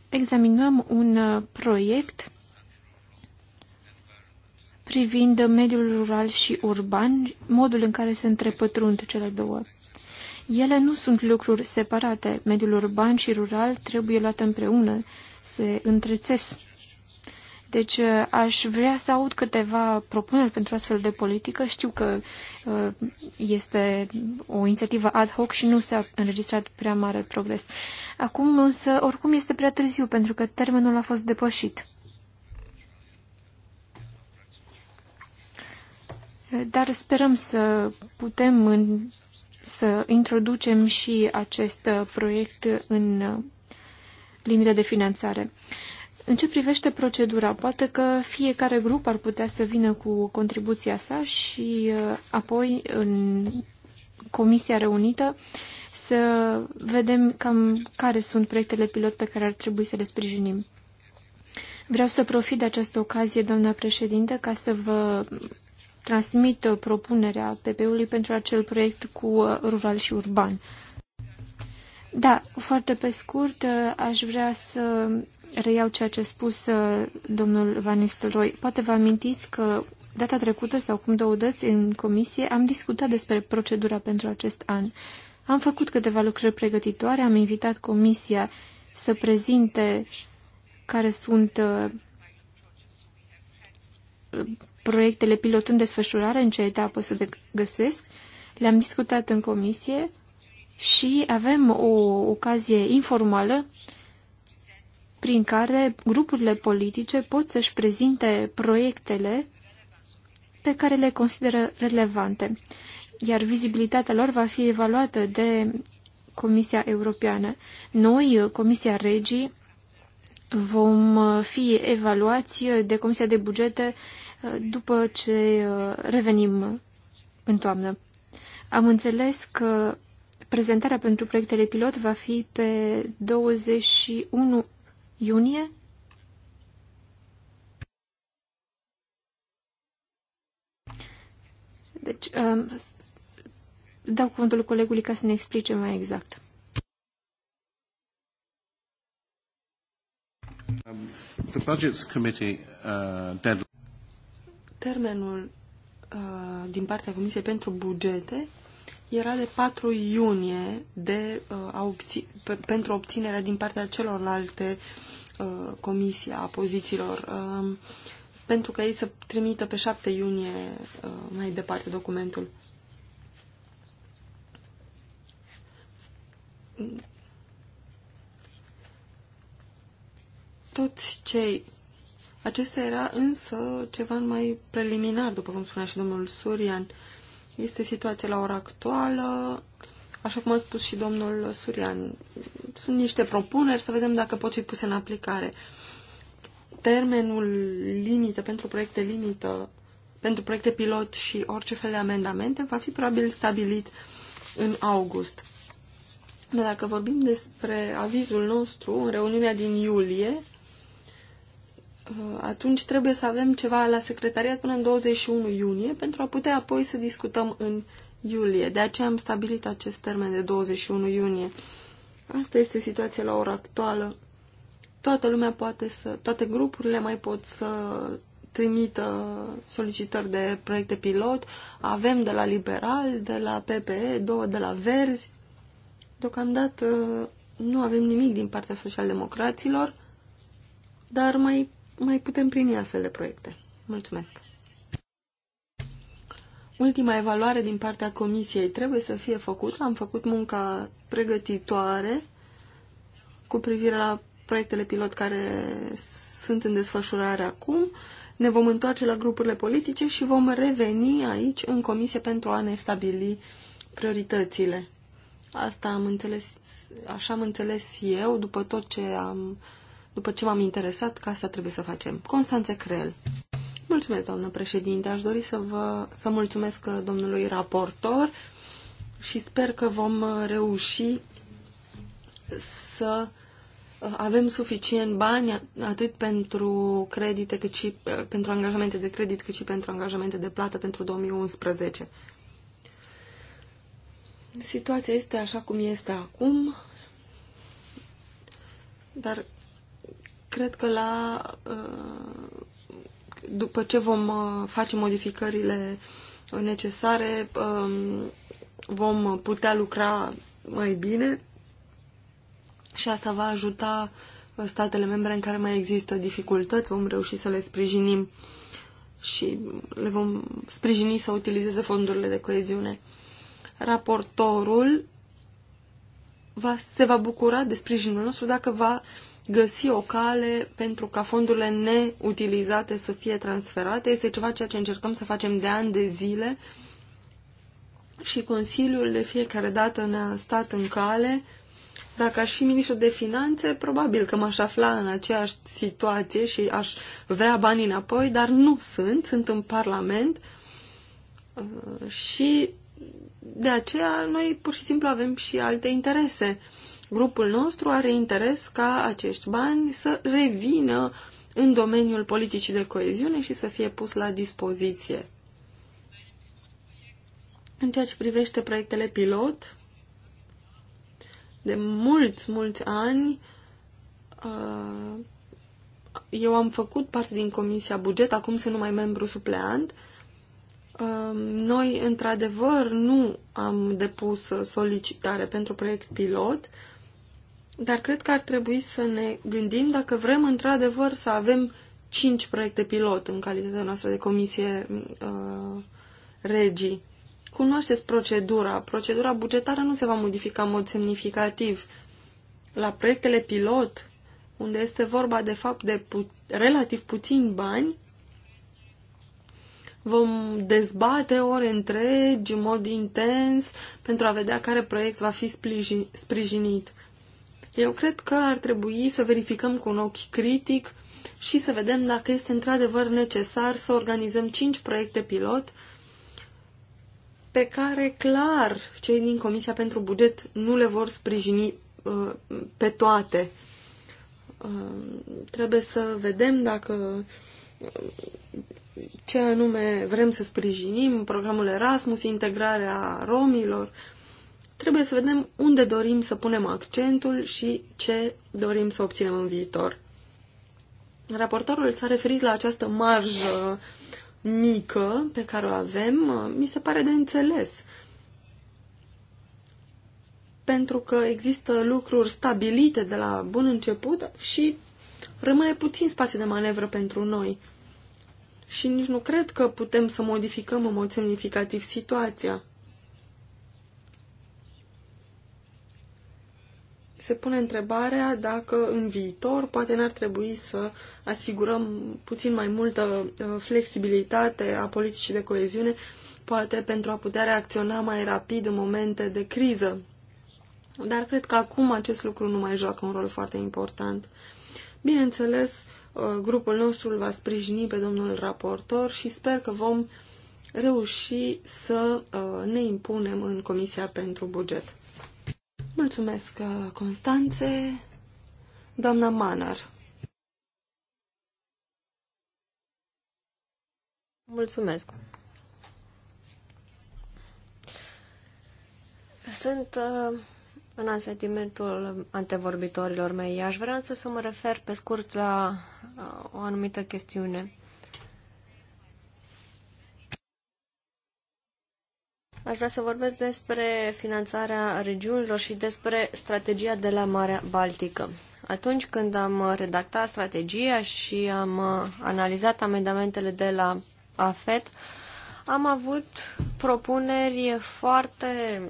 examinăm un uh, proiect privind mediul rural și urban, modul în care se întrepătrund cele două. Ele nu sunt lucruri separate. Mediul urban și rural trebuie luat împreună, se întrețes. Deci uh, aș vrea să aud câteva propuneri pentru astfel de politică. Știu că uh, este o inițiativă ad hoc și nu s-a înregistrat prea mare progres. Acum însă, oricum, este prea târziu pentru că termenul a fost depășit. Dar sperăm să putem în să introducem și acest proiect în limite de finanțare. În ce privește procedura, poate că fiecare grup ar putea să vină cu contribuția sa și uh, apoi în Comisia Reunită să vedem cam care sunt proiectele pilot pe care ar trebui să le sprijinim. Vreau să profit de această ocazie, doamna președinte, ca să vă transmit uh, propunerea PP-ului pentru acel proiect cu uh, rural și urban. Da, foarte pe scurt, uh, aș vrea să reiau ceea ce a spus domnul Van Nistelrooy. Poate vă amintiți că data trecută sau cum două dăți în comisie am discutat despre procedura pentru acest an. Am făcut câteva lucrări pregătitoare, am invitat comisia să prezinte care sunt proiectele pilot în desfășurare, în ce etapă se găsesc. Le-am discutat în comisie și avem o ocazie informală prin care grupurile politice pot să-și prezinte proiectele pe care le consideră relevante, iar vizibilitatea lor va fi evaluată de Comisia Europeană. Noi, Comisia Regii, vom fi evaluați de Comisia de Bugete după ce uh, revenim în toamnă. Am înțeles că prezentarea pentru proiectele pilot va fi pe 21 iunie. Deci, um, dau cuvântul colegului ca să ne explice mai exact. Um, the Budgets Committee uh, deadline. Termenul uh, din partea Comisiei pentru bugete era de 4 iunie de, uh, a obți pe, pentru obținerea din partea celorlalte uh, comisii a pozițiilor, uh, pentru că ei să trimită pe 7 iunie uh, mai departe documentul. Toți cei acesta era însă ceva mai preliminar, după cum spunea și domnul Surian. Este situația la ora actuală, așa cum a spus și domnul Surian. Sunt niște propuneri, să vedem dacă pot fi puse în aplicare. Termenul limită pentru proiecte limită, pentru proiecte pilot și orice fel de amendamente va fi probabil stabilit în august. Dar dacă vorbim despre avizul nostru în reuniunea din iulie, Uh, atunci trebuie să avem ceva la secretariat până în 21 iunie pentru a putea apoi să discutăm în iulie. De aceea am stabilit acest termen de 21 iunie. Asta este situația la ora actuală. Toată lumea poate să, toate grupurile mai pot să trimită solicitări de proiecte pilot. Avem de la Liberal, de la PPE, două de la Verzi. Deocamdată uh, nu avem nimic din partea socialdemocraților, dar mai mai putem primi astfel de proiecte. Mulțumesc! Ultima evaluare din partea comisiei trebuie să fie făcută. Am făcut munca pregătitoare cu privire la proiectele pilot care sunt în desfășurare acum. Ne vom întoarce la grupurile politice și vom reveni aici în comisie pentru a ne stabili prioritățile. Asta am înțeles, așa am înțeles eu după tot ce am după ce m-am interesat ca asta trebuie să facem. Constanțe Creel. Mulțumesc, doamnă președinte. Aș dori să vă să mulțumesc uh, domnului raportor și sper că vom uh, reuși să uh, avem suficient bani atât pentru credite cât și pentru angajamente de credit cât și pentru angajamente de plată pentru 2011. Situația este așa cum este acum, dar Cred că la uh, după ce vom uh, face modificările necesare, um, vom putea lucra mai bine și asta va ajuta statele membre în care mai există dificultăți, vom reuși să le sprijinim și le vom sprijini să utilizeze fondurile de coeziune. Raportorul va, se va bucura de sprijinul nostru dacă va uh, găsi o cale pentru ca fondurile neutilizate să fie transferate. Este ceva ceea ce încercăm să facem de ani de zile și Consiliul de fiecare dată ne-a stat în cale. Dacă aș fi ministru de finanțe, probabil că m-aș afla în aceeași situație și aș vrea banii înapoi, dar nu sunt, sunt în Parlament uh, și de aceea noi pur și simplu avem și alte interese Grupul nostru are interes ca acești bani să revină în domeniul politicii de coeziune și să fie pus la dispoziție. În ceea ce privește proiectele pilot, de mulți, mulți ani, uh, eu am făcut parte din Comisia Buget, acum sunt numai membru supleant. Uh, noi, într-adevăr, nu am depus solicitare pentru proiect pilot, dar cred că ar trebui să ne gândim dacă vrem într-adevăr să avem cinci proiecte pilot în calitatea noastră de comisie uh, regii. Cunoașteți procedura. Procedura bugetară nu se va modifica în mod semnificativ. La proiectele pilot, unde este vorba de fapt de pu- relativ puțini bani, vom dezbate ore întregi, în mod intens, pentru a vedea care proiect va fi sprijinit. Eu cred că ar trebui să verificăm cu un ochi critic și să vedem dacă este într-adevăr necesar să organizăm cinci proiecte pilot pe care clar cei din Comisia pentru Buget nu le vor sprijini uh, pe toate. Uh, trebuie să vedem dacă uh, ce anume vrem să sprijinim, programul Erasmus, integrarea romilor, Trebuie să vedem unde dorim să punem accentul și ce dorim să obținem în viitor. Raportorul s-a referit la această marjă mică pe care o avem, mi se pare de înțeles. Pentru că există lucruri stabilite de la bun început și rămâne puțin spațiu de manevră pentru noi. Și nici nu cred că putem să modificăm în mod semnificativ situația. se pune întrebarea dacă în viitor poate n-ar trebui să asigurăm puțin mai multă uh, flexibilitate a politicii de coeziune, poate pentru a putea reacționa mai rapid în momente de criză. Dar cred că acum acest lucru nu mai joacă un rol foarte important. Bineînțeles, uh, grupul nostru îl va sprijini pe domnul raportor și sper că vom reuși să uh, ne impunem în Comisia pentru Buget. Mulțumesc, uh, Constanțe. Doamna Manar. Mulțumesc. Sunt uh, în asentimentul antevorbitorilor mei. Aș vrea să mă refer pe scurt la uh, o anumită chestiune. Aș vrea să vorbesc despre finanțarea regiunilor și despre strategia de la Marea Baltică. Atunci când am redactat strategia și am analizat amendamentele de la AFET, am avut propuneri foarte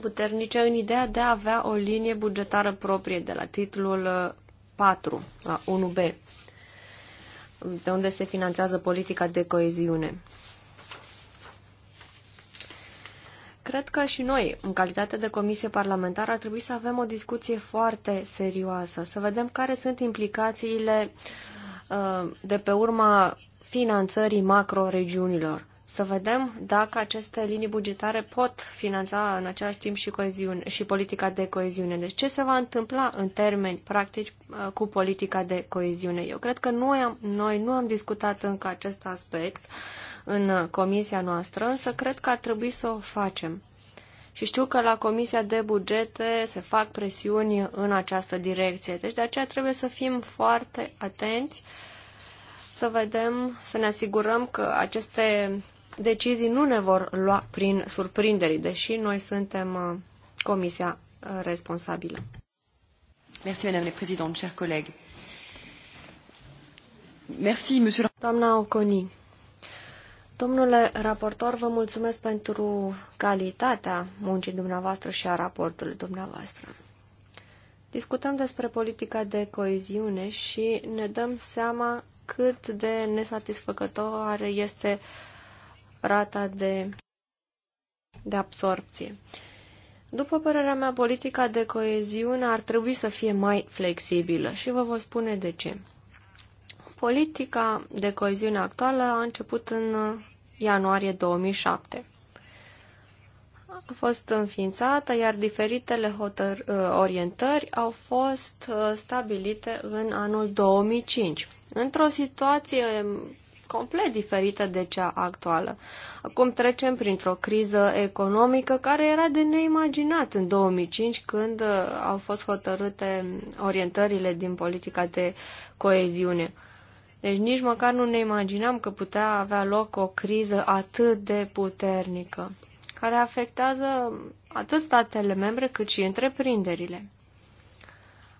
puternice în ideea de a avea o linie bugetară proprie de la titlul 4, la 1B, de unde se finanțează politica de coeziune. Cred că și noi, în calitate de comisie parlamentară, ar trebui să avem o discuție foarte serioasă, să vedem care sunt implicațiile uh, de pe urma finanțării macro-regiunilor. Să vedem dacă aceste linii bugetare pot finanța în același timp și, coeziune, și politica de coeziune. Deci ce se va întâmpla în termeni practici uh, cu politica de coeziune? Eu cred că noi, am, noi nu am discutat încă acest aspect. Uh, în comisia noastră, însă cred că ar trebui să o facem. Și știu că la Comisia de Bugete se fac presiuni în această direcție. Deci de aceea trebuie să fim foarte atenți, să vedem, să ne asigurăm că aceste decizii nu ne vor lua prin surprinderi, deși noi suntem uh, Comisia uh, responsabilă. Merci, Madame la Présidente, chers collègues. Merci, Monsieur. Doamna Oconi. Domnule raportor, vă mulțumesc pentru calitatea muncii dumneavoastră și a raportului dumneavoastră. Discutăm despre politica de coeziune și ne dăm seama cât de nesatisfăcătoare este rata de, de absorpție. După părerea mea, politica de coeziune ar trebui să fie mai flexibilă și vă voi spune de ce. Politica de coeziune actuală a început în ianuarie 2007. A fost înființată, iar diferitele hotăr- ă, orientări au fost ă, stabilite în anul 2005, într-o situație complet diferită de cea actuală. Acum trecem printr-o criză economică care era de neimaginat în 2005 când ă, au fost hotărâte orientările din politica de coeziune. Deci nici măcar nu ne imaginam că putea avea loc o criză atât de puternică, care afectează atât statele membre cât și întreprinderile.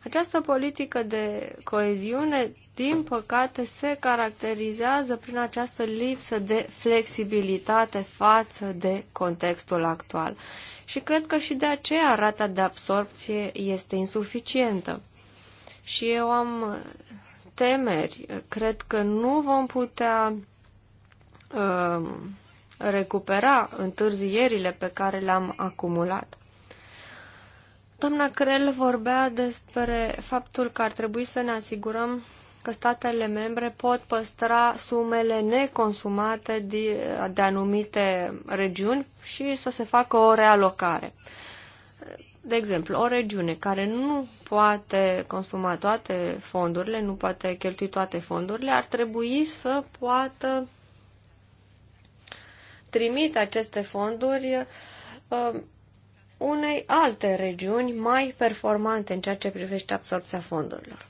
Această politică de coeziune, din păcate, se caracterizează prin această lipsă de flexibilitate față de contextul actual. Și cred că și de aceea rata de absorpție este insuficientă. Și eu am temeri. Cred că nu vom putea uh, recupera întârzierile pe care le-am acumulat. Doamna Crel vorbea despre faptul că ar trebui să ne asigurăm că statele membre pot păstra sumele neconsumate de, de anumite regiuni și să se facă o realocare de exemplu, o regiune care nu poate consuma toate fondurile, nu poate cheltui toate fondurile, ar trebui să poată trimite aceste fonduri uh, unei alte regiuni mai performante în ceea ce privește absorpția fondurilor.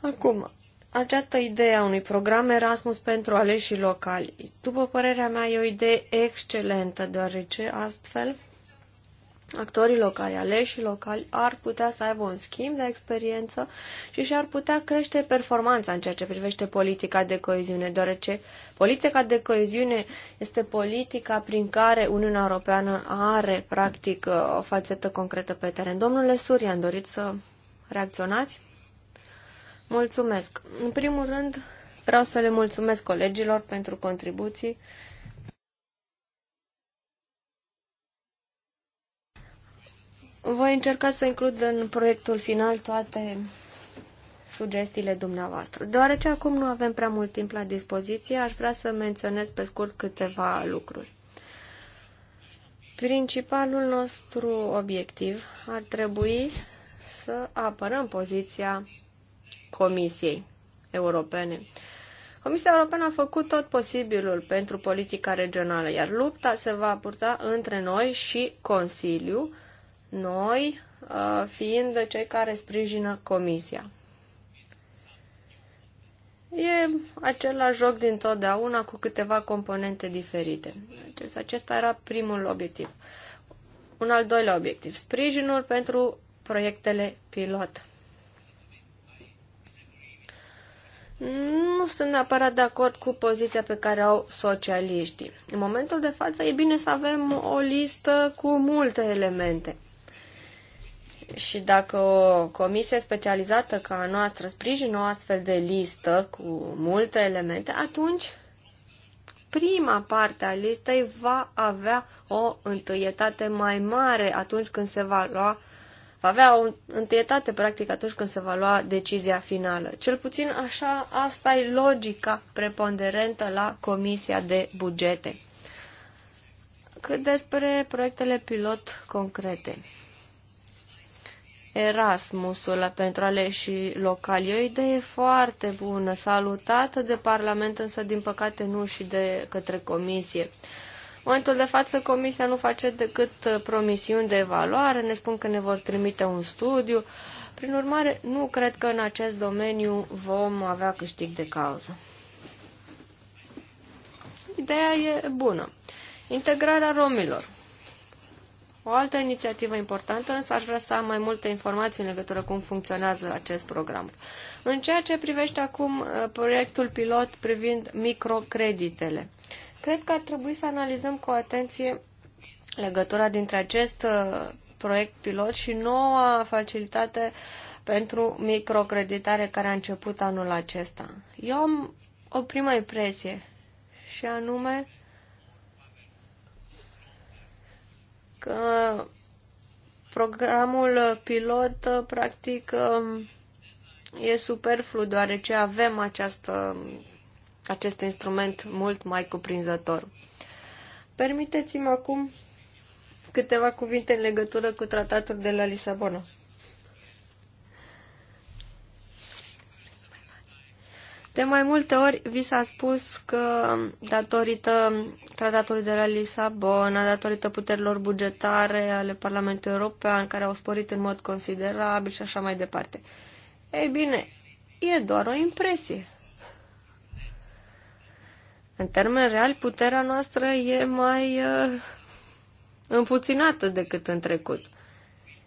Acum, această idee a unui program Erasmus pentru aleșii locali, după părerea mea, e o idee excelentă, deoarece astfel actorii locali, aleșii locali, ar putea să aibă un schimb de experiență și și-ar putea crește performanța în ceea ce privește politica de coeziune, deoarece politica de coeziune este politica prin care Uniunea Europeană are, practic, uh, o fațetă concretă pe teren. Domnule Suri, am dorit să reacționați? Mulțumesc. În primul rând, vreau să le mulțumesc colegilor pentru contribuții Voi încerca să includ în proiectul final toate sugestiile dumneavoastră. Deoarece acum nu avem prea mult timp la dispoziție, aș vrea să menționez pe scurt câteva lucruri. Principalul nostru obiectiv ar trebui să apărăm poziția Comisiei Europene. Comisia Europeană a făcut tot posibilul pentru politica regională, iar lupta se va purta între noi și Consiliu, noi uh, fiind cei care sprijină comisia. E același joc din totdeauna cu câteva componente diferite. Deci, acesta era primul obiectiv. Un al doilea obiectiv, sprijinul pentru proiectele pilot. Nu sunt neapărat de acord cu poziția pe care au socialiștii. În momentul de față e bine să avem o listă cu multe elemente și dacă o comisie specializată ca a noastră sprijină o astfel de listă cu multe elemente, atunci prima parte a listei va avea o întâietate mai mare atunci când se va lua va avea o întâietate practic atunci când se va lua decizia finală. Cel puțin așa, asta e logica preponderentă la Comisia de Bugete. Cât despre proiectele pilot concrete. Erasmusul pentru aleșii locali. E o idee foarte bună, salutată de Parlament, însă din păcate nu și de către Comisie. În momentul de față, Comisia nu face decât uh, promisiuni de evaluare, ne spun că ne vor trimite un studiu. Prin urmare, nu cred că în acest domeniu vom avea câștig de cauză. Ideea e bună. Integrarea romilor. O altă inițiativă importantă, însă aș vrea să am mai multe informații în legătură cum funcționează acest program. În ceea ce privește acum uh, proiectul pilot privind microcreditele, cred că ar trebui să analizăm cu atenție legătura dintre acest uh, proiect pilot și noua facilitate pentru microcreditare care a început anul acesta. Eu am o primă impresie și anume că programul pilot practic e superflu deoarece avem această, acest instrument mult mai cuprinzător. Permiteți-mi acum câteva cuvinte în legătură cu tratatul de la Lisabona. De mai multe ori vi s-a spus că datorită tratatului de la Lisabona, datorită puterilor bugetare ale Parlamentului European, care au sporit în mod considerabil și așa mai departe. Ei bine, e doar o impresie. În termen real, puterea noastră e mai uh, împuținată decât în trecut.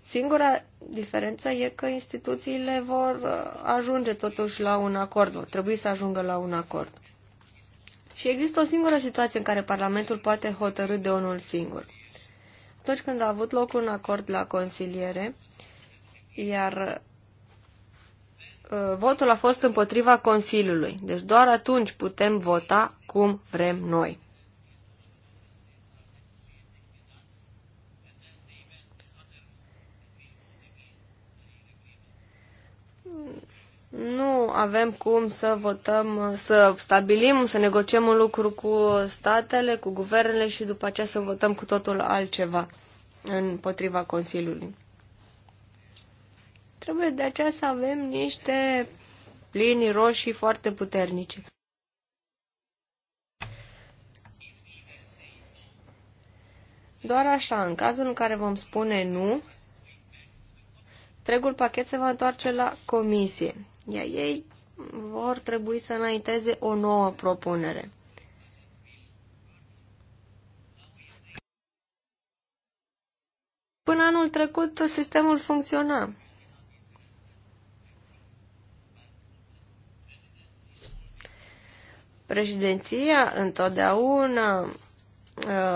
Singura diferență e că instituțiile vor uh, ajunge totuși la un acord, vor trebui să ajungă la un acord. Și există o singură situație în care Parlamentul poate hotărâ de unul singur. Atunci când a avut loc un acord la consiliere, iar uh, votul a fost împotriva Consiliului. Deci doar atunci putem vota cum vrem noi. Nu avem cum să votăm, să stabilim, să negociem un lucru cu statele, cu guvernele și după aceea să votăm cu totul altceva împotriva Consiliului. Trebuie de aceea să avem niște linii roșii foarte puternice. Doar așa, în cazul în care vom spune nu, întregul pachet se va întoarce la comisie iar ei vor trebui să înainteze o nouă propunere. Până anul trecut, sistemul funcționa. Președinția întotdeauna uh,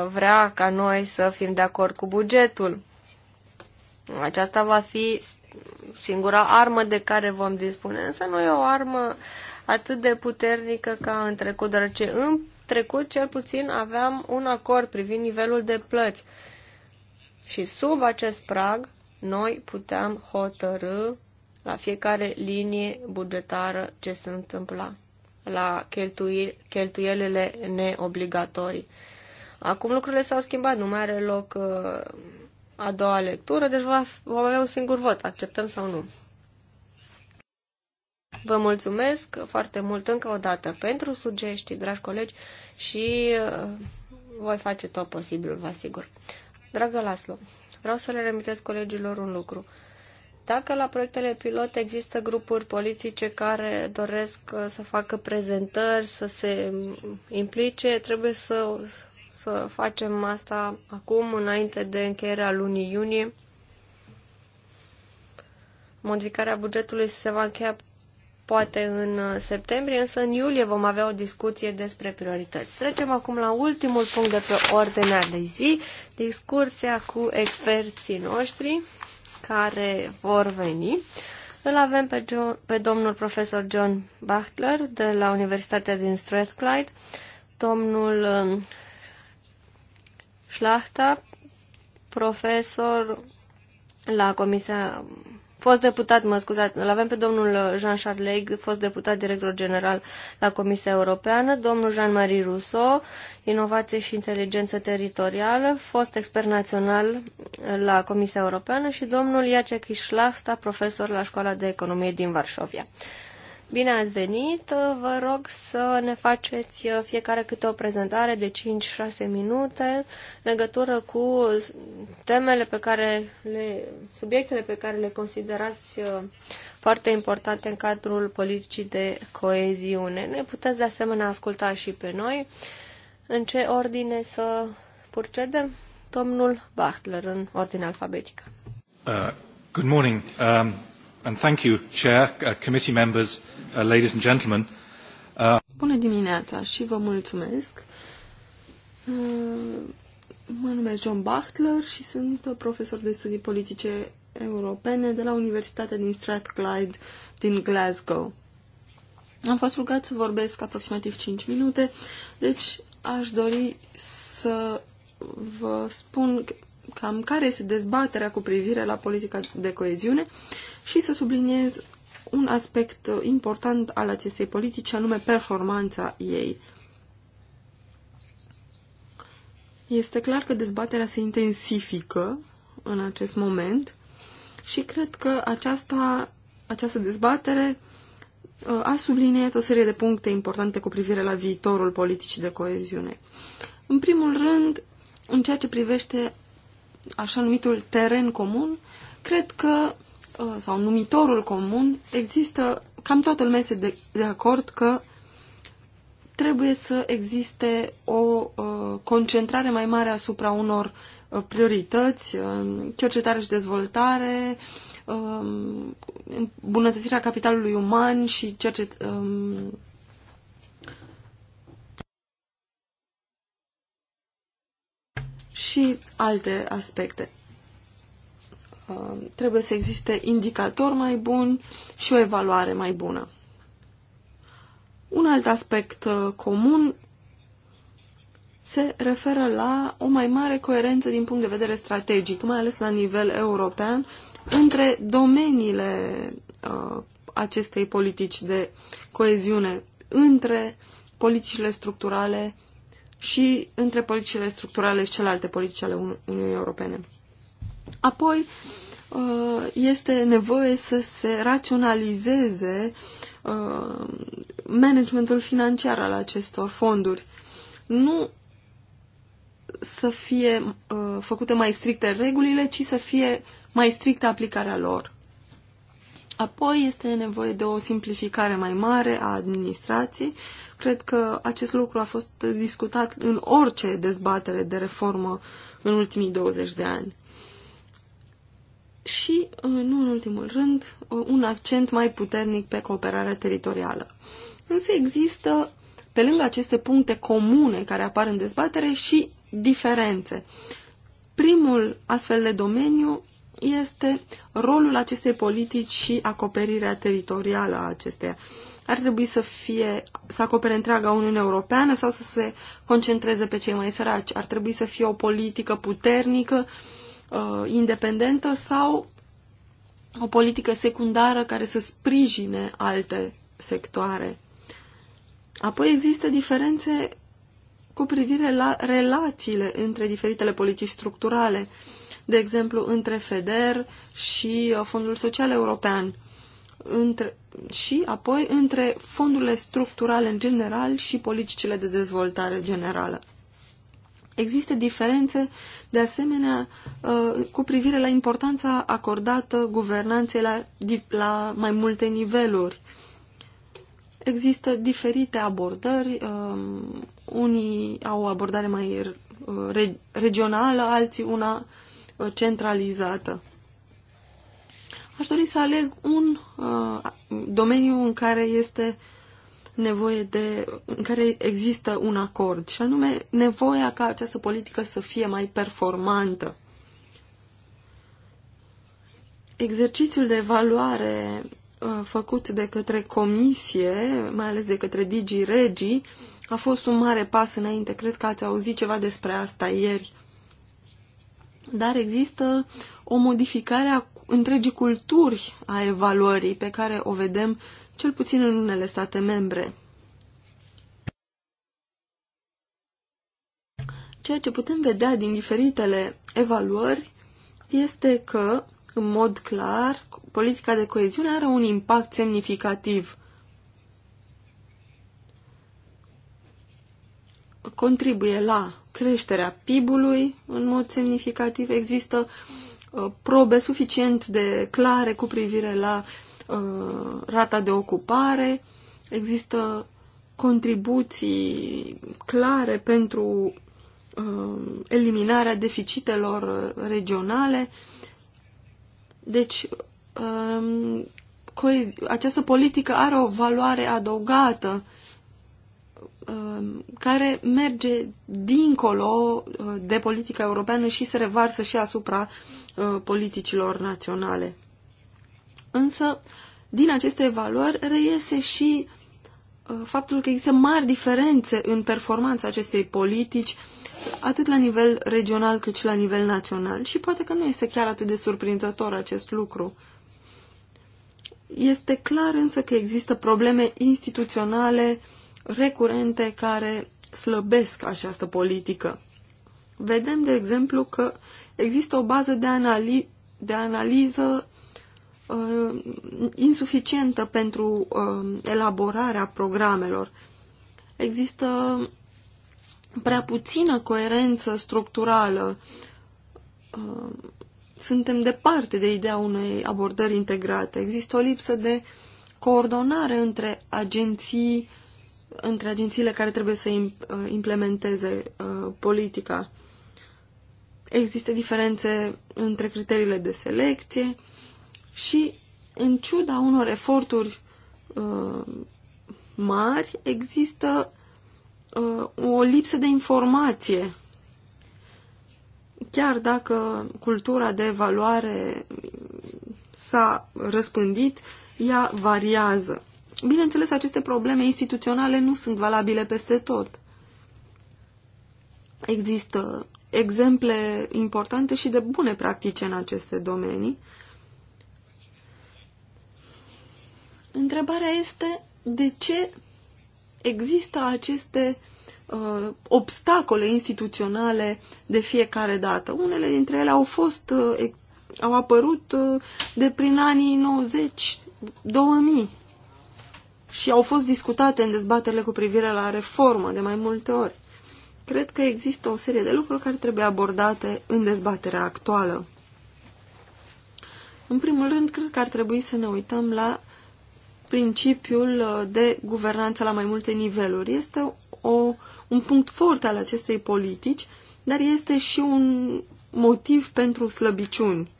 vrea ca noi să fim de acord cu bugetul. Aceasta va fi singura armă de care vom dispune, însă nu e o armă atât de puternică ca în trecut, deoarece în trecut cel puțin aveam un acord privind nivelul de plăți. Și sub acest prag, noi puteam hotărâ la fiecare linie bugetară ce se întâmpla, la cheltuie, cheltuielele neobligatorii. Acum lucrurile s-au schimbat, nu mai are loc uh, a doua lectură, deci va, vom avea un singur vot, acceptăm sau nu. Vă mulțumesc foarte mult încă o dată pentru sugestii, dragi colegi, și uh, voi face tot posibilul, vă asigur. Dragă Laslo, vreau să le remitesc colegilor un lucru. Dacă la proiectele pilot există grupuri politice care doresc uh, să facă prezentări, să se mm, implice, trebuie să să facem asta acum, înainte de încheierea lunii iunie. Modificarea bugetului se va încheia poate în uh, septembrie, însă în iulie vom avea o discuție despre priorități. Trecem acum la ultimul punct de pe ordinea de zi, discuția cu experții noștri care vor veni. Îl avem pe, jo- pe domnul profesor John Bachtler de la Universitatea din Strathclyde, domnul um, Șlachta, profesor la Comisia fost deputat, mă scuzați, îl avem pe domnul Jean Charleg, fost deputat director general la Comisia Europeană, domnul Jean-Marie Rousseau, inovație și inteligență teritorială, fost expert național la Comisia Europeană și domnul Iacek Ișlachsta, profesor la Școala de Economie din Varșovia. Bine ați venit! Vă rog să ne faceți uh, fiecare câte o prezentare de 5-6 minute în legătură cu temele pe care le, subiectele pe care le considerați uh, foarte importante în cadrul politicii de coeziune. Ne puteți de asemenea asculta și pe noi. În ce ordine să procedem? Domnul Bachtler, în ordine alfabetică. Uh, good morning um, and thank you, Chair, uh, committee members. Uh, ladies and gentlemen. Uh, Bună dimineața și vă mulțumesc. Uh, mă numesc John Bachtler și sunt profesor de studii politice europene de la Universitatea din Strathclyde din Glasgow. Am fost rugat să vorbesc aproximativ 5 minute, deci aș dori să vă spun cam care este dezbaterea cu privire la politica de coeziune și să subliniez un aspect uh, important al acestei politici, anume performanța ei. Este clar că dezbaterea se intensifică în acest moment și cred că aceasta, această dezbatere uh, a subliniat o serie de puncte importante cu privire la viitorul politicii de coeziune. În primul rând, în ceea ce privește așa numitul teren comun, cred că Uh, sau numitorul comun, există, cam toată lumea este de, de acord că trebuie să existe o uh, concentrare mai mare asupra unor uh, priorități, uh, cercetare și dezvoltare, um, îmbunătățirea capitalului uman și Uh, și alte aspecte. Um, trebuie să existe indicatori mai buni și o evaluare mai bună. Un alt aspect uh, comun se referă la o mai mare coerență din punct de vedere strategic, mai ales la nivel european, între domeniile uh, acestei politici de coeziune, între politicile structurale și între politicile structurale și celelalte politici ale Uniunii Europene. Apoi, uh, Uh, este nevoie să se raționalizeze uh, managementul financiar al acestor fonduri. Nu să fie uh, făcute mai stricte regulile, ci să fie mai strictă aplicarea lor. Apoi este nevoie de o simplificare mai mare a administrației. Cred că acest lucru a fost discutat în orice dezbatere de reformă în ultimii 20 de ani și, uh, nu în ultimul rând, uh, un accent mai puternic pe cooperarea teritorială. Însă există, pe lângă aceste puncte comune care apar în dezbatere, și diferențe. Primul astfel de domeniu este rolul acestei politici și acoperirea teritorială a acesteia. Ar trebui să fie să acopere întreaga Uniune Europeană sau să se concentreze pe cei mai săraci. Ar trebui să fie o politică puternică uh, uh, independentă sau o politică secundară care să sprijine alte sectoare. Apoi există diferențe cu privire la relațiile între diferitele politici structurale, de exemplu între FEDER și uh, Fondul Social European între, și apoi între fondurile structurale în general și politicile de dezvoltare generală. Există diferențe, de asemenea, uh, cu privire la importanța acordată guvernanței la, la mai multe niveluri. Există diferite abordări, um, unii au o abordare mai uh, regională, alții una uh, centralizată. Aș dori să aleg un domeniu în care este nevoie de, în care există un acord, și anume nevoia ca această politică să fie mai performantă. Exercițiul de evaluare uh, făcut de către comisie, mai ales de către Digi Regii, a fost un mare pas înainte. Cred că ați auzit ceva despre asta ieri. Dar există o modificare a întregii culturi a evaluării pe care o vedem cel puțin în unele state membre. Ceea ce putem vedea din diferitele evaluări este că, în mod clar, politica de coeziune are un impact semnificativ. Contribuie la creșterea PIB-ului în mod semnificativ. Există uh, probe suficient de clare cu privire la uh, uh, rata de ocupare, există contribuții clare pentru uh, eliminarea deficitelor regionale. Deci, uh, această politică are o valoare adăugată um, care merge dincolo uh, de politica europeană și se revarsă și asupra uh, politicilor naționale. Însă, din aceste evaluări reiese și uh, faptul că există mari diferențe în performanța acestei politici, atât la nivel regional cât și la nivel național. Și poate că nu este chiar atât de surprinzător acest lucru. Este clar însă că există probleme instituționale recurente care slăbesc această politică. Vedem, de exemplu, că există o bază de, anali de analiză uh, insuficientă pentru uh, elaborarea programelor. Există prea puțină coerență structurală. Uh, suntem departe de ideea unei abordări integrate. Există o lipsă de coordonare între agenții, între agențiile care trebuie să uh, implementeze uh, politica. Există diferențe între criteriile de selecție, și, în ciuda unor eforturi uh, mari, există uh, o lipsă de informație. Chiar dacă cultura de evaluare s-a răspândit, ea variază. Bineînțeles, aceste probleme instituționale nu sunt valabile peste tot. Există exemple importante și de bune practici în aceste domenii, Întrebarea este de ce există aceste uh, obstacole instituționale de fiecare dată. Unele dintre ele au fost, uh, au apărut uh, de prin anii 90-2000 și au fost discutate în dezbaterile cu privire la reformă de mai multe ori. Cred că există o serie de lucruri care trebuie abordate în dezbaterea actuală. În primul rând, cred că ar trebui să ne uităm la principiul uh, de guvernanță la mai multe niveluri. Este o, un punct fort al acestei politici, dar este și un motiv pentru slăbiciuni.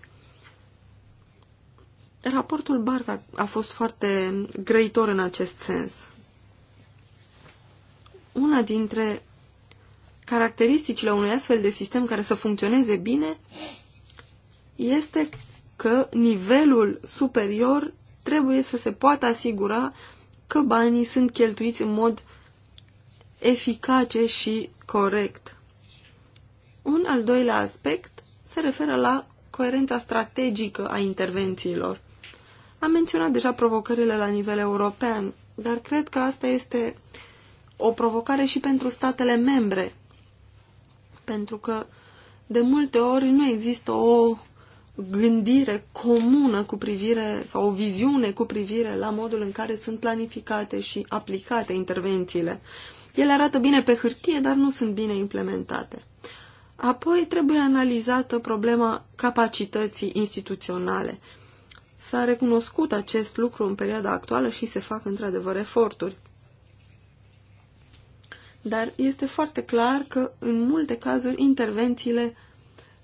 Raportul Barca a fost foarte grăitor în acest sens. Una dintre caracteristicile unui astfel de sistem care să funcționeze bine este că nivelul superior trebuie să se poată asigura că banii sunt cheltuiți în mod eficace și corect. Un al doilea aspect se referă la coerența strategică a intervențiilor. Am menționat deja provocările la nivel european, dar cred că asta este o provocare și pentru statele membre, pentru că de multe ori nu există o gândire comună cu privire sau o viziune cu privire la modul în care sunt planificate și aplicate intervențiile. Ele arată bine pe hârtie, dar nu sunt bine implementate. Apoi trebuie analizată problema capacității instituționale. S-a recunoscut acest lucru în perioada actuală și se fac într-adevăr eforturi. Dar este foarte clar că în multe cazuri intervențiile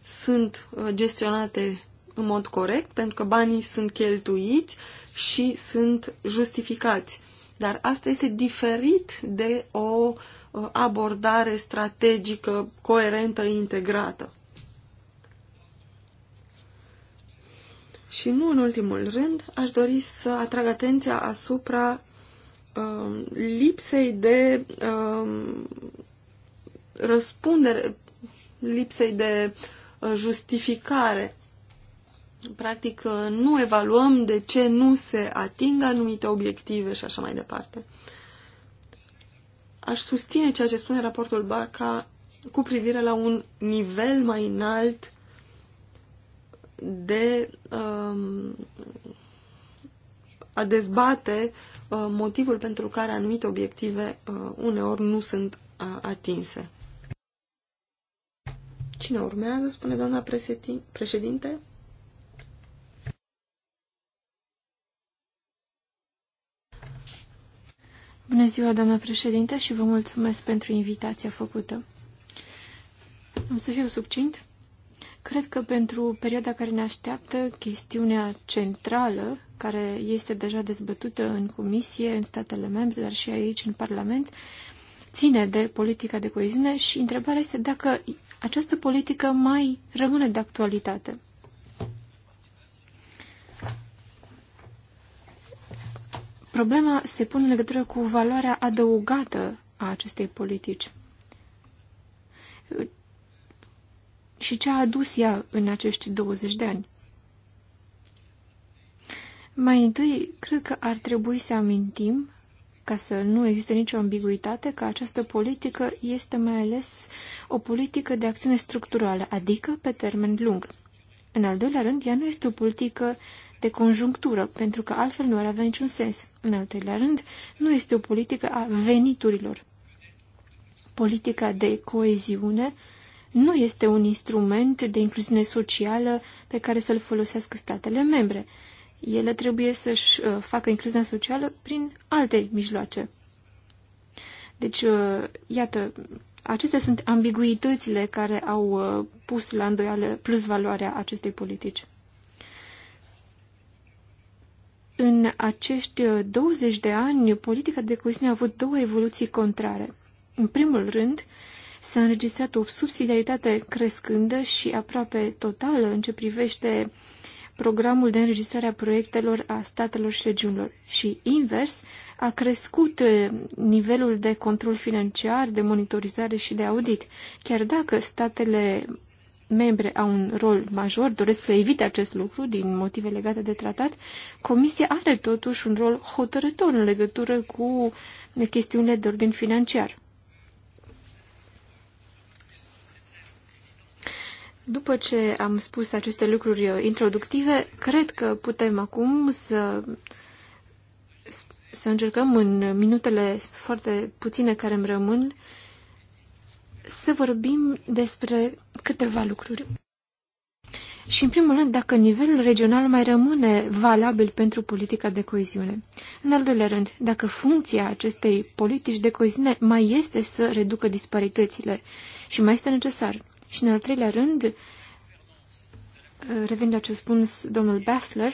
sunt uh, gestionate în mod corect, pentru că banii sunt cheltuiți și sunt justificați. Dar asta este diferit de o uh, abordare strategică, coerentă, integrată. Și nu în ultimul rând, aș dori să atrag atenția asupra um, lipsei de um, răspundere, lipsei de uh, Uh, justificare. Practic, uh, nu evaluăm de ce nu se ating anumite obiective și așa mai departe. Aș susține ceea ce spune raportul Barca cu privire la un nivel mai înalt de um, a dezbate uh, motivul pentru care anumite obiective uh, uneori nu sunt uh, atinse. Cine urmează, spune doamna președinte? Bună ziua, doamna președinte, și vă mulțumesc pentru invitația făcută. Am să fiu subcint. Cred că pentru perioada care ne așteaptă, chestiunea centrală, care este deja dezbătută în comisie, în statele membre, dar și aici, în Parlament, ține de politica de coeziune și întrebarea este dacă această politică mai rămâne de actualitate. Problema se pune în legătură cu valoarea adăugată a acestei politici și ce a adus ea în acești 20 de ani. Mai întâi, cred că ar trebui să amintim ca să nu existe nicio ambiguitate, că această politică este mai ales o politică de acțiune structurală, adică pe termen lung. În al doilea rând, ea nu este o politică de conjunctură, pentru că altfel nu ar avea niciun sens. În al treilea rând, nu este o politică a veniturilor. Politica de coeziune nu este un instrument de incluziune socială pe care să-l folosească statele membre ele trebuie să-și uh, facă incluziunea socială prin alte mijloace. Deci, uh, iată, acestea sunt ambiguitățile care au uh, pus la îndoială plus valoarea acestei politici. În acești 20 de ani, politica de coziune a avut două evoluții contrare. În primul rând, s-a înregistrat o subsidiaritate crescândă și aproape totală în ce privește programul de înregistrare a proiectelor a statelor și regiunilor și invers a crescut eh, nivelul de control financiar, de monitorizare și de audit. Chiar dacă statele membre au un rol major, doresc să evite acest lucru din motive legate de tratat, Comisia are totuși un rol hotărător în legătură cu chestiunile de ordin financiar. După ce am spus aceste lucruri uh, introductive, cred că putem acum să, să încercăm în minutele foarte puține care îmi rămân să vorbim despre câteva lucruri. Și, în primul rând, dacă nivelul regional mai rămâne valabil pentru politica de coeziune. În al doilea rând, dacă funcția acestei politici de coeziune mai este să reducă disparitățile și mai este necesar. Și în al treilea rând, revenind la ce a spus domnul Bassler,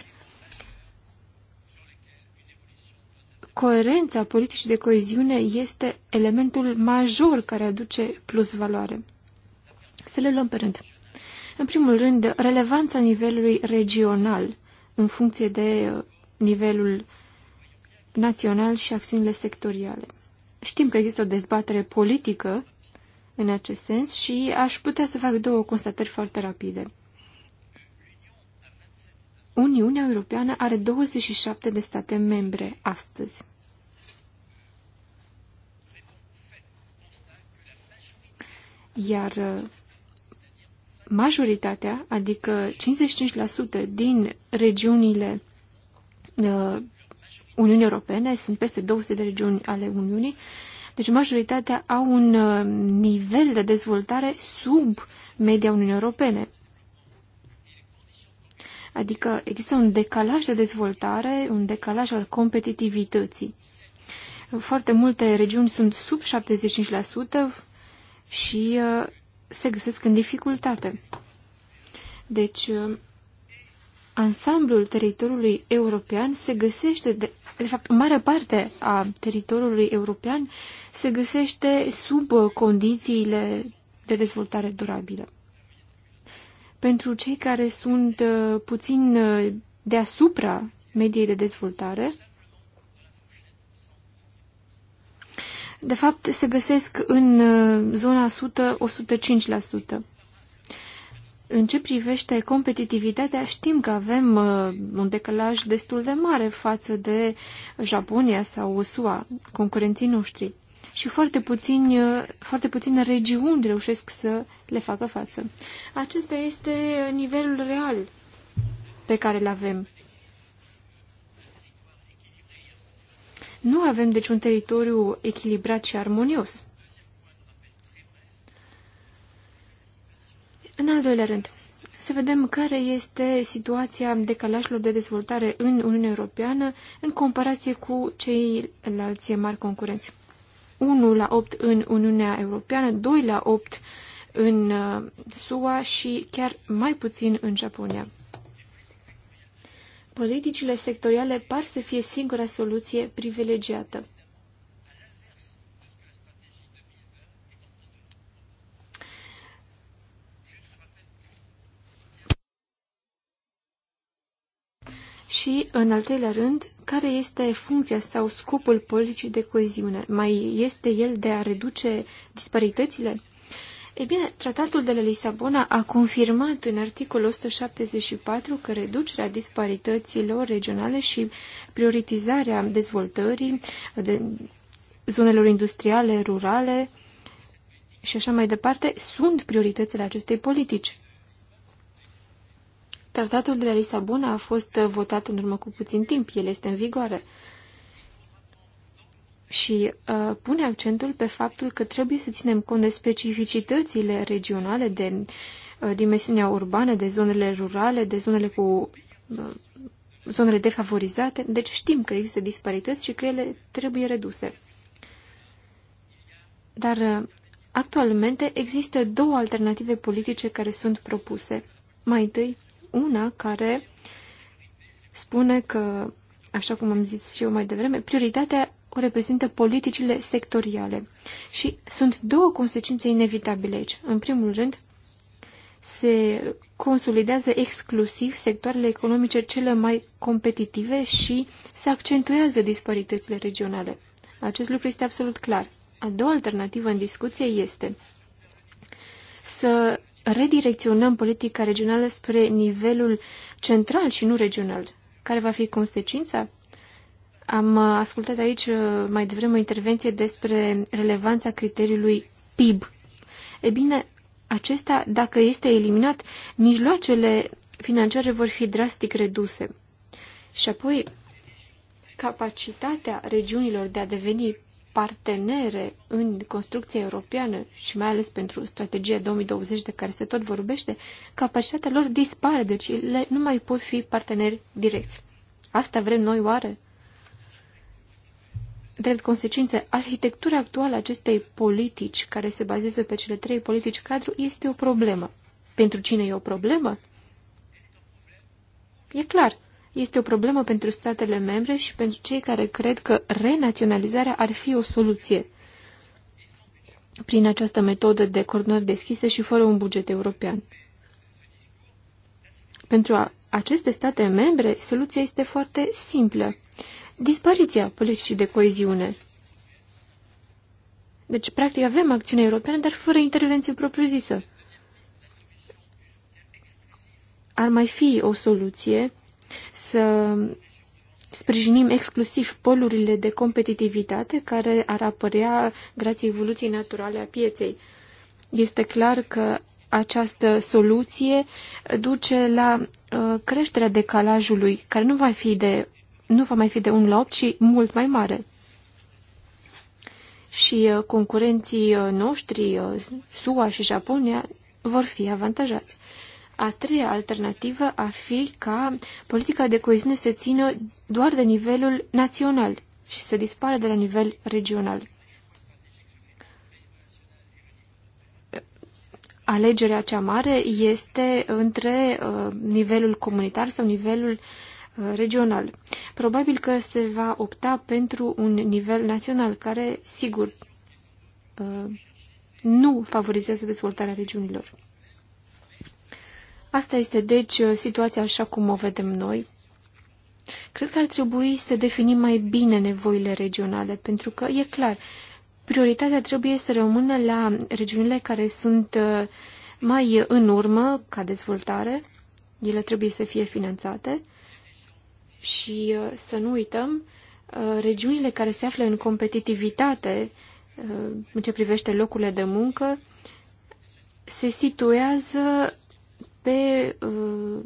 coerența politicii de coeziune este elementul major care aduce plus valoare. Să le luăm pe rând. În primul rând, relevanța nivelului regional în funcție de uh, nivelul național și acțiunile sectoriale. Știm că există o dezbatere politică în acest sens și aș putea să fac două constatări foarte rapide. Uniunea Europeană are 27 de state membre astăzi. Iar uh, majoritatea, adică 55% din regiunile uh, Uniunii Europene, sunt peste 200 de regiuni ale Uniunii, deci majoritatea au un uh, nivel de dezvoltare sub media Uniunii Europene. Adică există un decalaj de dezvoltare, un decalaj al competitivității. Foarte multe regiuni sunt sub 75% și uh, se găsesc în dificultate. Deci, uh, ansamblul teritoriului european se găsește, de, de fapt, o mare parte a teritoriului european se găsește sub uh, condițiile de dezvoltare durabilă. Pentru cei care sunt uh, puțin uh, deasupra mediei de dezvoltare, de fapt, se găsesc în zona 100-105%. În ce privește competitivitatea, știm că avem uh, un decalaj destul de mare față de Japonia sau SUA, concurenții noștri. Și foarte, uh, foarte puține regiuni reușesc să le facă față. Acesta este nivelul real pe care îl avem. Nu avem, deci, un teritoriu echilibrat și armonios. În al doilea rând, să vedem care este situația decalajelor de dezvoltare în Uniunea Europeană în comparație cu ceilalți mari concurenți. 1 la 8 în Uniunea Europeană, 2 la 8 în uh, SUA și chiar mai puțin în Japonia. Politicile sectoriale par să fie singura soluție privilegiată. Și, în al treilea rând, care este funcția sau scopul politicii de coeziune? Mai este el de a reduce disparitățile? Ei bine, tratatul de la Lisabona a confirmat în articolul 174 că reducerea disparităților regionale și prioritizarea dezvoltării de zonelor industriale, rurale și așa mai departe sunt prioritățile acestei politici. Tratatul de la Lisabona a fost votat în urmă cu puțin timp, el este în vigoare și uh, pune accentul pe faptul că trebuie să ținem cont de specificitățile regionale, de uh, dimensiunea urbană, de zonele rurale, de zonele cu uh, zonele defavorizate. Deci știm că există disparități și că ele trebuie reduse. Dar uh, actualmente există două alternative politice care sunt propuse. Mai întâi, una care spune că, așa cum am zis și eu mai devreme, prioritatea o reprezintă politicile sectoriale. Și sunt două consecințe inevitabile aici. În primul rând, se consolidează exclusiv sectoarele economice cele mai competitive și se accentuează disparitățile regionale. Acest lucru este absolut clar. A doua alternativă în discuție este să redirecționăm politica regională spre nivelul central și nu regional? Care va fi consecința? Am ascultat aici uh, mai devreme o intervenție despre relevanța criteriului PIB. E bine, acesta, dacă este eliminat, mijloacele financiare vor fi drastic reduse. Și apoi, capacitatea regiunilor de a deveni partenere în construcția europeană și mai ales pentru strategia 2020 de care se tot vorbește, capacitatea lor dispare, deci ele nu mai pot fi parteneri direcți. Asta vrem noi oare? Drept consecință, arhitectura actuală a acestei politici, care se bazează pe cele trei politici cadru, este o problemă. Pentru cine e o problemă? E clar, este o problemă pentru statele membre și pentru cei care cred că renaționalizarea ar fi o soluție prin această metodă de coordonări deschise și fără un buget european. Pentru a, aceste state membre, soluția este foarte simplă. Dispariția politicii de coeziune. Deci, practic, avem acțiune europeană, dar fără intervenție propriu-zisă. Ar mai fi o soluție să sprijinim exclusiv polurile de competitivitate care ar apărea grație evoluției naturale a pieței. Este clar că această soluție duce la uh, creșterea decalajului, care nu va, fi de, nu va mai fi de 1 la 8, ci mult mai mare. Și uh, concurenții uh, noștri, uh, SUA și Japonia, vor fi avantajați. A treia alternativă a fi ca politica de coeziune să țină doar de nivelul național și să dispară de la nivel regional. Alegerea cea mare este între uh, nivelul comunitar sau nivelul uh, regional. Probabil că se va opta pentru un nivel național care, sigur, uh, nu favorizează dezvoltarea regiunilor. Asta este, deci, uh, situația așa cum o vedem noi. Cred că ar trebui să definim mai bine nevoile regionale, pentru că, e clar, prioritatea trebuie să rămână la regiunile care sunt uh, mai în urmă ca dezvoltare, ele trebuie să fie finanțate și uh, să nu uităm regiunile care se află în competitivitate în ce privește locurile de muncă se situează pe uh,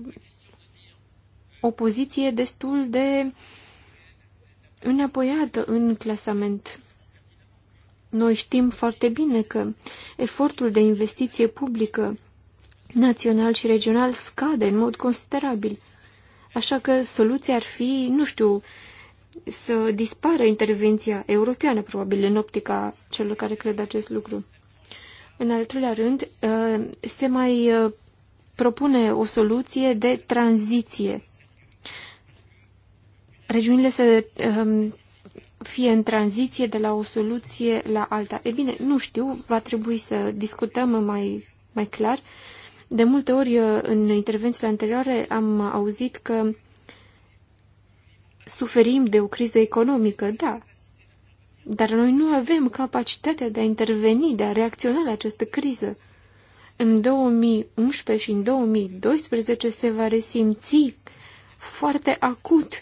o poziție destul de înapoiată în clasament. Noi știm foarte bine că efortul de investiție publică național și regional scade în mod considerabil. Așa că soluția ar fi, nu știu, să dispară intervenția europeană, probabil, în optica celor care cred acest lucru. În al treilea rând, uh, se mai uh, propune o soluție de tranziție. Regiunile să um, fie în tranziție de la o soluție la alta. E bine, nu știu, va trebui să discutăm mai, mai clar. De multe ori eh, în intervențiile anterioare am auzit că suferim de o criză economică, da, dar noi nu avem capacitatea de a interveni, de a reacționa la această criză în 2011 și în 2012 se va resimți foarte acut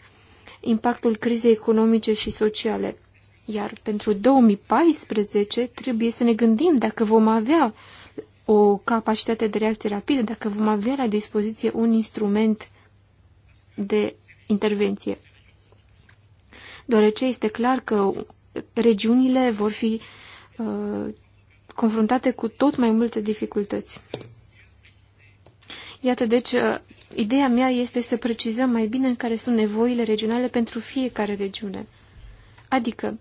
impactul crizei economice și sociale. Iar pentru 2014 trebuie să ne gândim dacă vom avea o capacitate de reacție rapidă, dacă vom avea la dispoziție un instrument de intervenție. Deoarece este clar că regiunile vor fi uh, confruntate cu tot mai multe dificultăți. Iată, deci, uh, ideea mea este să precizăm mai bine în care sunt nevoile regionale pentru fiecare regiune. Adică,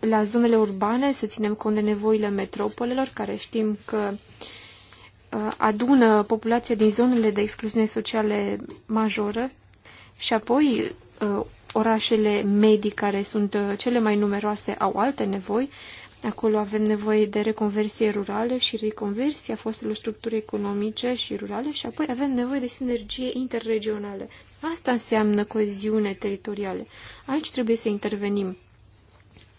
la zonele urbane să ținem cont de nevoile metropolelor, care știm că uh, adună populația din zonele de excluziune sociale majoră și apoi uh, Orașele medii, care sunt uh, cele mai numeroase, au alte nevoi. Acolo avem nevoie de reconversie rurală și reconversia fostelor structuri economice și rurale și apoi avem nevoie de sinergie interregionale. Asta înseamnă coeziune teritorială. Aici trebuie să intervenim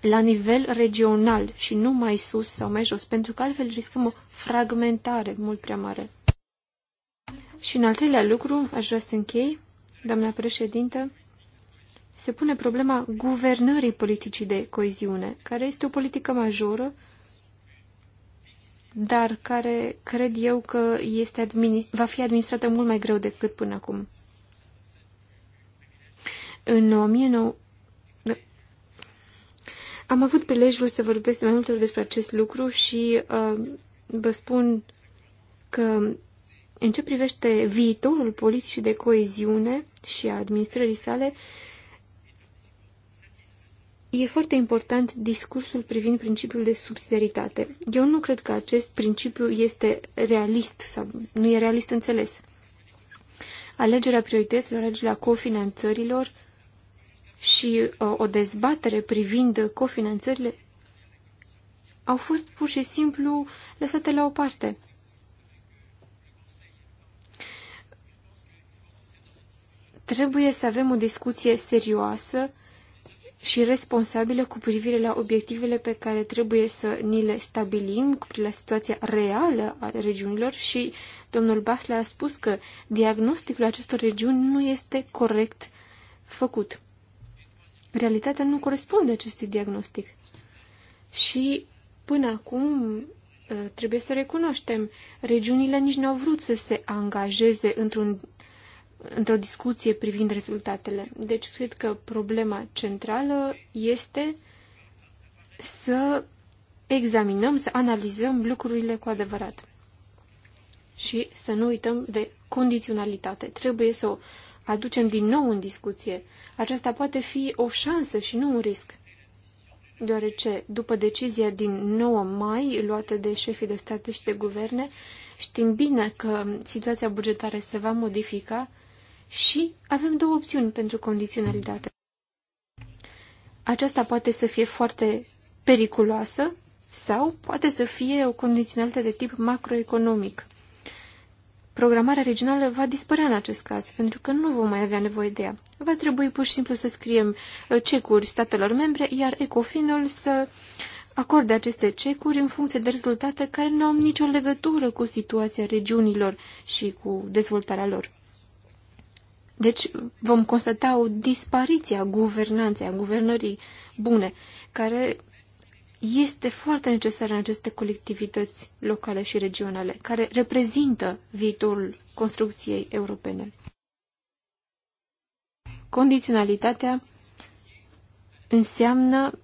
la nivel regional și nu mai sus sau mai jos, pentru că altfel riscăm o fragmentare mult prea mare. Și în al treilea lucru, aș vrea să închei, doamna președintă, se pune problema guvernării politicii de coeziune, care este o politică majoră, dar care cred eu că este va fi administrată mult mai greu decât până acum. În 2009 da. am avut prilejul să vorbesc mai multe despre acest lucru și uh, vă spun că în ce privește viitorul politicii de coeziune și a administrării sale, uh, E foarte important discursul privind principiul de subsidiaritate. Eu nu cred că acest principiu este realist sau nu e realist înțeles. Alegerea priorităților, alegerea cofinanțărilor și o, uh, o dezbatere privind cofinanțările au fost pur și simplu lăsate la o parte. Trebuie să avem o discuție serioasă și responsabilă cu privire la obiectivele pe care trebuie să ni le stabilim, cu privire la situația reală a regiunilor și domnul Basler a spus că diagnosticul acestor regiuni nu este corect făcut. Realitatea nu corespunde acestui diagnostic. Și până acum ă, trebuie să recunoaștem, regiunile nici nu au vrut să se angajeze într-un într-o discuție privind rezultatele. Deci cred că problema centrală este să examinăm, să analizăm lucrurile cu adevărat. Și să nu uităm de condiționalitate. Trebuie să o aducem din nou în discuție. Aceasta poate fi o șansă și nu un risc. Deoarece, după decizia din 9 mai, luată de șefii de state și de guverne, știm bine că situația bugetară se va modifica și avem două opțiuni pentru condiționalitate. Aceasta poate să fie foarte periculoasă sau poate să fie o condiționalitate de tip macroeconomic. Programarea regională va dispărea în acest caz, pentru că nu vom mai avea nevoie de ea. Va trebui pur și simplu să scriem uh, cecuri statelor membre, iar Ecofinul să acorde aceste cecuri în funcție de rezultate care nu au nicio legătură cu situația regiunilor și cu dezvoltarea lor. Deci vom constata o dispariție a guvernanței, a guvernării bune, care este foarte necesară în aceste colectivități locale și regionale, care reprezintă viitorul construcției europene. Condiționalitatea înseamnă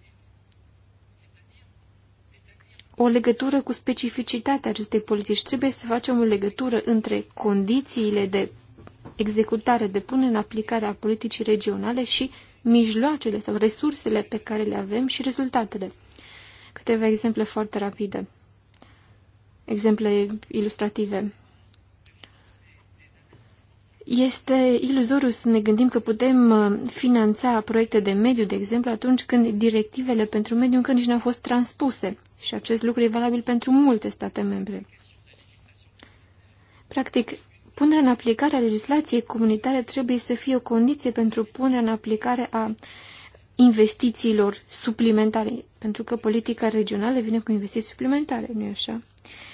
o legătură cu specificitatea acestei politici. Trebuie să facem o legătură între condițiile de executare, de pune în aplicare a politicii regionale și mijloacele sau resursele pe care le avem și rezultatele. Câteva exemple foarte rapide. Exemple ilustrative. Este iluzoriu să ne gândim că putem uh, finanța proiecte de mediu, de exemplu, atunci când directivele pentru mediu încă nici n-au fost transpuse. Și acest lucru e valabil pentru multe state membre. Practic, Punerea în aplicare a legislației comunitare trebuie să fie o condiție pentru punerea în aplicare a investițiilor suplimentare, pentru că politica regională vine cu investiții suplimentare, nu așa?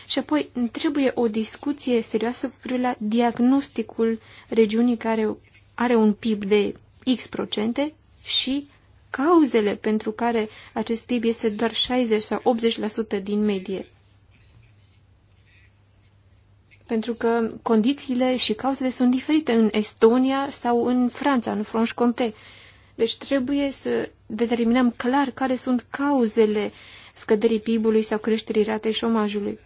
Și apoi trebuie o discuție serioasă cu privire la diagnosticul regiunii care are un PIB de X procente și cauzele pentru care acest PIB este doar 60 sau 80% din medie pentru că condițiile și cauzele sunt diferite în Estonia sau în Franța, în Franche-Comté. Deci trebuie să determinăm clar care sunt cauzele scăderii PIB-ului sau creșterii ratei șomajului.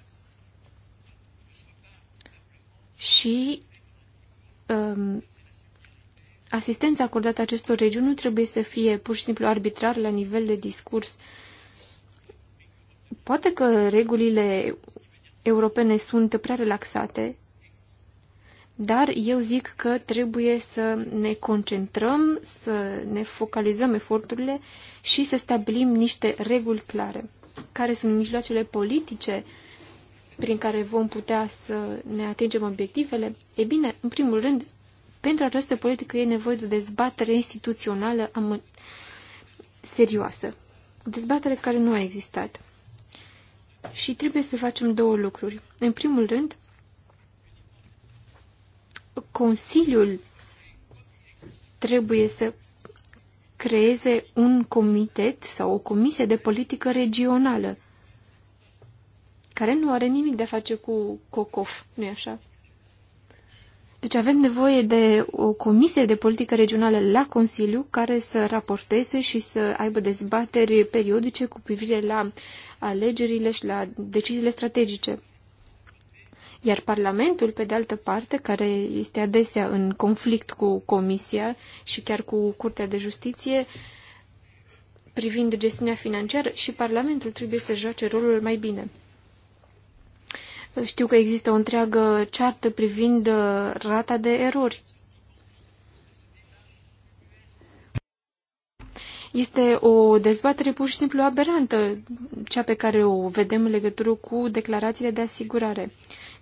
Și um, asistența acordată acestor regiuni nu trebuie să fie pur și simplu arbitrar la nivel de discurs. Poate că regulile europene sunt prea relaxate, dar eu zic că trebuie să ne concentrăm, să ne focalizăm eforturile și să stabilim niște reguli clare. Care sunt mijloacele politice prin care vom putea să ne atingem obiectivele? E bine, în primul rând, pentru această politică e nevoie de o dezbatere instituțională serioasă. O dezbatere care nu a existat. Și trebuie să facem două lucruri. În primul rând, Consiliul trebuie să creeze un comitet sau o comisie de politică regională, care nu are nimic de a face cu COCOF, nu-i așa? Deci avem nevoie de o comisie de politică regională la Consiliu care să raporteze și să aibă dezbateri periodice cu privire la alegerile și la deciziile strategice. Iar Parlamentul, pe de altă parte, care este adesea în conflict cu Comisia și chiar cu Curtea de Justiție, privind gestiunea financiară, și Parlamentul trebuie să joace rolul mai bine. Știu că există o întreagă ceartă privind rata de erori. Este o dezbatere pur și simplu aberantă, cea pe care o vedem în legătură cu declarațiile de asigurare.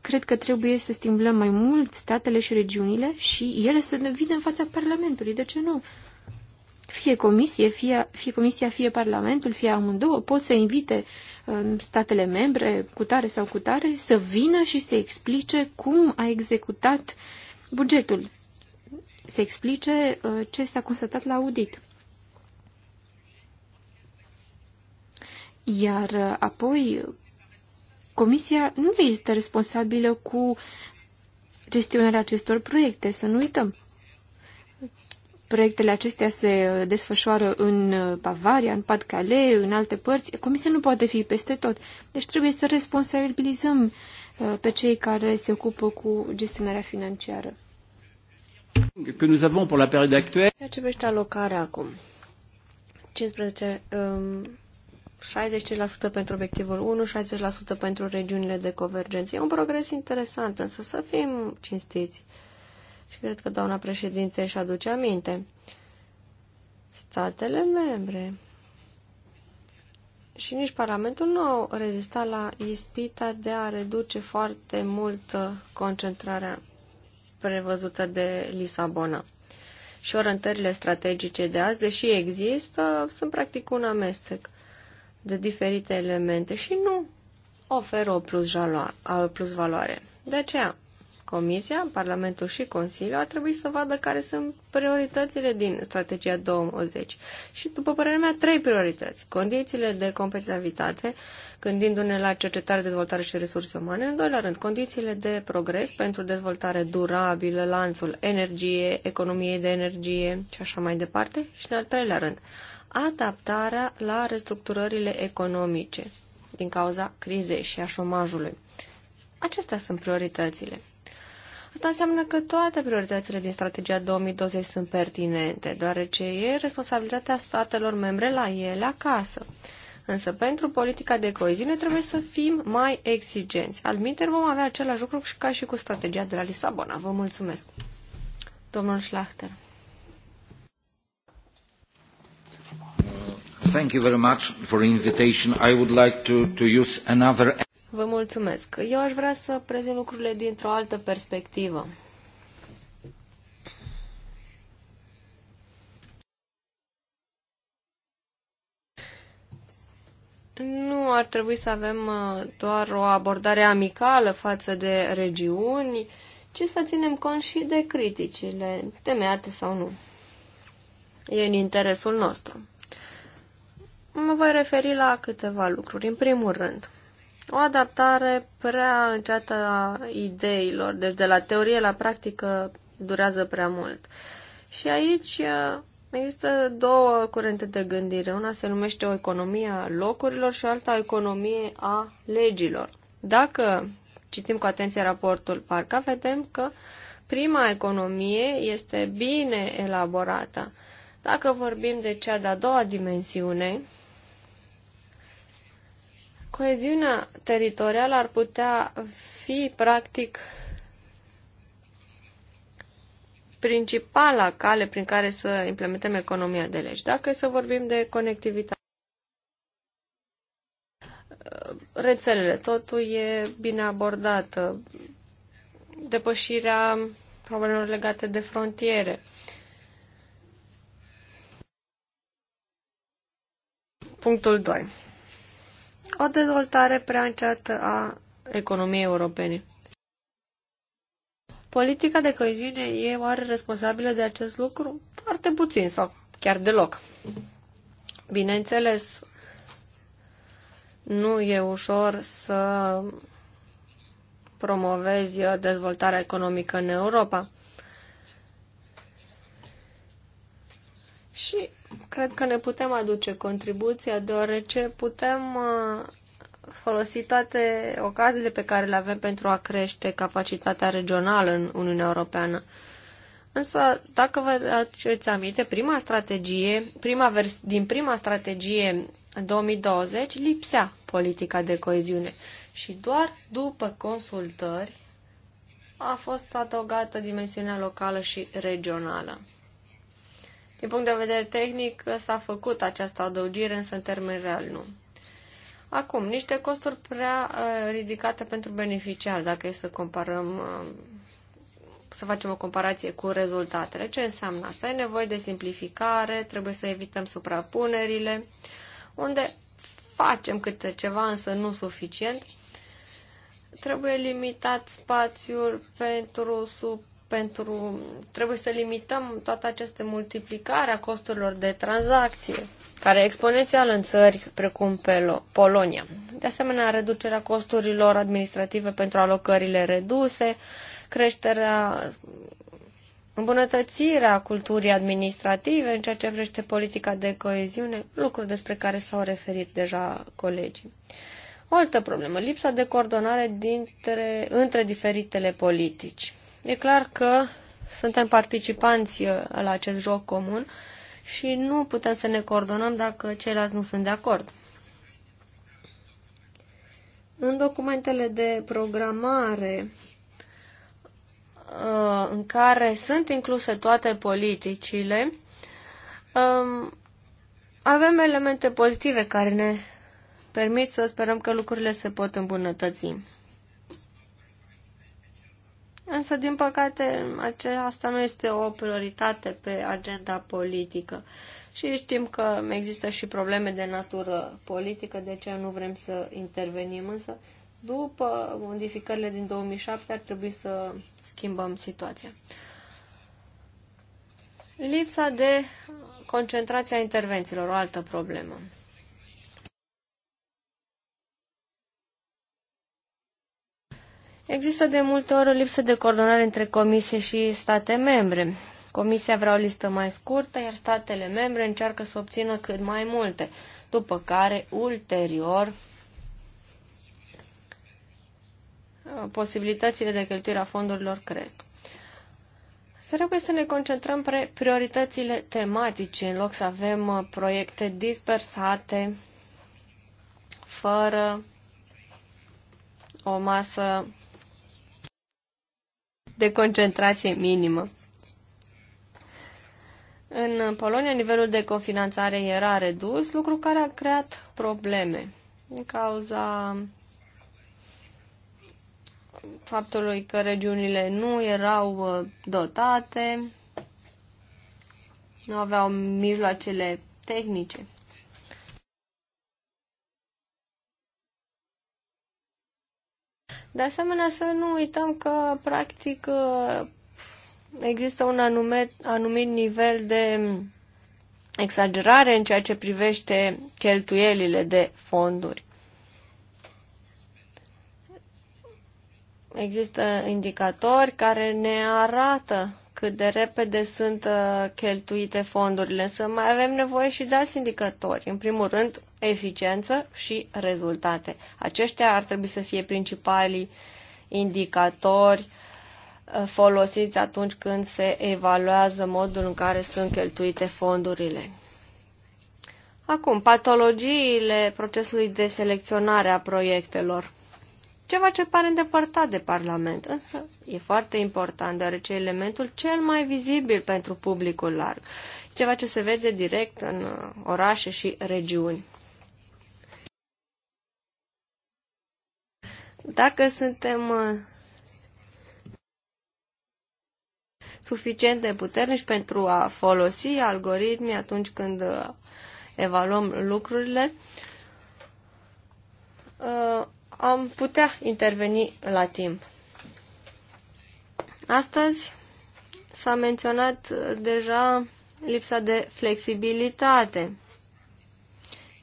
Cred că trebuie să stimulăm mai mult statele și regiunile și ele să vină în fața Parlamentului. De ce nu? Fie comisie, fie, fie comisia, fie Parlamentul, fie amândouă pot să invite um, statele membre, cu tare sau cu tare, să vină și să explice cum a executat bugetul, să explice uh, ce s-a constatat la audit. Iar uh, apoi, Comisia nu este responsabilă cu gestionarea acestor proiecte, să nu uităm. Proiectele acestea se uh, desfășoară în uh, Bavaria, în Pas-de-Calais, în alte părți. Comisia nu poate fi peste tot. Deci trebuie să responsabilizăm pe cei care se ocupă cu gestionarea financiară. Que nous avons pour la période actuelle. Ce privește alocarea acum? 15, um 60% pentru obiectivul 1, 60% pentru regiunile de convergență. E un progres interesant, însă să fim cinstiți. Și cred că doamna președinte își aduce aminte. Statele membre și nici Parlamentul nu au rezistat la ispita de a reduce foarte mult uh, concentrarea prevăzută de Lisabona. Și orientările strategice de azi, deși există, sunt practic un amestec de diferite elemente și nu oferă o plus, jaloa, plus valoare. De aceea, Comisia, Parlamentul și Consiliul ar trebui să vadă care sunt prioritățile din strategia 2020. Și, după părerea mea, trei priorități. Condițiile de competitivitate, gândindu-ne la cercetare, dezvoltare și resurse umane. În doilea rând, condițiile de progres pentru dezvoltare durabilă, lanțul energie, economiei de energie și așa mai departe. Și, în al treilea rând, adaptarea la restructurările economice din cauza crizei și a șomajului. Acestea sunt prioritățile. Asta înseamnă că toate prioritățile din strategia 2020 sunt pertinente, deoarece e responsabilitatea statelor membre la ele acasă. Însă pentru politica de coeziune trebuie să fim mai exigenți. Alminteri vom avea același lucru și ca și cu strategia de la Lisabona. Vă mulțumesc. Domnul Schlachter. Thank you very much for invitation. I would like to, to use another... Vă mulțumesc. Eu aș vrea să prezint lucrurile dintr-o altă perspectivă. nu ar trebui să avem uh, doar o abordare amicală față de regiuni, ci să ținem cont și de criticile, temeate sau nu. E în interesul nostru. Mă voi referi la câteva lucruri. În primul rând, o adaptare prea înceată a ideilor, deci de la teorie la practică durează prea mult. Și aici uh, există două curente de gândire. Una se numește o economie a locurilor și alta o economie a legilor. Dacă citim cu atenție raportul Parca, vedem că prima economie este bine elaborată. Dacă vorbim de cea de-a doua dimensiune, Coeziunea teritorială ar putea fi, practic, principala cale prin care să implementăm economia de legi. Dacă să vorbim de conectivitate, rețelele, totul e bine abordat, depășirea problemelor legate de frontiere, Punctul 2 o dezvoltare prea înceată a economiei europene. Politica de coeziune e oare responsabilă de acest lucru? Foarte puțin sau chiar deloc. Bineînțeles, nu e ușor să promovezi dezvoltarea economică în Europa. Și cred că ne putem aduce contribuția, deoarece putem uh, folosi toate ocaziile pe care le avem pentru a crește capacitatea regională în Uniunea Europeană. Însă, dacă vă aduceți aminte, prima strategie, prima vers- din prima strategie 2020 lipsea politica de coeziune și doar după consultări a fost adăugată dimensiunea locală și regională. Din punct de vedere tehnic s-a făcut această adăugire, însă în termen real nu. Acum, niște costuri prea uh, ridicate pentru beneficiar, dacă e să comparăm, uh, să facem o comparație cu rezultatele. Ce înseamnă asta? E nevoie de simplificare, trebuie să evităm suprapunerile, unde facem câte ceva, însă nu suficient. Trebuie limitat spațiul pentru sub pentru trebuie să limităm toată această multiplicare a costurilor de tranzacție, care e exponențială în țări precum pe Polonia. De asemenea, reducerea costurilor administrative pentru alocările reduse, creșterea îmbunătățirea culturii administrative în ceea ce vrește politica de coeziune, lucruri despre care s-au referit deja colegii. O altă problemă, lipsa de coordonare dintre, între diferitele politici. E clar că suntem participanți uh, la acest joc comun și nu putem să ne coordonăm dacă ceilalți nu sunt de acord. În documentele de programare uh, în care sunt incluse toate politicile, um, avem elemente pozitive care ne permit să sperăm că lucrurile se pot îmbunătăți. Însă, din păcate, aceasta nu este o prioritate pe agenda politică. Și știm că există și probleme de natură politică, de aceea nu vrem să intervenim. Însă, după modificările din 2007, ar trebui să schimbăm situația. Lipsa de concentrația a intervențiilor, o altă problemă. Există de multe ori o lipsă de coordonare între comisie și state membre. Comisia vrea o listă mai scurtă, iar statele membre încearcă să obțină cât mai multe, după care, ulterior, posibilitățile de cheltuire a fondurilor cresc. Trebuie să ne concentrăm pe prioritățile tematice, în loc să avem uh, proiecte dispersate, fără o masă de concentrație minimă. În Polonia, nivelul de cofinanțare era redus, lucru care a creat probleme din cauza faptului că regiunile nu erau uh, dotate, nu aveau mijloacele tehnice. De asemenea, să nu uităm că, practic, ă, există un anumit anumit nivel de exagerare în ceea ce privește cheltuielile de fonduri. Există indicatori care ne arată cât de repede sunt ă, cheltuite fondurile, însă mai avem nevoie și de alți indicatori. În primul rând, eficiență și rezultate. Aceștia ar trebui să fie principalii indicatori uh, folosiți atunci când se evaluează modul în care sunt cheltuite fondurile. Acum, patologiile procesului de selecționare a proiectelor. Ceva ce pare îndepărtat de Parlament, însă e foarte important, deoarece e elementul cel mai vizibil pentru publicul larg. Ceva ce se vede direct în uh, orașe și regiuni. Dacă suntem uh, suficient de puternici pentru a folosi algoritmii atunci când uh, evaluăm lucrurile, uh, am putea interveni la timp. Astăzi s-a menționat deja lipsa de flexibilitate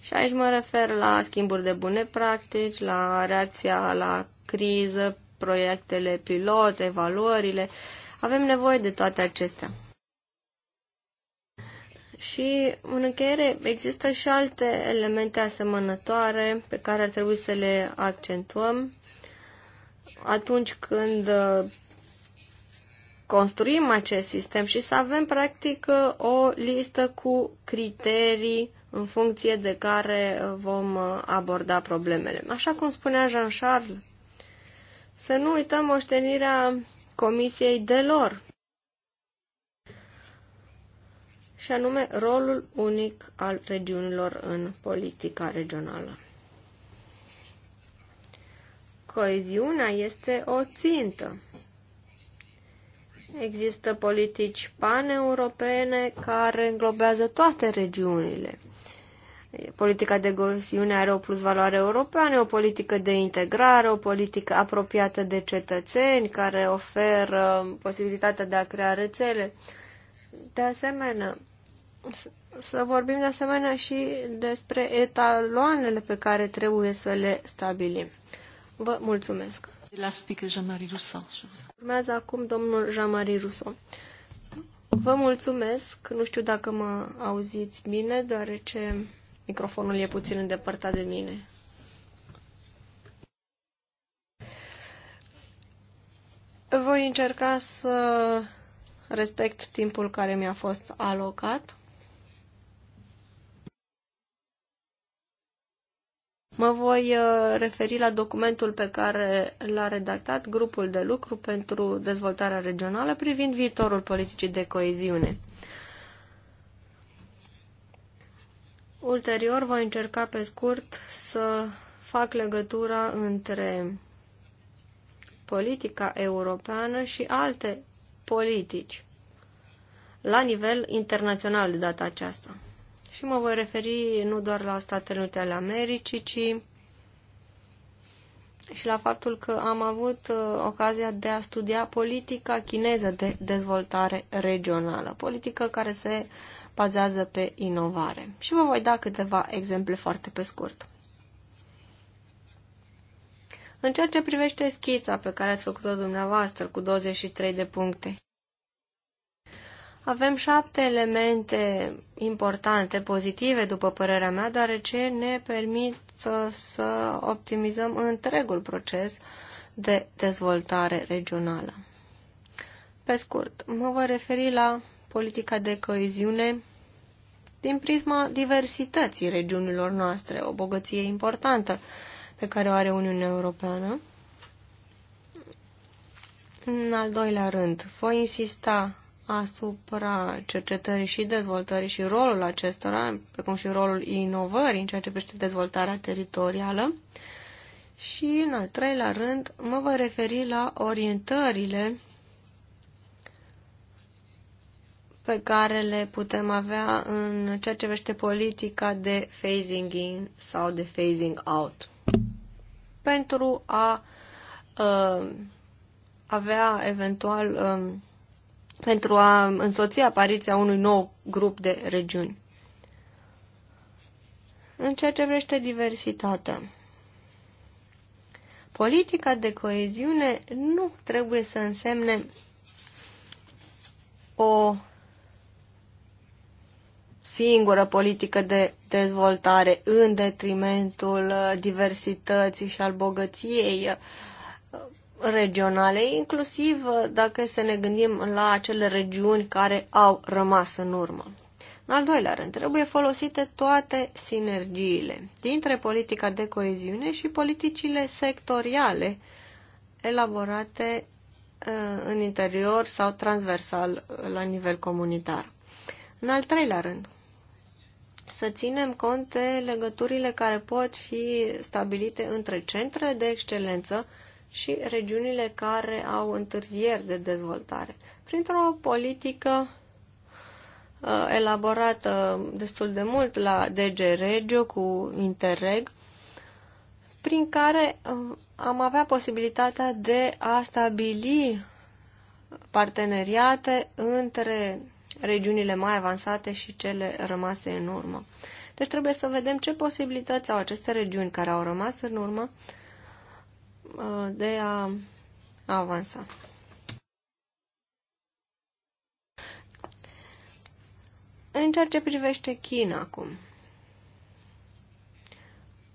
și aici mă refer la schimburi de bune practici, la reacția la criză, proiectele pilot, evaluările. Avem nevoie de toate acestea. Și, în încheiere, există și alte elemente asemănătoare pe care ar trebui să le accentuăm atunci când construim acest sistem și să avem, practic, o listă cu criterii în funcție de care uh, vom uh, aborda problemele. Așa cum spunea Jean-Charles, să nu uităm moștenirea Comisiei de lor, și anume rolul unic al regiunilor în politica regională. Coeziunea este o țintă. Există politici paneuropene care înglobează toate regiunile. Politica de coeziune are o plusvaloare europeană, o politică de integrare, o politică apropiată de cetățeni, care oferă posibilitatea de a crea rețele. De asemenea, să vorbim de asemenea și despre etaloanele pe care trebuie să le stabilim. Vă mulțumesc. La speaker Jean-Marie Rousseau. Urmează acum domnul Jean-Marie Rousseau. Vă mulțumesc. Nu știu dacă mă auziți bine, deoarece Microfonul e puțin îndepărtat de mine. Voi încerca să respect timpul care mi-a fost alocat. Mă voi uh, referi la documentul pe care l-a redactat grupul de lucru pentru dezvoltarea regională privind viitorul politicii de coeziune. Ulterior voi încerca pe scurt să fac legătura între politica europeană și alte politici la nivel internațional de data aceasta. Și mă voi referi nu doar la Statele Unite ale Americii, ci și la faptul că am avut uh, ocazia de a studia politica chineză de dezvoltare regională, politică care se bazează pe inovare. Și vă voi da câteva exemple foarte pe scurt. În ceea ce privește schița pe care ați făcut-o dumneavoastră cu 23 de puncte, avem șapte elemente importante, pozitive, după părerea mea, deoarece ne permit uh, să optimizăm întregul proces de dezvoltare regională. Pe scurt, mă voi referi la politica de coeziune din prisma diversității regiunilor noastre, o bogăție importantă pe care o are Uniunea Europeană. În al doilea rând, voi insista asupra cercetării și dezvoltării și rolul acestora, precum și rolul inovării în ceea ce privește dezvoltarea teritorială. Și, în al treilea rând, mă voi referi la orientările pe care le putem avea în ceea ce vește politica de phasing in sau de phasing out. Pentru a uh, avea eventual, uh, pentru a însoți apariția unui nou grup de regiuni. În ceea ce vrește diversitatea. Politica de coeziune nu trebuie să însemne o singură politică de dezvoltare în detrimentul uh, diversității și al bogăției uh, regionale, inclusiv uh, dacă să ne gândim la acele regiuni care au rămas în urmă. În al doilea rând, trebuie folosite toate sinergiile dintre politica de coeziune și politicile sectoriale elaborate în interior sau transversal la nivel comunitar. În al treilea rând, să ținem cont de legăturile care pot fi stabilite între centre de excelență și regiunile care au întârzieri de dezvoltare, printr-o politică uh, elaborată destul de mult la DG Regio cu Interreg, prin care uh, am avea posibilitatea de a stabili parteneriate între regiunile mai avansate și cele rămase în urmă. Deci trebuie să vedem ce posibilități au aceste regiuni care au rămas în urmă uh, de a avansa. În ceea ce privește China acum,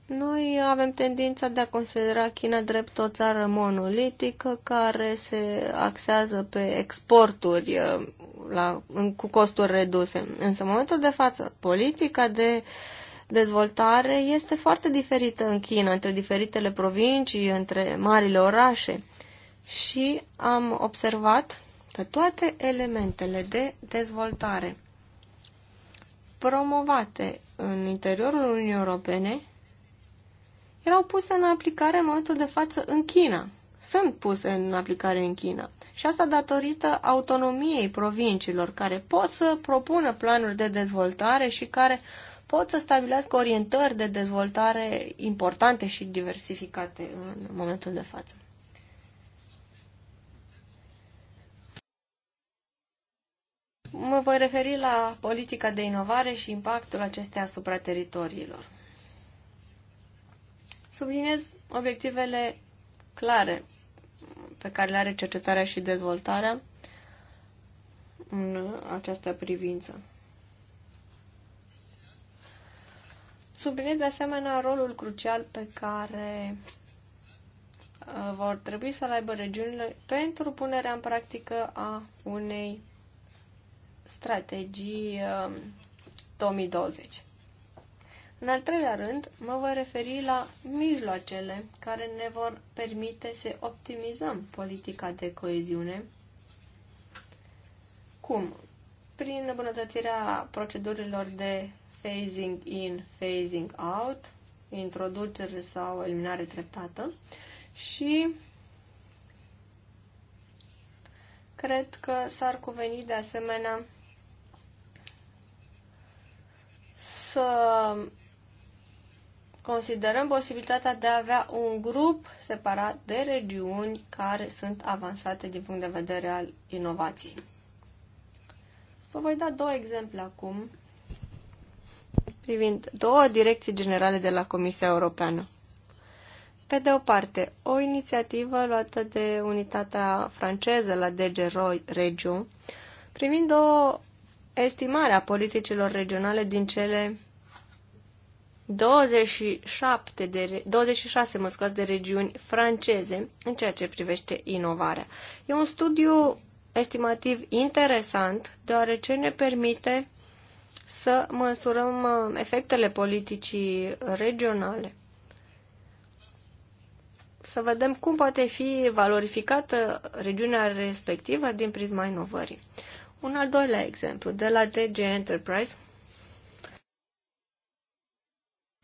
noi avem tendința de a considera China drept o țară monolitică care se axează pe exporturi uh, la, în, cu costuri reduse. Însă, în momentul de față, politica de dezvoltare este foarte diferită în China, între diferitele provincii, între marile orașe. Și am observat că toate elementele de dezvoltare promovate în interiorul Uniunii Europene erau puse în aplicare în momentul de față în China sunt puse în aplicare în China. Și asta datorită autonomiei provinciilor, care pot să propună planuri de dezvoltare și care pot să stabilească orientări de dezvoltare importante și diversificate în momentul de față. Mă voi referi la politica de inovare și impactul acesteia asupra teritoriilor. Subliniez obiectivele clare pe care le are cercetarea și dezvoltarea în această privință. Subliniez de asemenea rolul crucial pe care uh, vor trebui să-l aibă regiunile pentru punerea în practică a unei strategii 2020. Uh, în al treilea rând, mă voi referi la mijloacele care ne vor permite să optimizăm politica de coeziune. Cum? Prin îmbunătățirea procedurilor de phasing in, phasing out, introducere sau eliminare treptată și cred că s-ar cuveni de asemenea să considerăm posibilitatea de a avea un grup separat de regiuni care sunt avansate din punct de vedere al inovației. Vă voi da două exemple acum privind două direcții generale de la Comisia Europeană. Pe de o parte, o inițiativă luată de unitatea franceză la DG Regio, privind o estimare a politicilor regionale din cele 27 de, 26 mă scuze, de regiuni franceze în ceea ce privește inovarea. E un studiu estimativ interesant, deoarece ne permite să măsurăm uh, efectele politicii regionale. Să vedem cum poate fi valorificată regiunea respectivă din prisma inovării. Un al doilea exemplu, de la DG Enterprise,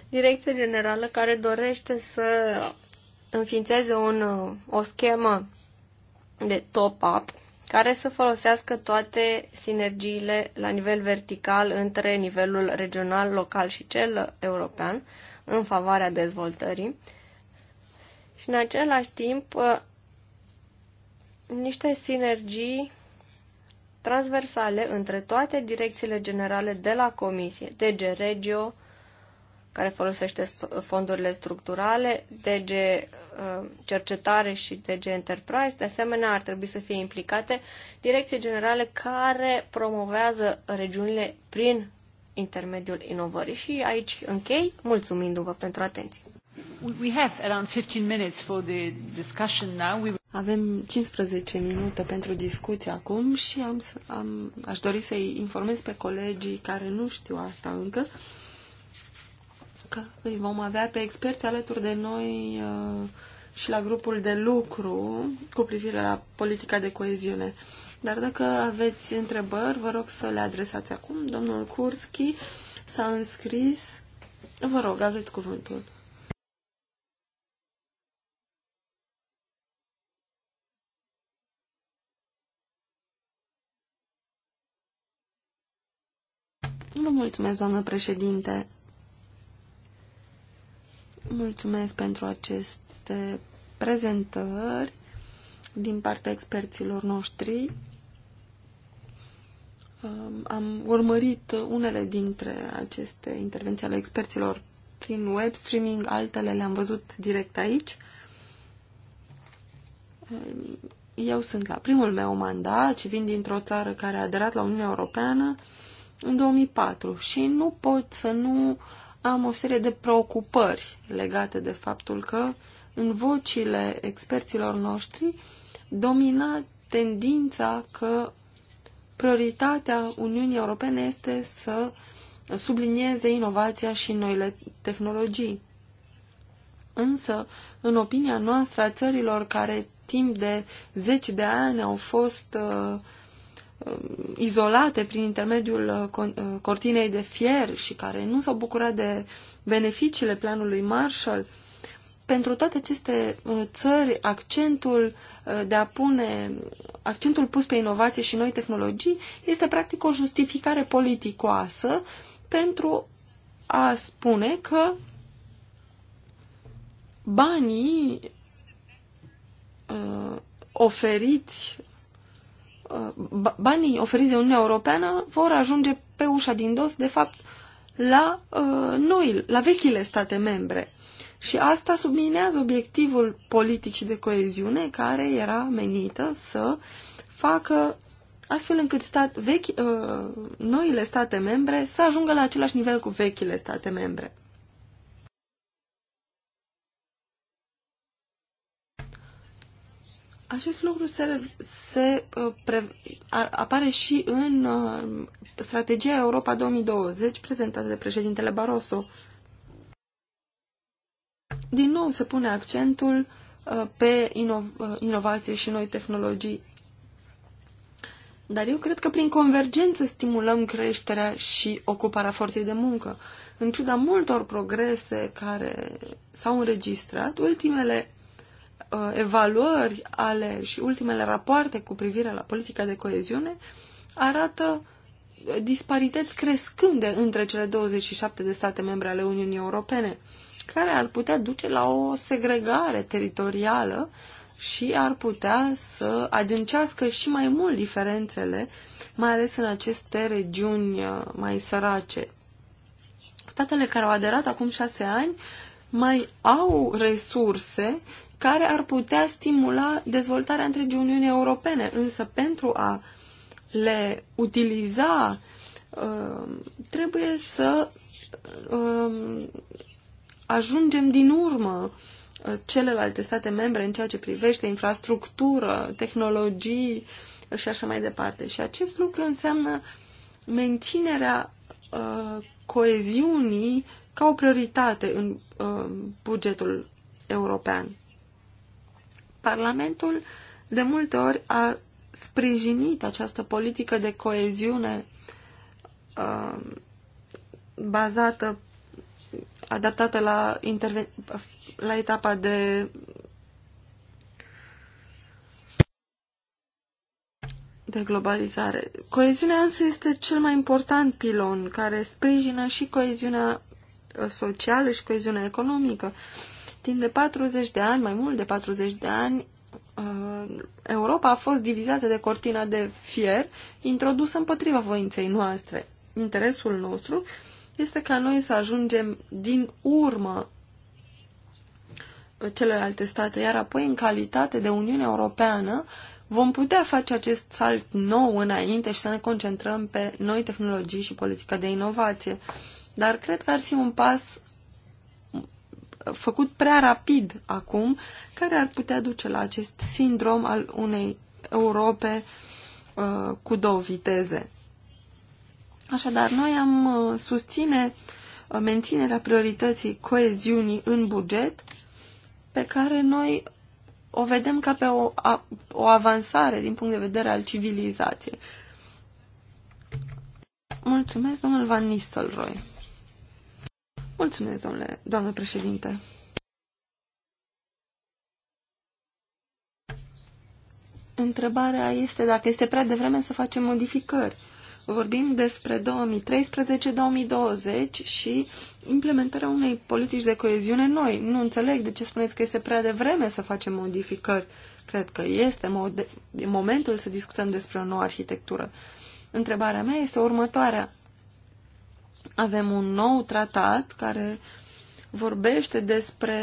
direcție generală care dorește să înființeze un, o schemă de top-up care să folosească toate sinergiile la nivel vertical între nivelul regional, local și cel european în favoarea dezvoltării. Și în același timp niște sinergii transversale între toate direcțiile generale de la Comisie, DG Regio, care folosește fondurile structurale, DG uh, Cercetare și DG Enterprise, de asemenea, ar trebui să fie implicate direcții generale care promovează regiunile prin intermediul inovării. Și aici închei, mulțumindu-vă pentru atenție. We have around 15 minutes for the discussion now. We... Avem 15 minute pentru discuție acum și am, am, aș dori să-i informez pe colegii care nu știu asta încă că îi vom avea pe experți alături de noi uh, și la grupul de lucru cu privire la politica de coeziune. Dar dacă aveți întrebări, vă rog să le adresați acum. Domnul Kurski s-a înscris. Vă rog, aveți cuvântul. Vă mulțumesc, doamnă președinte. Mulțumesc pentru aceste prezentări din partea experților noștri. Um, am urmărit unele dintre aceste intervenții ale experților prin web streaming, altele le-am văzut direct aici. Um, eu sunt la primul meu mandat și vin dintr-o țară care a aderat la Uniunea Europeană în 2004 și nu pot să nu uh, am o serie de preocupări legate de faptul că în vocile experților noștri domina tendința că prioritatea Uniunii Europene este să sublinieze inovația și noile tehnologii. Însă, în opinia noastră, a țărilor care timp de zeci de ani au fost uh, Um, izolate prin intermediul uh, uh, cortinei de fier și care nu s-au bucurat de beneficiile planului Marshall, pentru toate aceste uh, țări, accentul de a pune, accentul pus pe inovație și noi tehnologii este practic o justificare politicoasă pentru a spune că banii oferiți Uh, banii oferiți de Uniunea Europeană vor ajunge pe ușa din dos, de fapt, la uh, noi, la vechile state membre. Și asta subminează obiectivul politicii de coeziune care era menită să facă astfel încât stat, vechi, uh, noile state membre să ajungă la același nivel cu vechile state membre. Acest lucru se, se uh, pre, apare și în uh, strategia Europa 2020 prezentată de președintele Barroso. Din nou se pune accentul uh, pe ino, inovație și noi tehnologii. Dar eu cred că prin convergență stimulăm creșterea și ocuparea forței de muncă. În ciuda multor progrese care s-au înregistrat, ultimele Uh, evaluări ale și ultimele rapoarte cu privire la politica de coeziune arată uh, disparități crescânde între cele 27 de state membre ale Uniunii Europene, care ar putea duce la o segregare teritorială și ar putea să adâncească și mai mult diferențele, mai ales în aceste regiuni uh, mai sărace. Statele care au aderat acum șase ani mai au resurse care ar putea stimula dezvoltarea întregii Uniunii Europene, însă pentru a le utiliza uh, trebuie să uh, ajungem din urmă uh, celelalte state membre în ceea ce privește infrastructură, tehnologii și așa mai departe. Și acest lucru înseamnă menținerea coeziunii ca o prioritate în bugetul european. Parlamentul de multe ori a sprijinit această politică de coeziune uh, bazată, adaptată la, la etapa de de globalizare. Coeziunea însă este cel mai important pilon care sprijină și coeziunea uh, socială și coeziunea economică. Uh, Timp de 40 de ani, mai mult de 40 de ani, uh, Europa a fost divizată de cortina de fier introdusă împotriva voinței noastre. Interesul nostru este ca noi să ajungem din urmă celelalte state, iar apoi în calitate de Uniune Europeană vom putea face acest salt nou înainte și să ne concentrăm pe noi tehnologii și politica de inovație. Dar cred că ar fi un pas făcut prea rapid acum, care ar putea duce la acest sindrom al unei Europe uh, cu două viteze. Așadar, noi am uh, susține uh, menținerea priorității coeziunii în buget, pe care noi o vedem ca pe o, a, o avansare din punct de vedere al civilizației. Mulțumesc, domnul Van Nistelrooy. Mulțumesc, domnule, doamnă președinte. Întrebarea este dacă este prea devreme să facem modificări. Vorbim despre 2013-2020 și implementarea unei politici de coeziune noi. Nu înțeleg de ce spuneți că este prea devreme să facem modificări. Cred că este momentul să discutăm despre o nouă arhitectură. Întrebarea mea este următoarea. Avem un nou tratat care vorbește despre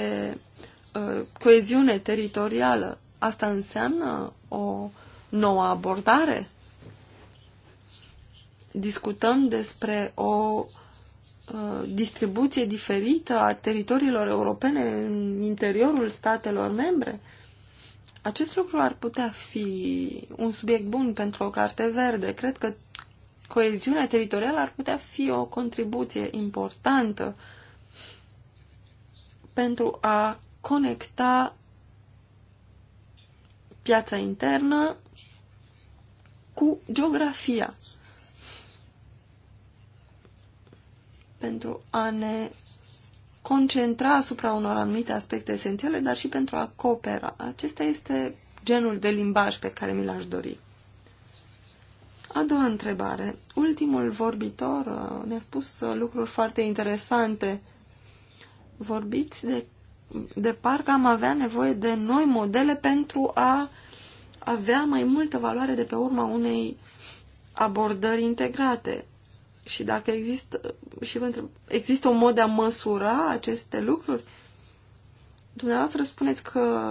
uh, coeziune teritorială. Asta înseamnă o nouă abordare? Discutăm despre o uh, distribuție diferită a teritoriilor europene în interiorul statelor membre? Acest lucru ar putea fi un subiect bun pentru o carte verde. Cred că coeziunea teritorială ar putea fi o contribuție importantă pentru a conecta piața internă cu geografia. Pentru a ne concentra asupra unor anumite aspecte esențiale, dar și pentru a coopera. Acesta este genul de limbaj pe care mi l-aș dori. A doua întrebare. Ultimul vorbitor uh, ne-a spus uh, lucruri foarte interesante. Vorbiți de, de parcă am avea nevoie de noi modele pentru a avea mai multă valoare de pe urma unei abordări integrate. Și dacă există, și întreb, există un mod de a măsura aceste lucruri, Dumneavoastră spuneți că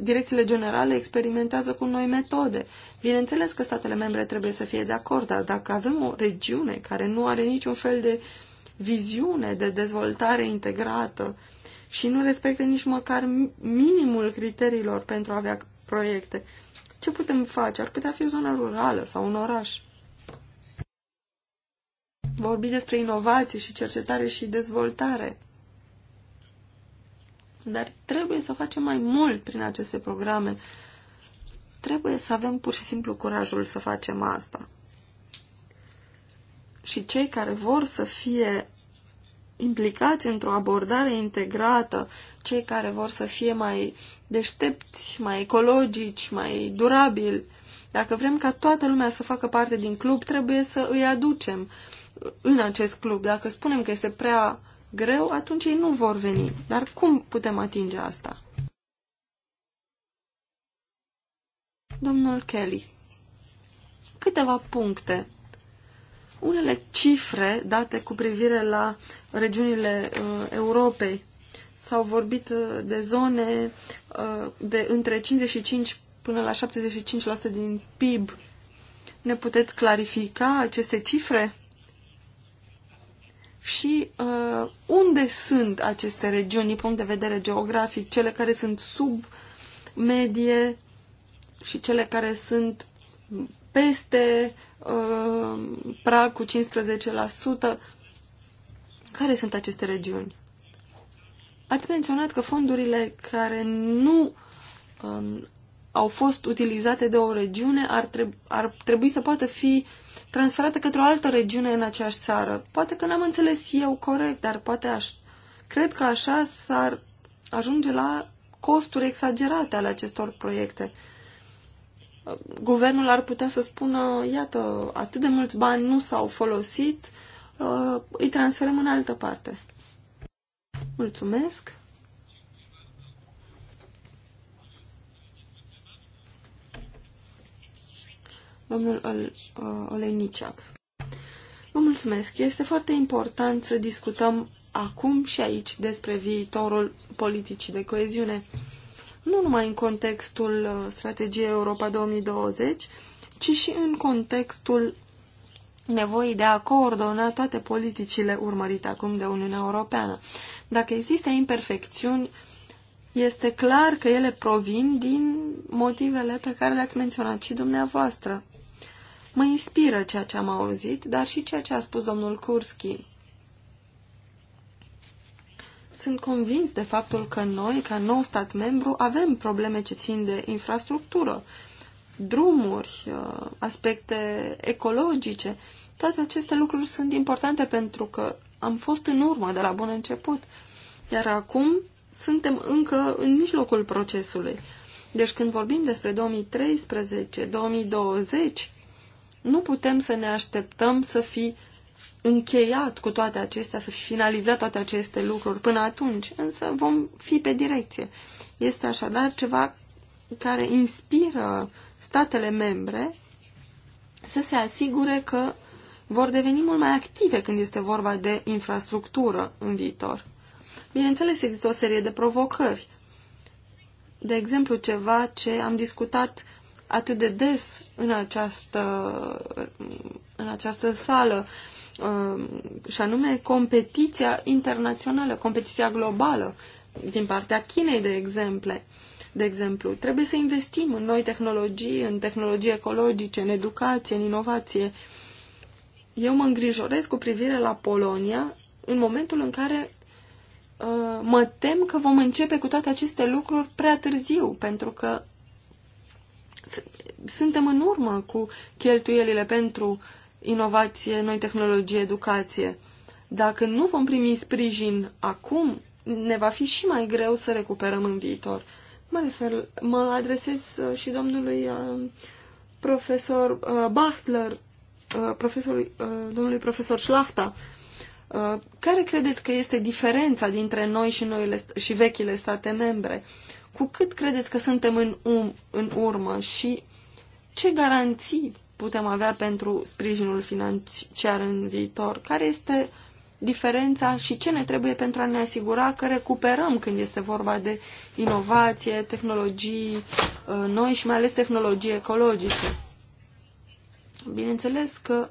direcțiile generale experimentează cu noi metode. Bineînțeles că statele membre trebuie să fie de acord, dar dacă avem o regiune care nu are niciun fel de viziune de dezvoltare integrată și nu respectă nici măcar minimul criteriilor pentru a avea proiecte, ce putem face? Ar putea fi o zonă rurală sau un oraș. Vorbi despre inovație și cercetare și dezvoltare. Dar trebuie să facem mai mult prin aceste programe. Trebuie să avem pur și simplu curajul să facem asta. Și cei care vor să fie implicați într-o abordare integrată, cei care vor să fie mai deștepți, mai ecologici, mai durabili. Dacă vrem ca toată lumea să facă parte din club, trebuie să îi aducem în acest club. Dacă spunem că este prea greu, atunci ei nu vor veni. Dar cum putem atinge asta? Domnul Kelly, câteva puncte. Unele cifre date cu privire la regiunile uh, Europei s-au vorbit uh, de zone uh, de între 55 până la 75% din PIB. Ne puteți clarifica aceste cifre? și uh, unde sunt aceste regiuni din punct de vedere geografic, cele care sunt sub medie și cele care sunt peste uh, prag cu 15%. Care sunt aceste regiuni? Ați menționat că fondurile care nu um, au fost utilizate de o regiune ar, treb- ar trebui să poată fi uh, Transferată către o altă regiune în aceeași țară. Poate că n-am înțeles eu corect, dar poate aș... Cred că așa s-ar ajunge la costuri exagerate ale acestor proiecte. Guvernul ar putea să spună, iată, atât de mulți bani nu s-au folosit, uh, îi transferăm în altă parte. Mulțumesc! domnul uh, Oleniciac. Vă mulțumesc. Este foarte important să discutăm acum și aici despre viitorul politicii de coeziune. Nu numai în contextul uh, strategiei Europa 2020, ci și în contextul nevoii de a coordona toate politicile urmărite acum de Uniunea Europeană. Dacă există imperfecțiuni, este clar că ele provin din motivele pe care le-ați menționat și dumneavoastră. Mă inspiră ceea ce am auzit, dar și ceea ce a spus domnul Kurski. Sunt convins de faptul că noi, ca nou stat membru, avem probleme ce țin de infrastructură, drumuri, uh, aspecte ecologice. Toate aceste lucruri sunt importante pentru că am fost în urmă de la bun început, iar acum suntem încă în mijlocul procesului. Deci când vorbim despre 2013, 2020, nu putem să ne așteptăm să fi încheiat cu toate acestea, să fi finalizat toate aceste lucruri până atunci, însă vom fi pe direcție. Este așadar ceva care inspiră statele membre să se asigure că vor deveni mult mai active când este vorba de infrastructură în viitor. Bineînțeles, există o serie de provocări. De exemplu, ceva ce am discutat atât de des în această, în această sală, um, și anume competiția internațională, competiția globală, din partea Chinei, de, exemple, de exemplu. Trebuie să investim în noi tehnologii, în tehnologii ecologice, în educație, în inovație. Eu mă îngrijorez cu privire la Polonia în momentul în care uh, mă tem că vom începe cu toate aceste lucruri prea târziu, pentru că suntem în urmă cu cheltuielile pentru inovație, noi tehnologie, educație. Dacă nu vom primi sprijin acum, ne va fi și mai greu să recuperăm în viitor. Mă refer, mă adresez uh, și domnului uh, profesor uh, Bachtler, profesorului, domnului profesor Schlachta. Care credeți că este diferența dintre noi și, noile, și vechile state membre? cu cât credeți că suntem în, um, în urmă și ce garanții putem avea pentru sprijinul financiar în viitor? Care este diferența și ce ne trebuie pentru a ne asigura că recuperăm când este vorba de inovație, tehnologii uh, noi și mai ales tehnologii ecologice? Bineînțeles că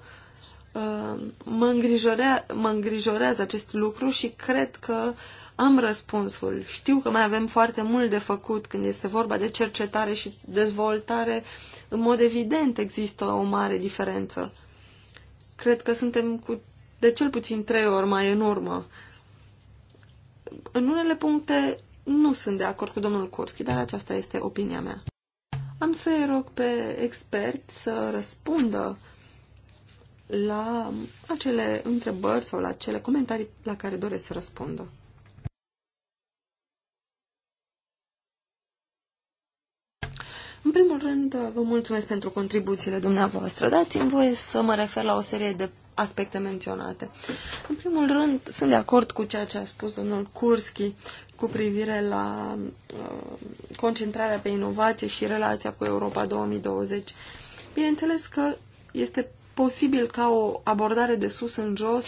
uh, mă, îngrijorea, mă îngrijorează acest lucru și cred că uh, am răspunsul. Știu că mai avem foarte mult de făcut când este vorba de cercetare și dezvoltare. În mod evident există o mare diferență. Cred că suntem cu de cel puțin trei ori mai în urmă. În unele puncte nu sunt de acord cu domnul Kurski, dar aceasta este opinia mea. Am să-i rog pe expert să răspundă la acele întrebări sau la acele comentarii la care doresc să răspundă. În primul rând, vă mulțumesc pentru contribuțiile dumneavoastră. Dați-mi voie să mă refer la o serie de aspecte menționate. În primul rând, sunt de acord cu ceea ce a spus domnul Kurski cu privire la uh, concentrarea pe inovație și relația cu Europa 2020. Bineînțeles că este posibil ca o abordare de sus în jos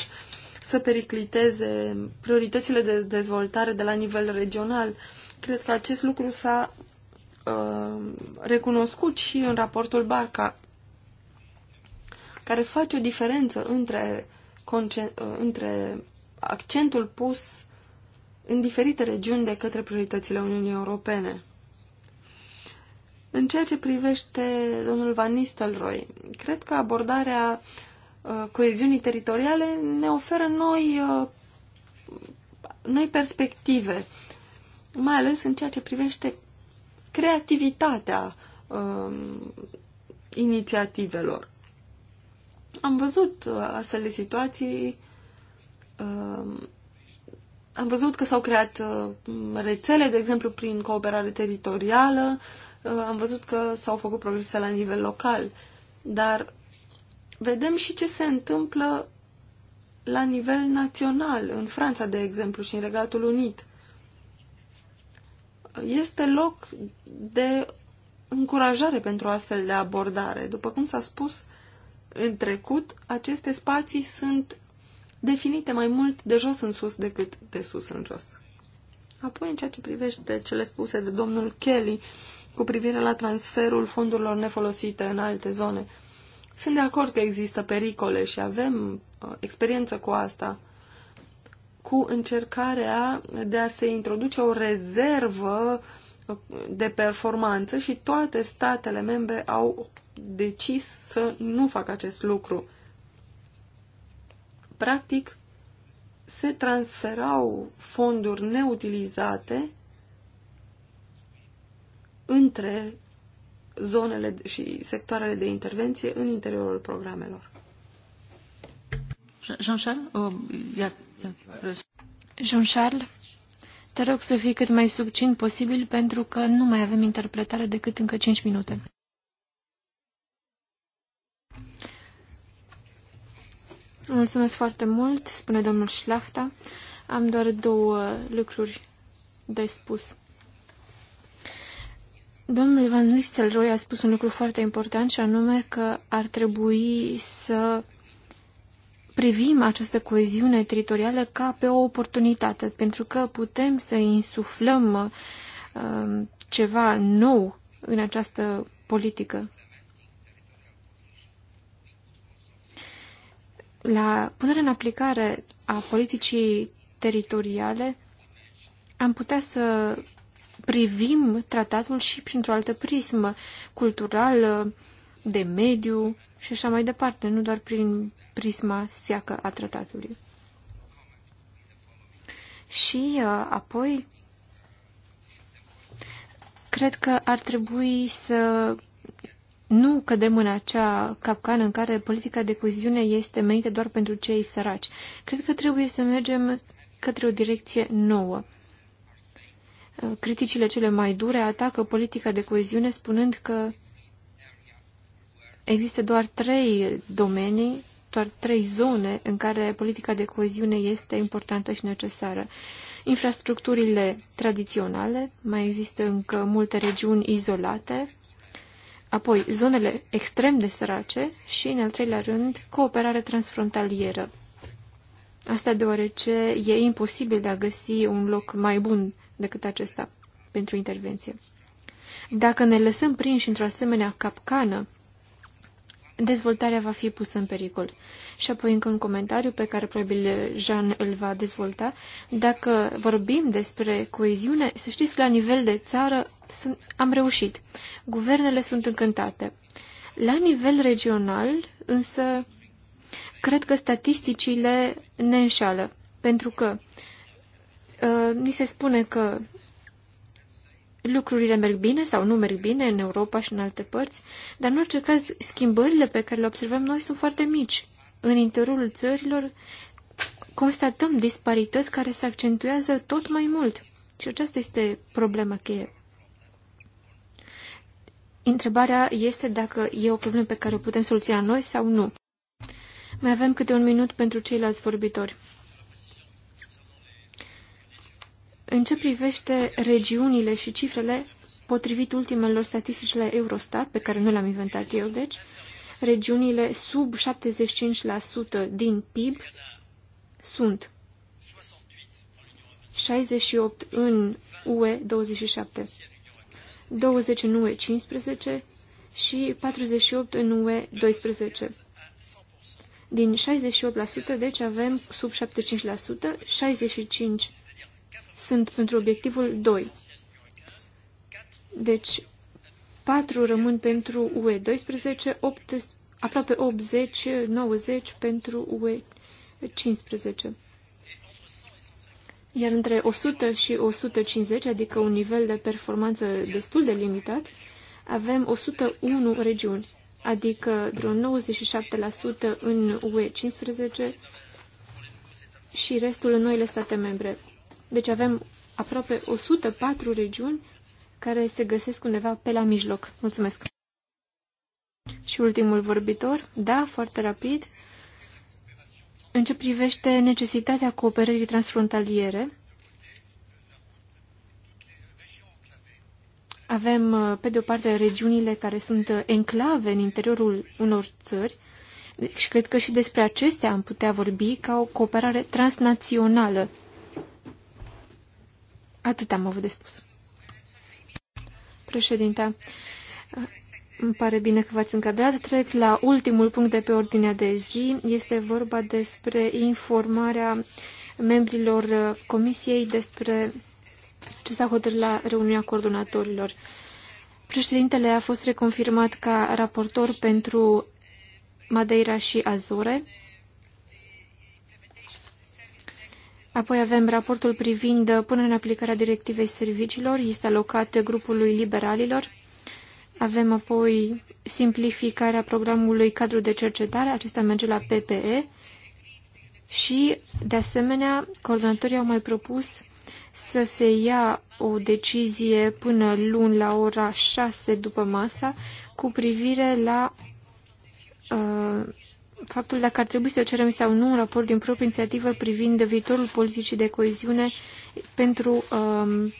să pericliteze prioritățile de dezvoltare de la nivel regional. Cred că acest lucru s-a Uh, recunoscut și în raportul Barca, care face o diferență între, uh, între accentul pus în diferite regiuni de către prioritățile Uniunii Europene. În ceea ce privește domnul Van Nistelrooy, cred că abordarea uh, coeziunii teritoriale ne oferă noi, noi perspective, mai ales în ceea ce privește creativitatea um, inițiativelor. Am văzut uh, astfel de situații, um, am văzut că s-au creat uh, rețele, de exemplu, prin cooperare teritorială, uh, am văzut că s-au făcut progrese la nivel local, dar vedem și ce se întâmplă la nivel național, în Franța, de exemplu, și în Regatul Unit este loc de încurajare pentru astfel de abordare. După cum s-a spus în trecut, aceste spații sunt definite mai mult de jos în sus decât de sus în jos. Apoi, în ceea ce privește cele spuse de domnul Kelly cu privire la transferul fondurilor nefolosite în alte zone, sunt de acord că există pericole și avem uh, experiență cu asta cu încercarea de a se introduce o rezervă de performanță și toate statele membre au decis să nu facă acest lucru. Practic, se transferau fonduri neutilizate între zonele și sectoarele de intervenție în interiorul programelor. Jean-Charles, oh, Jean-Charles, te rog să fii cât mai succint posibil pentru că nu mai avem interpretare decât încă 5 minute. Mulțumesc foarte mult, spune domnul Șlafta. Am doar două lucruri de spus. Domnul Van Nistelrooy a spus un lucru foarte important și anume că ar trebui să privim această coeziune teritorială ca pe o oportunitate, pentru că putem să insuflăm uh, ceva nou în această politică. La punerea în aplicare a politicii teritoriale am putea să privim tratatul și printr-o altă prismă culturală, de mediu și așa mai departe, nu doar prin prisma seacă a tratatului. Și uh, apoi, cred că ar trebui să nu cădem în acea capcană în care politica de coziune este menită doar pentru cei săraci. Cred că trebuie să mergem către o direcție nouă. Uh, criticile cele mai dure atacă politica de coeziune spunând că există doar trei domenii doar trei zone în care politica de coeziune este importantă și necesară. Infrastructurile tradiționale, mai există încă multe regiuni izolate, apoi zonele extrem de sărace și, în al treilea rând, cooperare transfrontalieră. Asta deoarece e imposibil de a găsi un loc mai bun decât acesta pentru intervenție. Dacă ne lăsăm prinși într-o asemenea capcană, dezvoltarea va fi pusă în pericol. Și apoi încă un comentariu pe care probabil Jean îl va dezvolta. Dacă vorbim despre coeziune, să știți că la nivel de țară sunt, am reușit. Guvernele sunt încântate. La nivel regional, însă, cred că statisticile ne înșală, pentru că uh, ni se spune că lucrurile merg bine sau nu merg bine în Europa și în alte părți, dar în orice caz schimbările pe care le observăm noi sunt foarte mici. În interiorul țărilor constatăm disparități care se accentuează tot mai mult și aceasta este problema cheie. Întrebarea este dacă e o problemă pe care o putem soluționa noi sau nu. Mai avem câte un minut pentru ceilalți vorbitori. În ce privește regiunile și cifrele, potrivit ultimelor statistici la Eurostat, pe care nu le-am inventat eu, deci, regiunile sub 75% din PIB sunt 68 în UE 27, 20 în UE 15 și 48 în UE 12. Din 68%, deci avem sub 75%, 65 sunt pentru obiectivul 2. Deci, 4 rămân pentru UE 12, 8, aproape 80, 90 pentru UE 15. Iar între 100 și 150, adică un nivel de performanță destul de limitat, avem 101 regiuni, adică vreo 97% în UE 15 și restul în noile state membre. Deci avem aproape 104 regiuni care se găsesc undeva pe la mijloc. Mulțumesc! Și ultimul vorbitor, da, foarte rapid, în ce privește necesitatea cooperării transfrontaliere, avem, pe de o parte, regiunile care sunt enclave în interiorul unor țări și cred că și despre acestea am putea vorbi ca o cooperare transnațională Atât am avut de spus. Președinte, îmi pare bine că v-ați încadrat. Trec la ultimul punct de pe ordinea de zi. Este vorba despre informarea membrilor comisiei despre ce s-a hotărât la reuniunea coordonatorilor. Președintele a fost reconfirmat ca raportor pentru Madeira și Azore. Apoi avem raportul privind punerea în aplicare a directivei serviciilor, este alocat grupului liberalilor. Avem apoi simplificarea programului cadru de cercetare, acesta merge la PPE. Și, de asemenea, coordonatorii au mai propus să se ia o decizie până luni la ora 6 după masa cu privire la uh, faptul dacă ar trebui să cerem sau nu un raport din proprie inițiativă privind viitorul politicii de coeziune pentru um,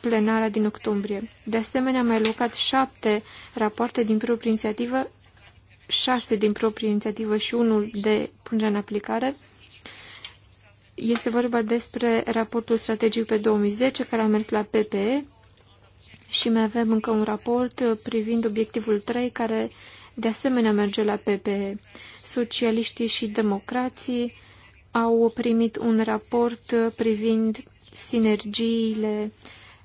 plenara din octombrie. De asemenea, am alocat șapte rapoarte din proprie inițiativă, șase din proprie inițiativă și unul de punere în aplicare. Este vorba despre raportul strategic pe 2010, care a mers la PPE și mai avem încă un raport privind obiectivul 3, care de asemenea merge la PPE. Socialiștii și democrații au primit un raport privind sinergiile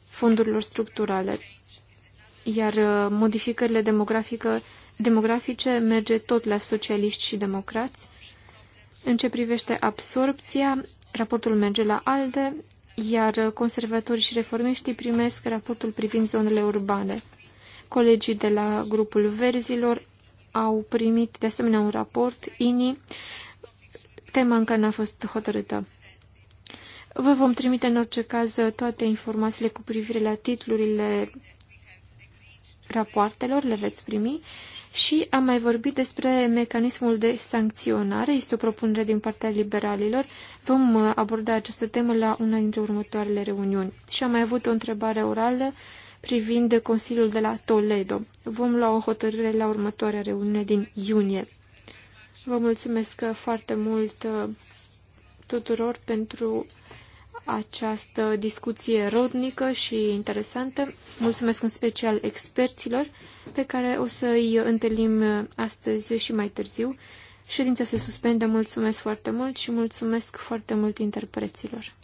fondurilor structurale, iar uh, modificările demografică, demografice merge tot la socialiști și democrați. În ce privește absorpția, raportul merge la ALDE, iar uh, conservatorii și reformiștii primesc raportul privind zonele urbane. Colegii de la grupul verzilor au primit de asemenea un raport INI. Tema încă n-a fost hotărâtă. Vă vom trimite în orice caz toate informațiile cu privire la titlurile rapoartelor, le veți primi. Și am mai vorbit despre mecanismul de sancționare. Este o propunere din partea liberalilor. Vom uh, aborda această temă la una dintre următoarele reuniuni. Și am mai avut o întrebare orală privind de Consiliul de la Toledo. Vom lua o hotărâre la următoarea reuniune din iunie. Vă mulțumesc foarte mult uh, tuturor pentru această discuție rodnică și interesantă. Mulțumesc în special experților pe care o să îi întâlnim astăzi și mai târziu. Ședința se suspendă. Mulțumesc foarte mult și mulțumesc foarte mult interpreților.